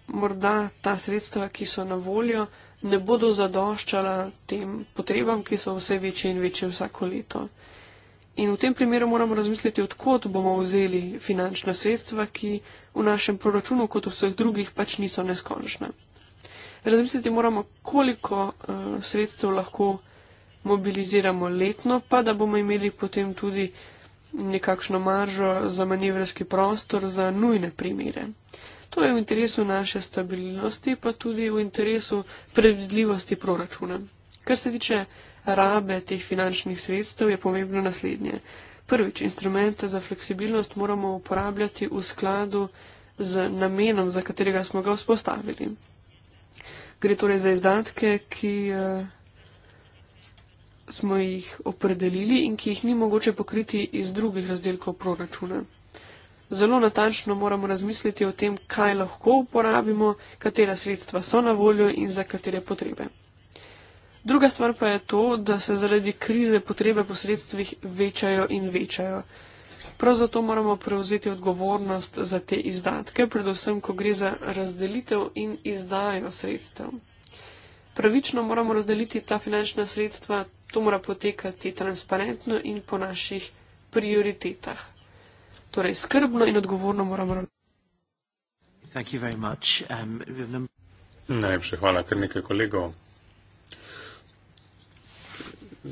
morda ta sredstva, ki so na voljo, ne bodo zadoščala tem potrebam, ki so vse večje in večje vsako leto. In v tem primeru moramo razmisliti, odkot bomo vzeli finančna sredstva, ki v našem proračunu, kot v vseh drugih, pač niso neskončna. Razmisliti moramo, koliko uh, sredstev lahko mobiliziramo letno, pa da bomo imeli potem tudi nekakšno maržo za manevrski prostor, za nujne primere. To je v interesu naše stabilnosti, pa tudi v interesu predvidljivosti proračuna. Kar se tiče rabe teh finančnih sredstev, je pomembno naslednje. Prvič, instrumente za fleksibilnost moramo uporabljati v skladu z namenom, za katerega smo ga vzpostavili. Gre torej za izdatke, ki eh, smo jih opredelili in ki jih ni mogoče pokriti iz drugih razdelkov proračuna. Zelo natančno moramo razmisliti o tem, kaj lahko uporabimo, katera sredstva so na voljo in za katere potrebe. Druga stvar pa je to, da se zaradi krize potrebe po sredstvih večajo in večajo. Prav zato moramo prevzeti odgovornost za te izdatke, predvsem, ko gre za razdelitev in izdajo sredstev. Pravično moramo razdeliti ta finančna sredstva To mora potekati transparentno in po naših prioritetah. Torej, skrbno in odgovorno moramo ravnati. Um, Najlepše hvala, ker nekaj kolegov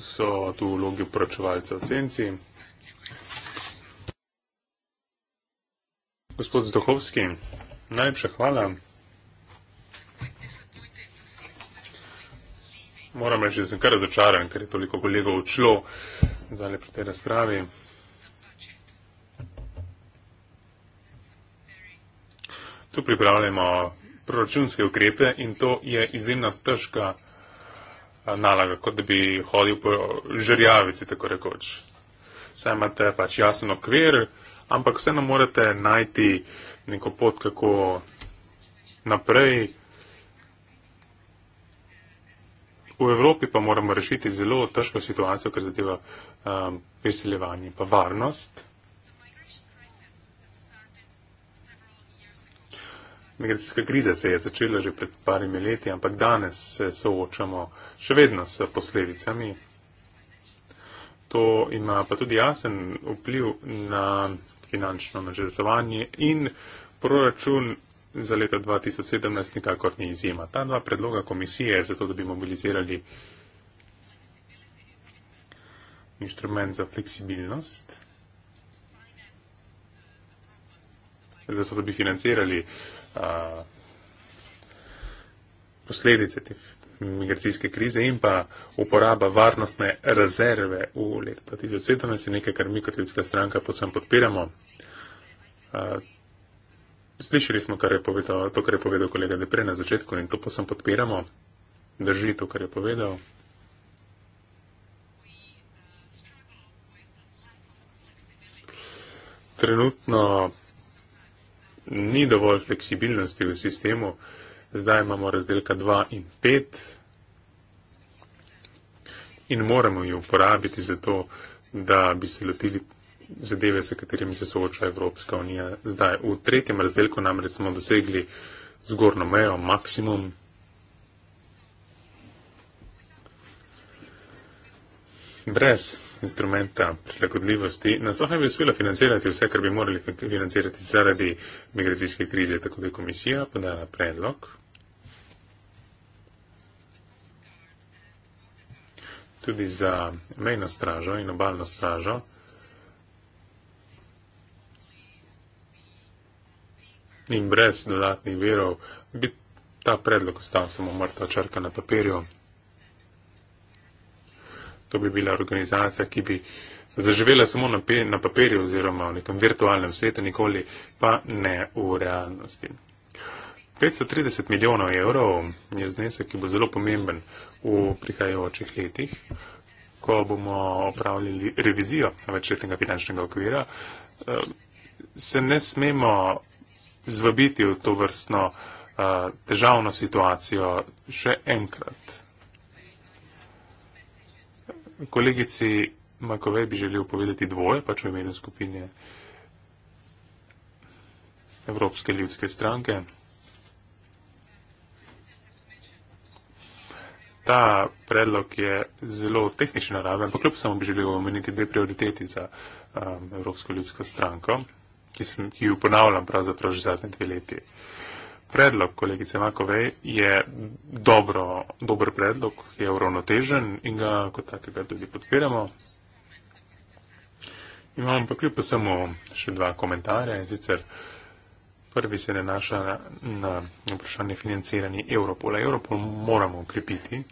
so tu v vlogi upračevalca v senci. Gospod Zdohovski, najlepša hvala. moram reči, da sem kar razočaran, ker je toliko kolegov odšlo zdaj pri tej razpravi. Tu pripravljamo proračunske ukrepe in to je izjemna težka naloga, kot da bi hodil po žrjavici, tako rekoč. Saj imate pač jasen okvir, ampak vseeno morate najti neko pot, kako naprej. V Evropi pa moramo rešiti zelo težko situacijo, kar zadeva um, priseljevanje in pa varnost. Migracijska kriza se je začela že pred parimi leti, ampak danes se soočamo še vedno s posledicami. To ima pa tudi jasen vpliv na finančno načrtovanje in proračun za leto 2017 nikakor ni izjema. Ta dva predloga komisije je zato, da bi mobilizirali inštrument za fleksibilnost, zato, da bi financirali a, posledice te migracijske krize in pa uporaba varnostne rezerve v letu 2017 je nekaj, kar mi kot ljudska stranka podsem podpiramo. A, slišali smo, kar je povedal, to, kar je povedal kolega Depre na začetku in to posem podpiramo. Drži to, kar je povedal. Trenutno ni dovolj fleksibilnosti v sistemu. Zdaj imamo razdelka 2 in 5 in moramo jo uporabiti za to, da bi se lotili zadeve, s katerimi se sooča Evropska unija. Zdaj, v tretjem razdelku namreč smo dosegli zgornjo mejo, maksimum. Brez instrumenta prilagodljivosti nas lahko bi uspela financirati vse, kar bi morali financirati zaradi migracijske krize, tako da je komisija podala predlog. Tudi za mejno stražo in obalno stražo in brez dodatnih verov bi ta predlog ostal samo mrtva črka na papirju. To bi bila organizacija, ki bi zaživela samo na, na papirju oziroma v nekem virtualnem svetu, nikoli pa ne v realnosti. 530 milijonov evrov je znesek, ki bo zelo pomemben v prihajajočih letih, ko bomo opravljali revizijo večletnega finančnega okvira. Eh, se ne smemo zvabiti v to vrstno eh, težavno situacijo še enkrat. Kolegici Makovej bi želel povedati dvoje, pač v imenu skupine Evropske ljudske stranke. Ta predlog je zelo tehnični narave, ampak kljub samo bi želel omeniti dve prioriteti za um, Evropsko ljudsko stranko ki, sem, ki jo ponavljam pravzaprav že zadnje dve leti. Predlog kolegice Makovej je dobro, dober predlog, je uravnotežen in ga kot takega tudi podpiramo. Imam pa kljub samo še dva komentarja in sicer prvi se nanaša na, na vprašanje financiranja Europola. Europol moramo ukrepiti,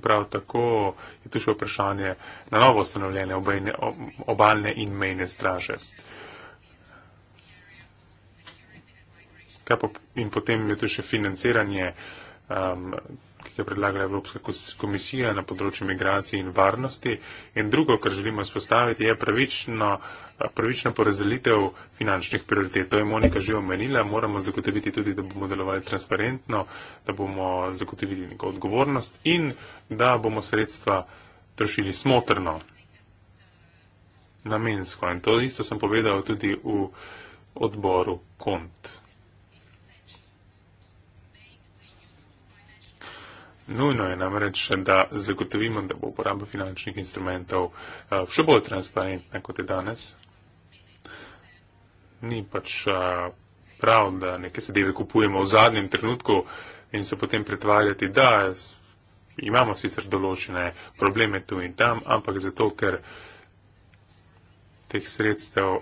prav tako je tu še vprašanje na novo ustanovljene obajne, obalne in mejne straže. Pa, in potem je tu še financiranje um, ki jo predlagala Evropska komisija na področju migracij in varnosti. In drugo, kar želimo spostaviti, je pravično, pravično porazdelitev finančnih prioritet. To je Monika že omenila. Moramo zagotoviti tudi, da bomo delovali transparentno, da bomo zagotovili neko odgovornost in da bomo sredstva trošili smotrno, namensko. In to isto sem povedal tudi v odboru KONT. Nujno je namreč, da zagotovimo, da bo uporaba finančnih instrumentov eh, še bolj transparentna, kot je danes. Ni pač eh, prav, da neke sedeve kupujemo v zadnjem trenutku in se potem pretvarjati, da imamo sicer določene probleme tu in tam, ampak zato, ker teh sredstev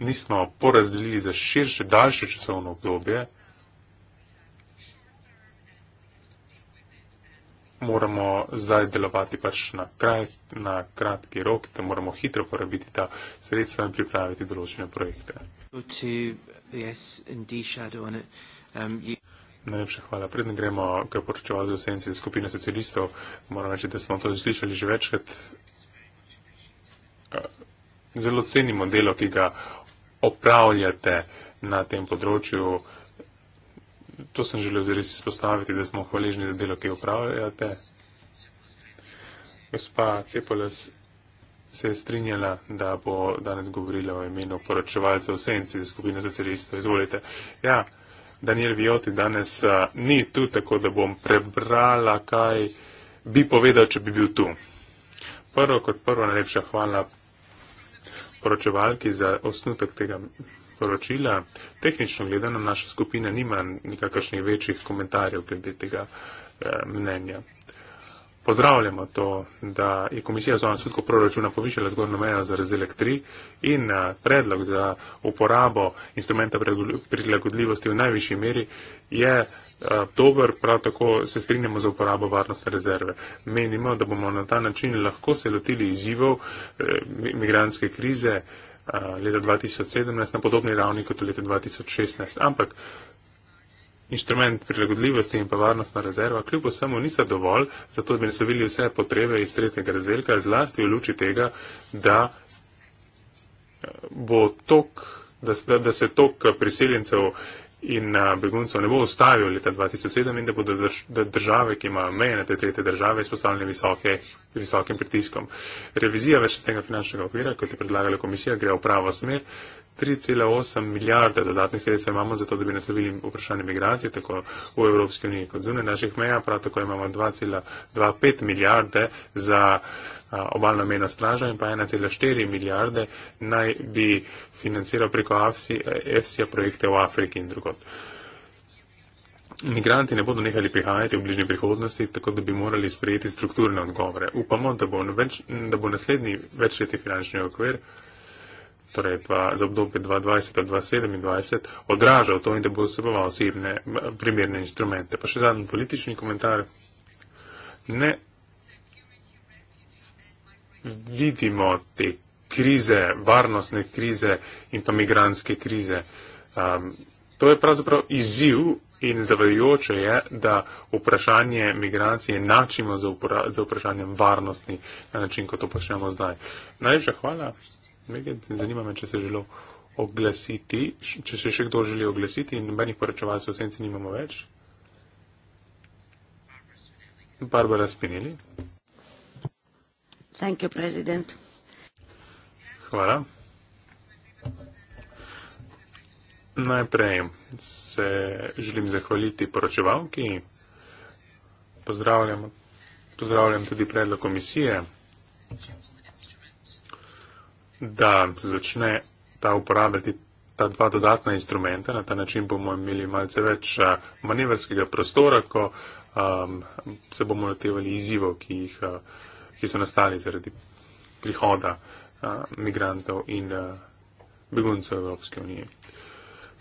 nismo porazdelili za širše, daljše časovno obdobje. moramo zdaj delovati pač na, kraj, na kratki rok, da moramo hitro porabiti ta sredstva in pripraviti določene projekte. Um, Najlepša hvala. Predne gremo k poročevalcu senci skupine socialistov. Moram reči, da smo to slišali že večkrat. Eh, zelo cenimo delo, ki ga opravljate na tem področju to sem želel res izpostaviti, da smo hvaležni za delo, ki jo upravljate. Gospa Cepolas se je strinjala, da bo danes govorila o imenu poročevalca v senci za skupino socialistov. Izvolite. Ja, Daniel Vioti danes ni tu, tako da bom prebrala, kaj bi povedal, če bi bil tu. Prvo kot prvo najlepša hvala poročevalki za osnutek tega poročila. Tehnično gledano naša skupina nima nikakršnih večjih komentarjev glede tega eh, mnenja. Pozdravljamo to, da je Komisija za odsotko proračuna povišala zgornjo mejo za razdelek 3 in eh, predlog za uporabo instrumenta prilagodljivosti v najvišji meri je eh, dober, prav tako se strinjamo za uporabo varnostne rezerve. Menimo, da bomo na ta način lahko se lotili izzivov migranske krize. Eh, leta 2017 na podobni ravni kot v letu 2016. Ampak inštrument prilagodljivosti in pa varnostna rezerva kljub vsemu nista dovolj, zato da bi naslovili vse potrebe iz tretjega razdelka, zlasti v luči tega, da eh, bo tok, da, da se tok priseljencev in uh, beguncev ne bo ustavil leta 2007 in da bodo države, ki imajo meje na te tretje države, izpostavljene visoke, visokim pritiskom. Revizija več tega finančnega okvira, kot je predlagala komisija, gre v pravo smer. 3,8 milijarde dodatnih sredstev imamo za to, da bi naslovili vprašanje migracije, tako v Evropski uniji kot zunaj naših meja, prav tako imamo 2,25 milijarde za. Eh, obalna mena straža in pa 1,4 milijarde naj bi financiral preko EFSI-ja eh, projekte v Afriki in drugot. Migranti ne bodo nehali prihajati v bližnji prihodnosti, tako da bi morali sprejeti strukturne odgovore. Upamo, da bo, več, da bo naslednji večleti finančni okvir, torej pa za obdobje 2020-2027, odražal to in da bo vseboval osebne primerne instrumente. Pa še zadnji politični komentar. Ne vidimo te krize, varnostne krize in pa migranske krize. Um, to je pravzaprav izziv in zavajajoče je, da vprašanje migracije načimo za, upra za vprašanjem varnosti na način, kot to počnemo zdaj. Najlepša hvala. Zanima me, če se želo oglasiti, če se še kdo želi oglasiti in nobenih poročevalcev v senci nimamo več. Barbara Spinelli. Hvala. Najprej se želim zahvaliti poročevalki. Pozdravljam, pozdravljam tudi predlog komisije, da začne ta uporabljati ta dva dodatna instrumenta. Na ta način bomo imeli malce več manevrskega prostora, ko um, se bomo lotevali izzivov, ki jih. Uh, ki so nastali zaradi prihoda a, migrantov in a, beguncev v Evropski uniji.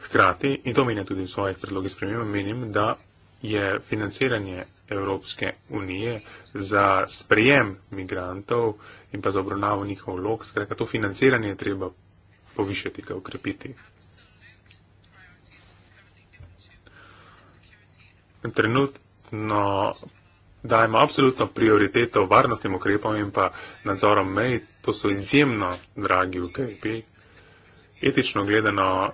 Hkrati, in to menim tudi v svojih predlogih sprememb, menim, da je financiranje Evropske unije za sprejem migrantov in pa za obravnavo njihov vlog, skratka, to financiranje je treba povišati, ga ukrepiti. Trenutno dajemo apsolutno prioriteto varnostnim ukrepom in pa nadzorom mej. To so izjemno dragi ukrepi. Etično gledano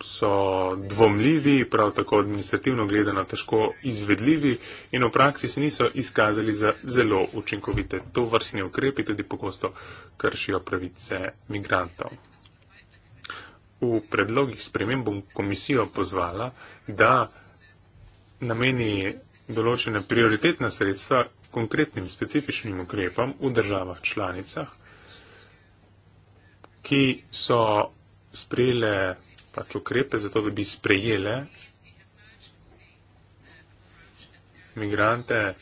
so dvomljivi, prav tako administrativno gledano težko izvedljivi in v praksi se niso izkazali za zelo učinkovite. To vrstni ukrepi tudi pogosto kršijo pravice migrantov. V predlogih sprememb bom komisijo pozvala, da nameni določene prioritetna sredstva konkretnim specifičnim ukrepom v državah članicah, ki so sprejele pač ukrepe za to, da bi sprejele migrante.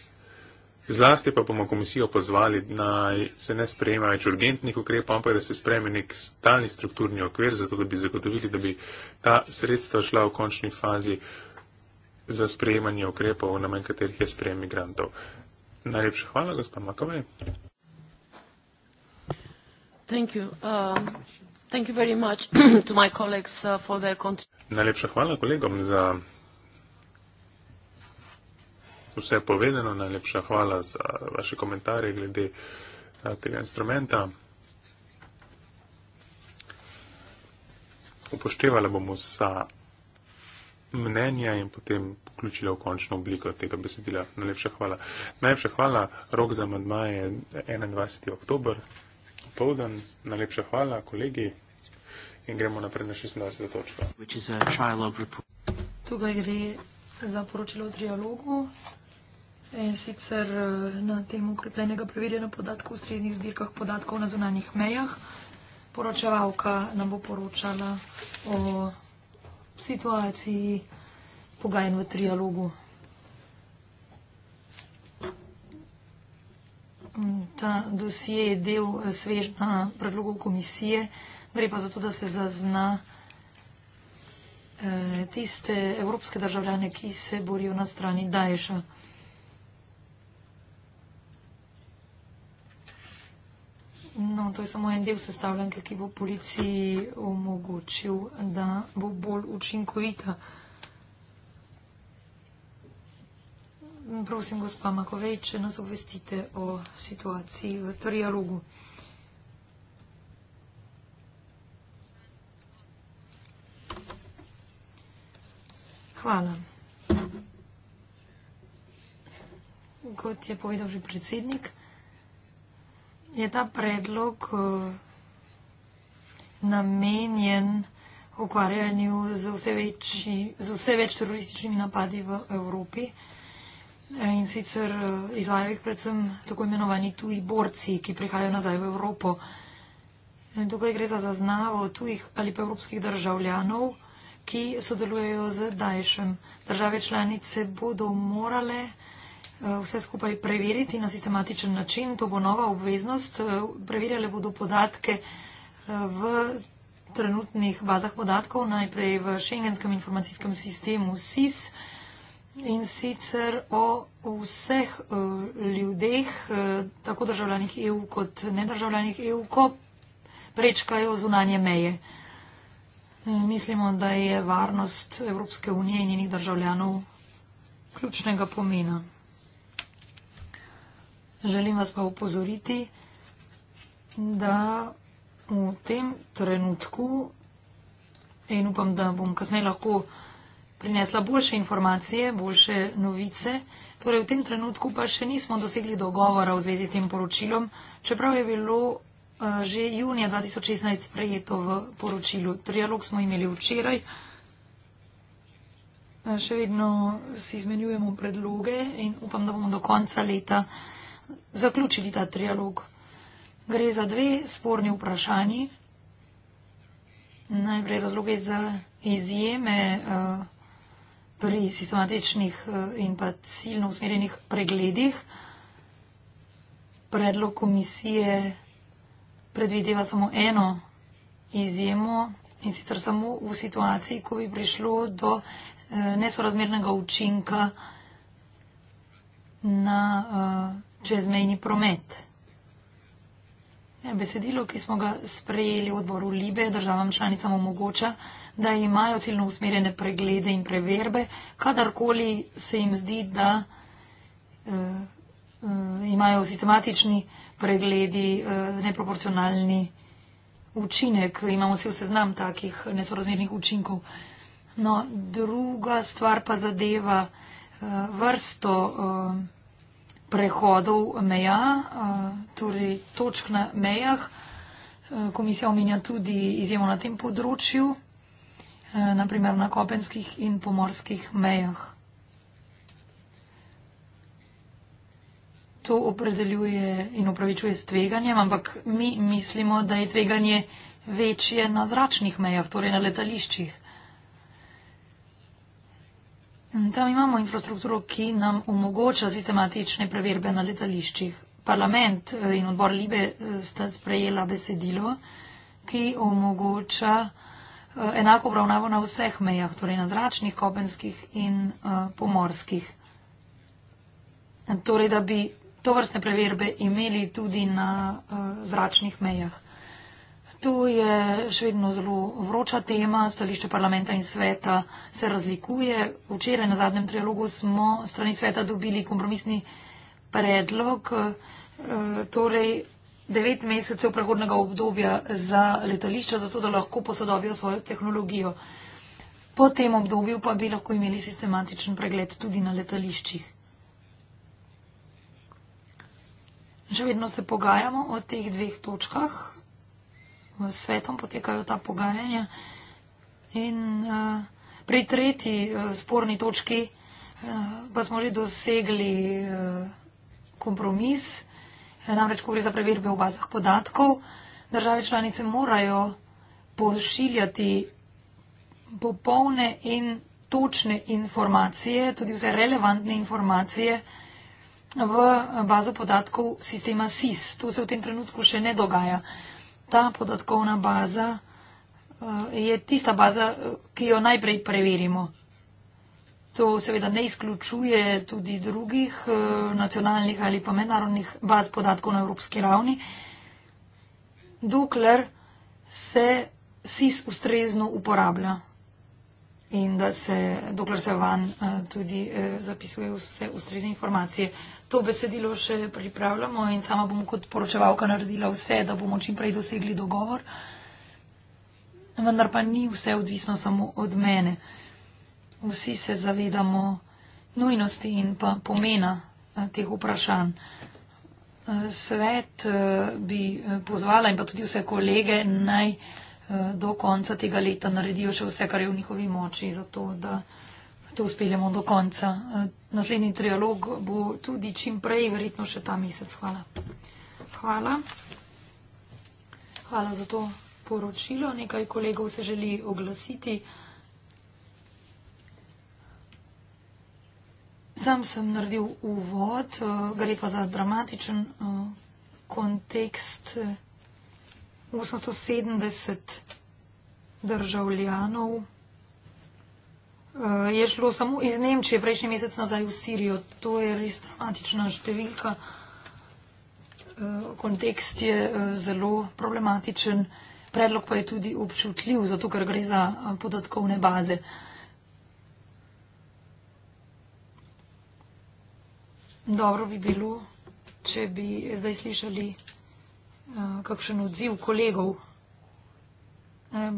Zlasti pa bomo komisijo pozvali, da se ne sprejema več urgentnih ukrepov, ampak da se sprejme nek stalni strukturni okvir, zato da bi zagotovili, da bi ta sredstva šla v končni fazi za sprejemanje ukrepov, na manj katerih je sprejem migrantov. Najlepša hvala, gospod Makovej. Um, uh, najlepša hvala kolegom za vse povedano, najlepša hvala za vaše komentarje glede tega instrumenta. Upoštevala bomo vsa mnenja in potem vključila v končno obliko tega besedila. Najlepša hvala. Najlepša hvala. Rok za madmaje je 21. oktober. Povdan. Najlepša hvala, kolegi. In gremo naprej na 26. točko. Tukaj gre za poročilo o trialogu in sicer eh, na temo ukrepljenega preverjanja podatkov v srednjih zbirkah podatkov na zunanjih mejah. Poročevalka nam bo poročala o situaciji pogajen v trialogu. Mm, ta dosje je del eh, svežna predlogu komisije, gre pa zato, da se zazna eh, tiste evropske državljane, ki se borijo na strani Daješa. No, to je samo en del sestavljanke, ki bo policiji omogočil, da bo bolj učinkovita. Prosim, gospa Makovej, če nas obvestite o situaciji v trialogu. Hvala. Kot je povedal že predsednik, Je ta predlog eh, namenjen ukvarjanju z vse, večji, z vse več terorističnimi napadi v Evropi eh, in sicer eh, izvajajo jih predvsem tako imenovani tuji borci, ki prihajajo nazaj v Evropo. In tukaj gre za zaznavo tujih ali pa evropskih državljanov, ki sodelujejo z Dajšem. Države članice bodo morale Eh, vse skupaj preveriti na sistematičen način. To bo nova obveznost. Eh, preverjale bodo podatke eh, v trenutnih bazah podatkov, najprej v šengenskem informacijskem sistemu SIS in sicer o vseh ljudeh, tako državljanih EU kot nedržavljanih EU, ko prečkajo zunanje meje. Mislimo, da je varnost Evropske unije in njenih državljanov ključnega pomena. Želim vas pa upozoriti, da v tem trenutku in upam, da bom kasneje lahko prinesla boljše informacije, boljše novice. Torej, v tem trenutku pa še nismo dosegli dogovora v zvezi s tem poročilom, čeprav je bilo eh, že junija 2016 sprejeto v poročilu. Trialog smo imeli včeraj. Eh, še vedno si izmenjujemo predloge in upam, da bomo do konca leta zaključili ta trialog. Gre za dve sporni vprašanji. Najprej razloge za izjeme eh, pri sistematičnih eh, in pa ciljno usmerjenih pregledih. Predlog komisije predvideva samo eno izjemo in sicer samo v situaciji, ko bi prišlo do eh, nesorazmernega učinka na čezmejni promet. Besedilo, ki smo ga sprejeli v odboru Libe, državam članicam omogoča, da imajo ciljno usmerjene preglede in preverbe, kadarkoli se jim zdi, da eh, eh imajo sistematični pregledi eh, neproporcionalni učinek. Imamo cel seznam takih nesorazmernih učinkov. No, druga stvar pa zadeva eh, vrsto. Eh, prehodov meja, eh, torej točk na mejah. Eh, komisija omenja tudi izjemo na tem področju, eh, naprimer na kopenskih in pomorskih mejah. To opredeljuje in upravičuje s tveganjem, ampak mi mislimo, da je tveganje večje na zračnih mejah, torej na letališčih. Tam imamo infrastrukturo, ki nam omogoča sistematične preverbe na letališčih. Parlament eh, in odbor Libe eh, sta sprejela besedilo, ki omogoča eh, enako obravnavo na vseh mejah, torej na zračnih, kopenskih in pomorskih. Torej, da bi to vrstne preverbe imeli tudi na zračnih mejah svetu je še vedno zelo vroča tema, stališče parlamenta in sveta se razlikuje. Včeraj na zadnjem trialogu smo strani sveta dobili kompromisni predlog, eh, torej devet mesecev prehodnega obdobja za letališča, zato da lahko posodobijo svojo tehnologijo. Po tem obdobju pa bi lahko imeli sistematičen pregled tudi na letališčih. Še vedno se pogajamo o teh dveh točkah svetom potekajo ta pogajanja. In uh, pri tretji uh, sporni točki uh, pa smo že dosegli uh, kompromis, namreč, ko gre za preverbe v bazah podatkov, države članice morajo pošiljati popolne in točne informacije, tudi vse relevantne informacije v bazo podatkov sistema SIS. To se v tem trenutku še ne dogaja. Uh, ta podatkovna baza eh, je tista baza, ki jo najprej preverimo. To seveda ne izključuje tudi drugih eh, nacionalnih ali pa mednarodnih baz podatkov na evropski ravni, dokler se SIS ustrezno uporablja in da se, dokler se van eh, tudi zapisuje vse ustrezne informacije to besedilo še pripravljamo in sama bom kot poročevalka naredila vse, da bomo čim prej dosegli dogovor. Vendar pa ni vse odvisno samo od mene. Vsi se zavedamo nujnosti in pa pomena eh, teh vprašanj. Eh, svet eh, bi pozvala in pa tudi vse kolege naj do konca tega leta naredijo še vse, kar je v njihovi moči, zato da to speljemo do konca. E, naslednji trialog bo tudi čim prej, verjetno še ta mesec. Hvala. Hvala. Hvala za to poročilo. Nekaj kolegov se želi oglasiti. Sam sem naredil uvod, e, gre pa za dramatičen e, kontekst 870 državljanov uh, je šlo samo iz Nemčije prejšnji mesec nazaj v Sirijo. To je res dramatična številka. Eh, kontekst je eh, zelo problematičen, predlog pa je tudi občutljiv, zato ker gre za podatkovne baze. Dobro bi bilo, če bi zdaj slišali kakšen odziv kolegov.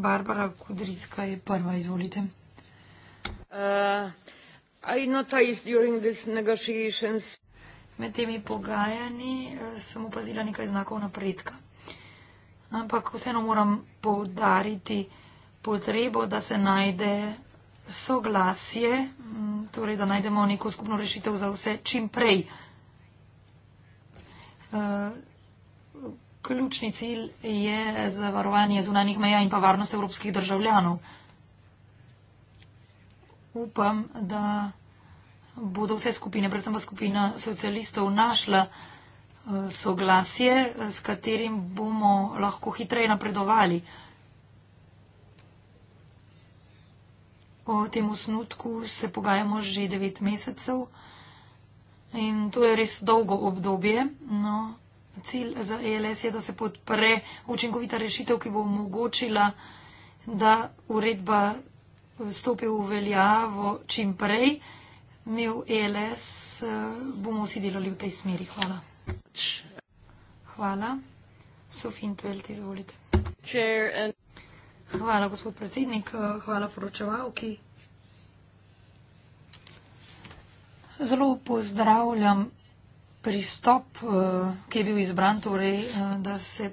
Barbara Kudrijska je prva, izvolite. Uh, Med temi pogajanji eh, sem opazila nekaj znakov napredka. Ampak vseeno moram poudariti potrebo, da se najde soglasje, mm, torej da najdemo neko skupno rešitev za vse čim prej. Eh, ključni cilj je zavarovanje zunanjih meja in pa varnost evropskih državljanov upam, da bodo vse skupine, predvsem pa skupina socialistov, našla eh, soglasje, eh, s katerim bomo lahko hitreje napredovali. O tem osnutku se pogajamo že devet mesecev in to je res dolgo obdobje. No, cilj za ELS je, da se podpre učinkovita rešitev, ki bo omogočila, da uredba stopil v veljavo čim prej. Mi v ELS eh, bomo vsi delali v tej smeri. Hvala. Hvala. Sofin Tvelt, izvolite. Hvala, gospod predsednik. Hvala poročevalki. Zelo pozdravljam pristop, eh, ki je bil izbran, torej, eh, da se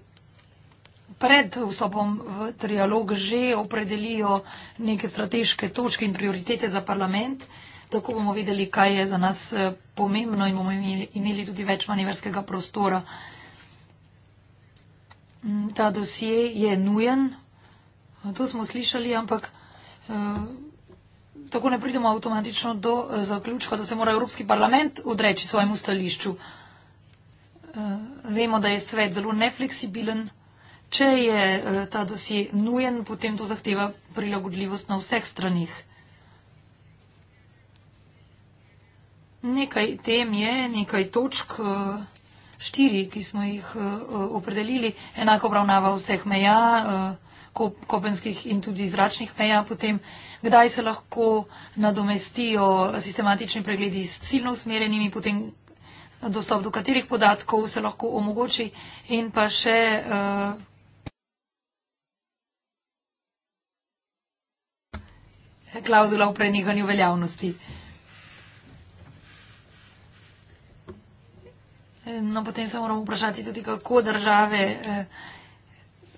pred vstopom v trialog že opredelijo neke strateške točke in prioritete za parlament, tako bomo vedeli, kaj je za nas eh, pomembno in bomo imeli tudi več manevrskega prostora. Mm, ta dosje je nujen, to smo slišali, ampak eh, tako ne pridemo avtomatično do eh, zaključka, da se mora Evropski parlament odreči svojemu stališču. Vemo, da je svet zelo nefleksibilen. Če je eh, ta dosje nujen, potem to zahteva prilagodljivost na vseh stranih. Nekaj tem je, nekaj točk, eh, štiri, ki smo jih eh, opredelili, enako obravnava vseh meja, kopenskih in tudi zračnih meja, potem kdaj se lahko nadomestijo sistematični pregledi s ciljno usmerjenimi, potem dostop do katerih podatkov se lahko omogoči in pa še klauzula o prenehanju veljavnosti. No, potem se moramo vprašati tudi, kako države eh,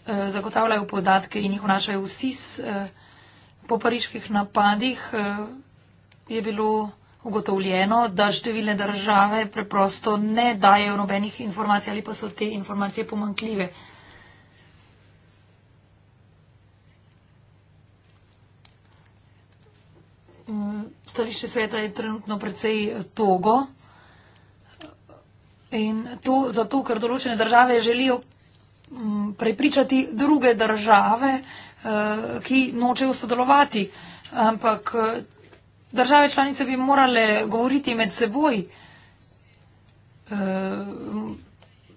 eh, zagotavljajo podatke in jih vnašajo v SIS. Eh, po pariških napadih je bilo ugotovljeno, da številne države preprosto ne dajo nobenih informacij ali pa so te informacije pomankljive. Mm, stališče sveta je trenutno precej eh, togo. In to zato, ker določene države želijo mm, prepričati druge države, eh, ki nočejo sodelovati. Ampak eh, države članice bi morale govoriti med seboj,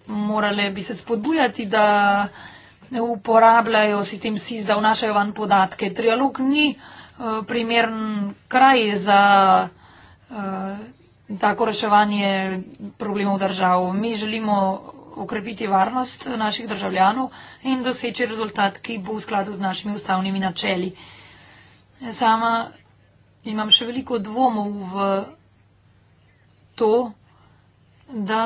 morale bi se spodbujati, da uporabljajo sistem SIS, da vnašajo van podatke. Trialog ni uh, Eh, primern kraj za eh, tako reševanje problemov držav. Mi želimo okrepiti varnost naših državljanov in doseči rezultat, ki bo v skladu z našimi ustavnimi načeli. Sama imam še veliko dvomov v to, da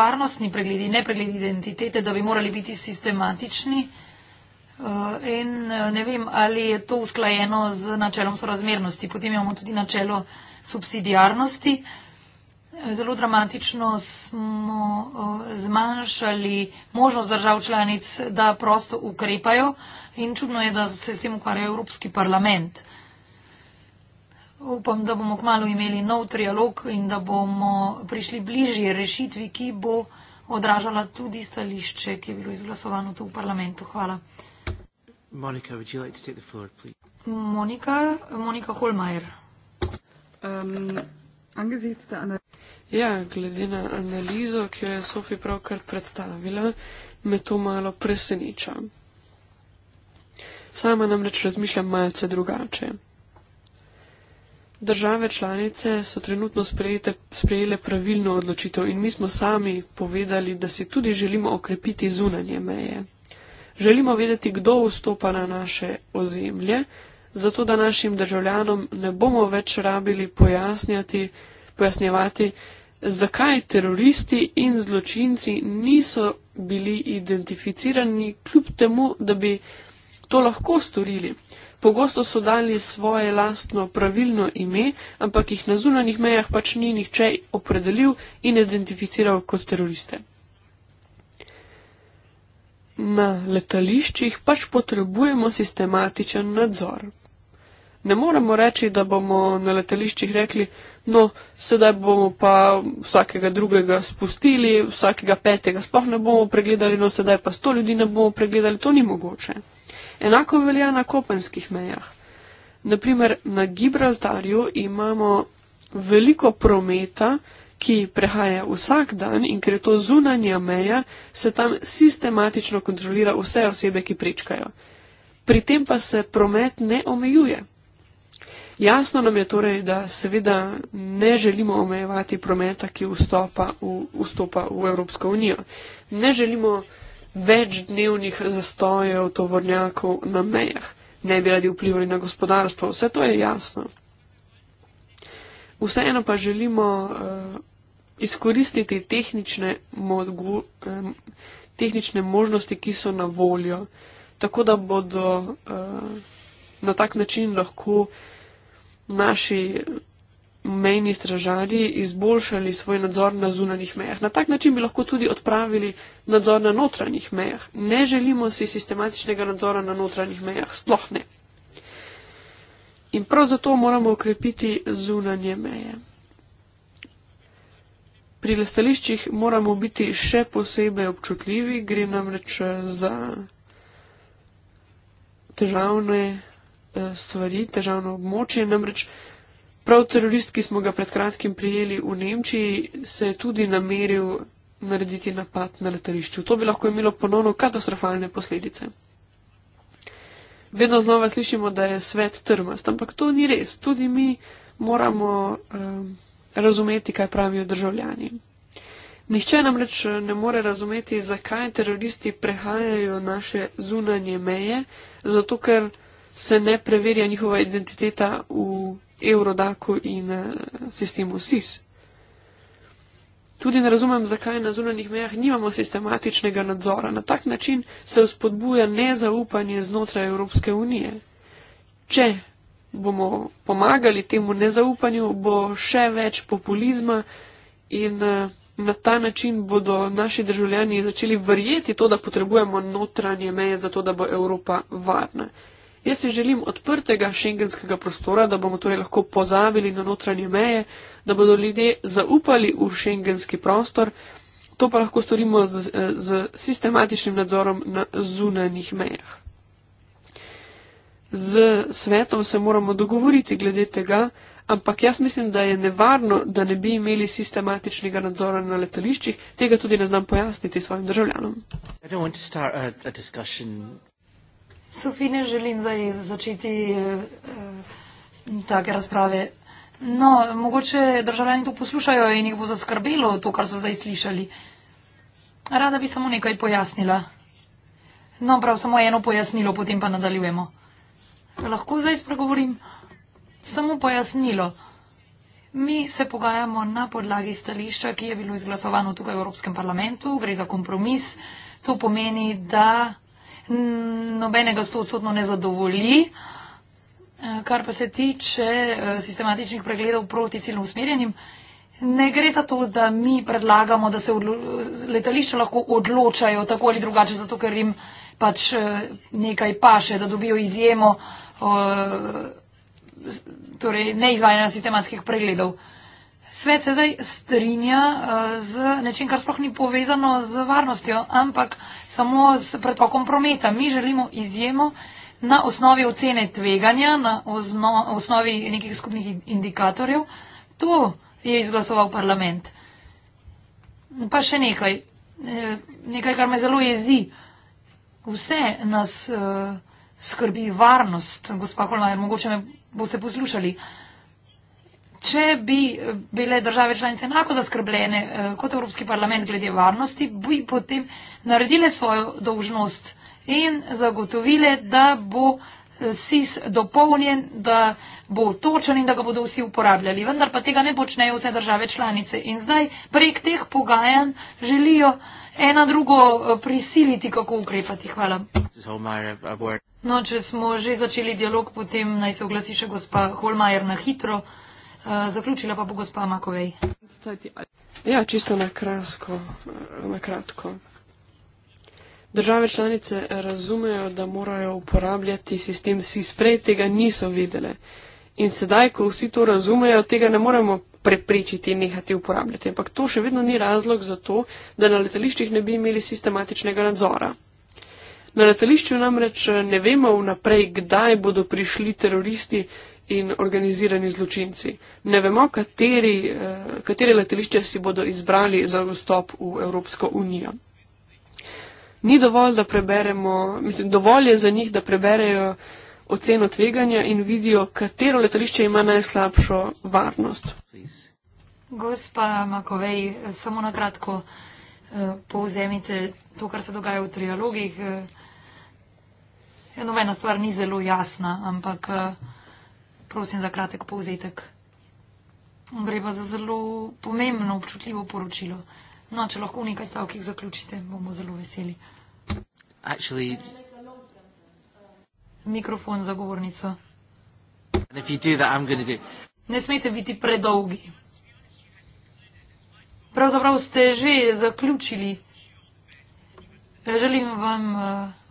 varnostni pregledi, ne pregledi identitete, da bi morali biti sistematični. Eh, in eh, ne vem, ali je to usklajeno z načelom sorazmernosti. Potem imamo tudi načelo subsidijarnosti. Eh, zelo dramatično smo zmanjšali možnost držav članic, da prosto ukrepajo in čudno je, da se s tem ukvarja Evropski parlament. Upam, da bomo kmalo imeli nov trialog in da bomo prišli bližje rešitvi, ki bo odražala tudi stališče, ki je bilo izglasovano tu v parlamentu. Hvala. Monica, would you like to take the floor, please? Monica, Monika Holmeier. Um, ja, glede na analizo, ki jo je Sofi pravkar predstavila, me to malo preseneča. Sama namreč razmišljam malce drugače. Države članice so trenutno sprejete, sprejele pravilno odločitev in mi smo sami povedali, da si tudi želimo okrepiti zunanje meje. Želimo vedeti, kdo vstopa na naše ozemlje, zato da našim državljanom ne bomo več rabili pojasnjevati, zakaj teroristi in zločinci niso bili identificirani, kljub temu, da bi to lahko storili. Pogosto so dali svoje lastno pravilno ime, ampak jih na zunanjih mejah pač ni nihče opredelil in identificiral kot teroriste. Na letališčih pač potrebujemo sistematičen nadzor. Ne moremo reči, da bomo na letališčih rekli, no, sedaj bomo pa vsakega drugega spustili, vsakega petega sploh ne bomo pregledali, no, sedaj pa sto ljudi ne bomo pregledali, to ni mogoče. Enako velja na kopenskih mejah. Naprimer, na Gibraltarju imamo veliko prometa, ki prehaja vsak dan in ker je to zunanja meja, se tam sistematično kontrolira vse osebe, ki prečkajo. Pri tem pa se promet ne omejuje. Jasno nam je torej, da seveda ne želimo omejevati prometa, ki v, vstopa v Evropsko unijo. Ne želimo več dnevnih zastojev tovornjakov na mejah. Ne bi radi vplivali na gospodarstvo. Vse to je jasno. Vseeno pa želimo eh, izkoristiti tehnične, mogu, eh, tehnične možnosti, ki so na voljo, tako da bodo eh, na tak način lahko naši mejni stražarji izboljšali svoj nadzor na zunanjih mejah. Na tak način bi lahko tudi odpravili nadzor na notranjih mejah. Ne želimo si sistematičnega nadzora na notranjih mejah, sploh ne. In prav zato moramo ukrepiti zunanje meje pri letališčih moramo biti še posebej občutljivi, gre namreč eh, za težavne eh, stvari, težavno območje. Namreč prav terorist, ki smo ga pred kratkim prijeli v Nemčiji, se je tudi nameril narediti napad na letališču. To bi lahko imelo ponovno katastrofalne posledice. Vedno znova slišimo, da je svet trmast, ampak to ni res. Tudi mi moramo. Um, razumeti, kaj pravijo državljani. Nihče namreč eh, ne more razumeti, zakaj teroristi prehajajo naše zunanje meje, zato ker se ne preverja njihova identiteta v Eurodaku in eh, sistemu SIS. Tudi ne razumem, zakaj na zunanjih mejah nimamo sistematičnega nadzora. Na tak način se vzpodbuja nezaupanje znotraj Evropske unije. Če bomo pomagali temu nezaupanju, bo še več populizma in eh, na ta način bodo naši državljani začeli verjeti to, da potrebujemo notranje meje za to, da bo Evropa varna. Jaz si želim odprtega šengenskega prostora, da bomo torej lahko pozavili na notranje meje, da bodo ljudje zaupali v šengenski prostor, to pa lahko storimo z, eh, z sistematičnim nadzorom na zunanjih mejah z svetom se moramo dogovoriti glede tega, ampak jaz mislim, da je nevarno, da ne bi imeli sistematičnega nadzora na letališčih. Tega tudi ne znam pojasniti svojim državljanom. Sofi, ne želim zdaj začeti eh, eh, take razprave. No, mogoče državljani to poslušajo in jih bo zaskrbelo to, kar so zdaj slišali. Rada bi samo nekaj pojasnila. No, prav samo eno pojasnilo, potem pa nadaljujemo lahko zdaj spregovorim? Samo pojasnilo. Mi se pogajamo na podlagi stališča, ki je bilo izglasovano tukaj v Evropskem parlamentu. Gre za kompromis. To pomeni, da nobenega stotodstotno ne zadovolji. Eh, kar pa se tiče eh, sistematičnih pregledov proti ciljno usmerjenim, ne gre za to, da mi predlagamo, da se letališča lahko odločajo tako ali drugače, zato ker jim pač eh, nekaj paše, da dobijo izjemo torej neizvajanja sistematskih pregledov. Svet se zdaj strinja e, z nečem, kar sploh ni povezano z varnostjo, ampak samo s pretokom prometa. Mi želimo izjemo na osnovi ocene tveganja, na ozno, osnovi nekih skupnih indikatorjev. To je izglasoval parlament. Pa še nekaj, e, nekaj, kar me zelo jezi. Vse nas. Uh, skrbi varnost. Gospa Holmajer, mogoče me boste poslušali. Če bi bile države članice enako zaskrbljene eh, kot Evropski parlament glede varnosti, bi potem naredile svojo dolžnost in zagotovile, da bo eh, SIS dopolnjen, da bo točen in da ga bodo vsi uporabljali. Vendar pa tega ne počnejo vse države članice. In zdaj prek teh pogajanj želijo ena drugo eh, prisiliti, kako ukrepati. Hvala. No, če smo že začeli dialog, potem naj se oglasi še gospa Holmajer na hitro. Eh, zaključila pa bo gospa Makovej. Ja, čisto na, krasko, eh, na kratko. Države članice razumejo, da morajo uporabljati sistem SIS, prej tega niso videle. In sedaj, ko vsi to razumejo, tega ne moremo preprečiti in nehati uporabljati. Ampak to še vedno ni razlog za to, da na letališčih ne bi imeli sistematičnega nadzora. Na letališču namreč eh, ne vemo vnaprej, kdaj bodo prišli teroristi in organizirani zločinci. Ne vemo, kateri, eh, katere letališče si bodo izbrali za vstop v Evropsko unijo. Ni dovolj, da preberemo, mislim, dovolj je za njih, da preberejo oceno tveganja in vidijo, katero letališče ima najslabšo varnost. Gospa Makovej, samo na kratko eh, povzemite to, kar se dogaja v trialogih. Ja, nobena stvar ni zelo jasna, ampak eh, prosim za kratek povzetek. Gre pa za zelo pomembno, občutljivo poročilo. No, če lahko v nekaj stavkih zaključite, bomo zelo veseli. Actually... Mikrofon za govornico. That, ne smete biti predolgi. Pravzaprav ste že zaključili. Želim vam. Uh,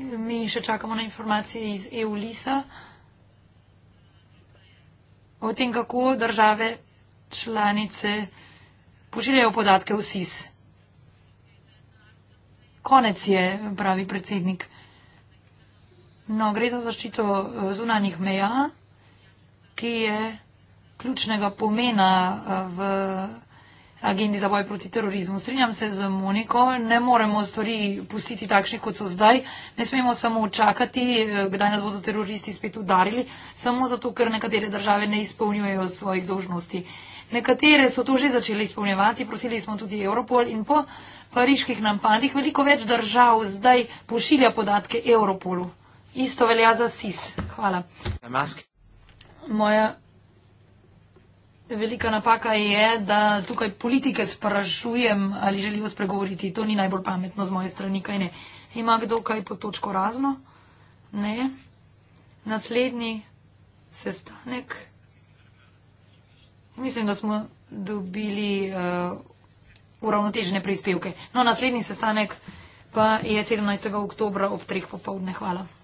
mi še čakamo na informacije iz EU-LISA o tem, kako države članice pošiljajo podatke v SIS. Konec je, pravi predsednik. No, gre za zaščito eh, zunanih meja, ki je ključnega pomena eh, v EU-LISA agendi za boj proti terorizmu. Strinjam se z Moniko, ne moremo stvari pustiti takšne, kot so zdaj. Ne smemo samo čakati, eh, kdaj nas bodo teroristi spet udarili, samo zato, ker nekatere države ne izpolnjujejo svojih dožnosti. Nekatere so to že začele izpolnjevati, prosili smo tudi Europol in po pariških napadih veliko več držav zdaj pošilja podatke Europolu. Isto velja za SIS. Hvala. Moja Velika napaka je, da tukaj politike sprašujem, ali želijo spregovoriti. To ni najbolj pametno z moje strani, kaj ne. Ima kdo kaj po točko razno? Ne. Naslednji sestanek. Mislim, da smo dobili uh, uravnotežene prispevke. No, naslednji sestanek pa je 17. oktobra ob treh popovdne. Hvala.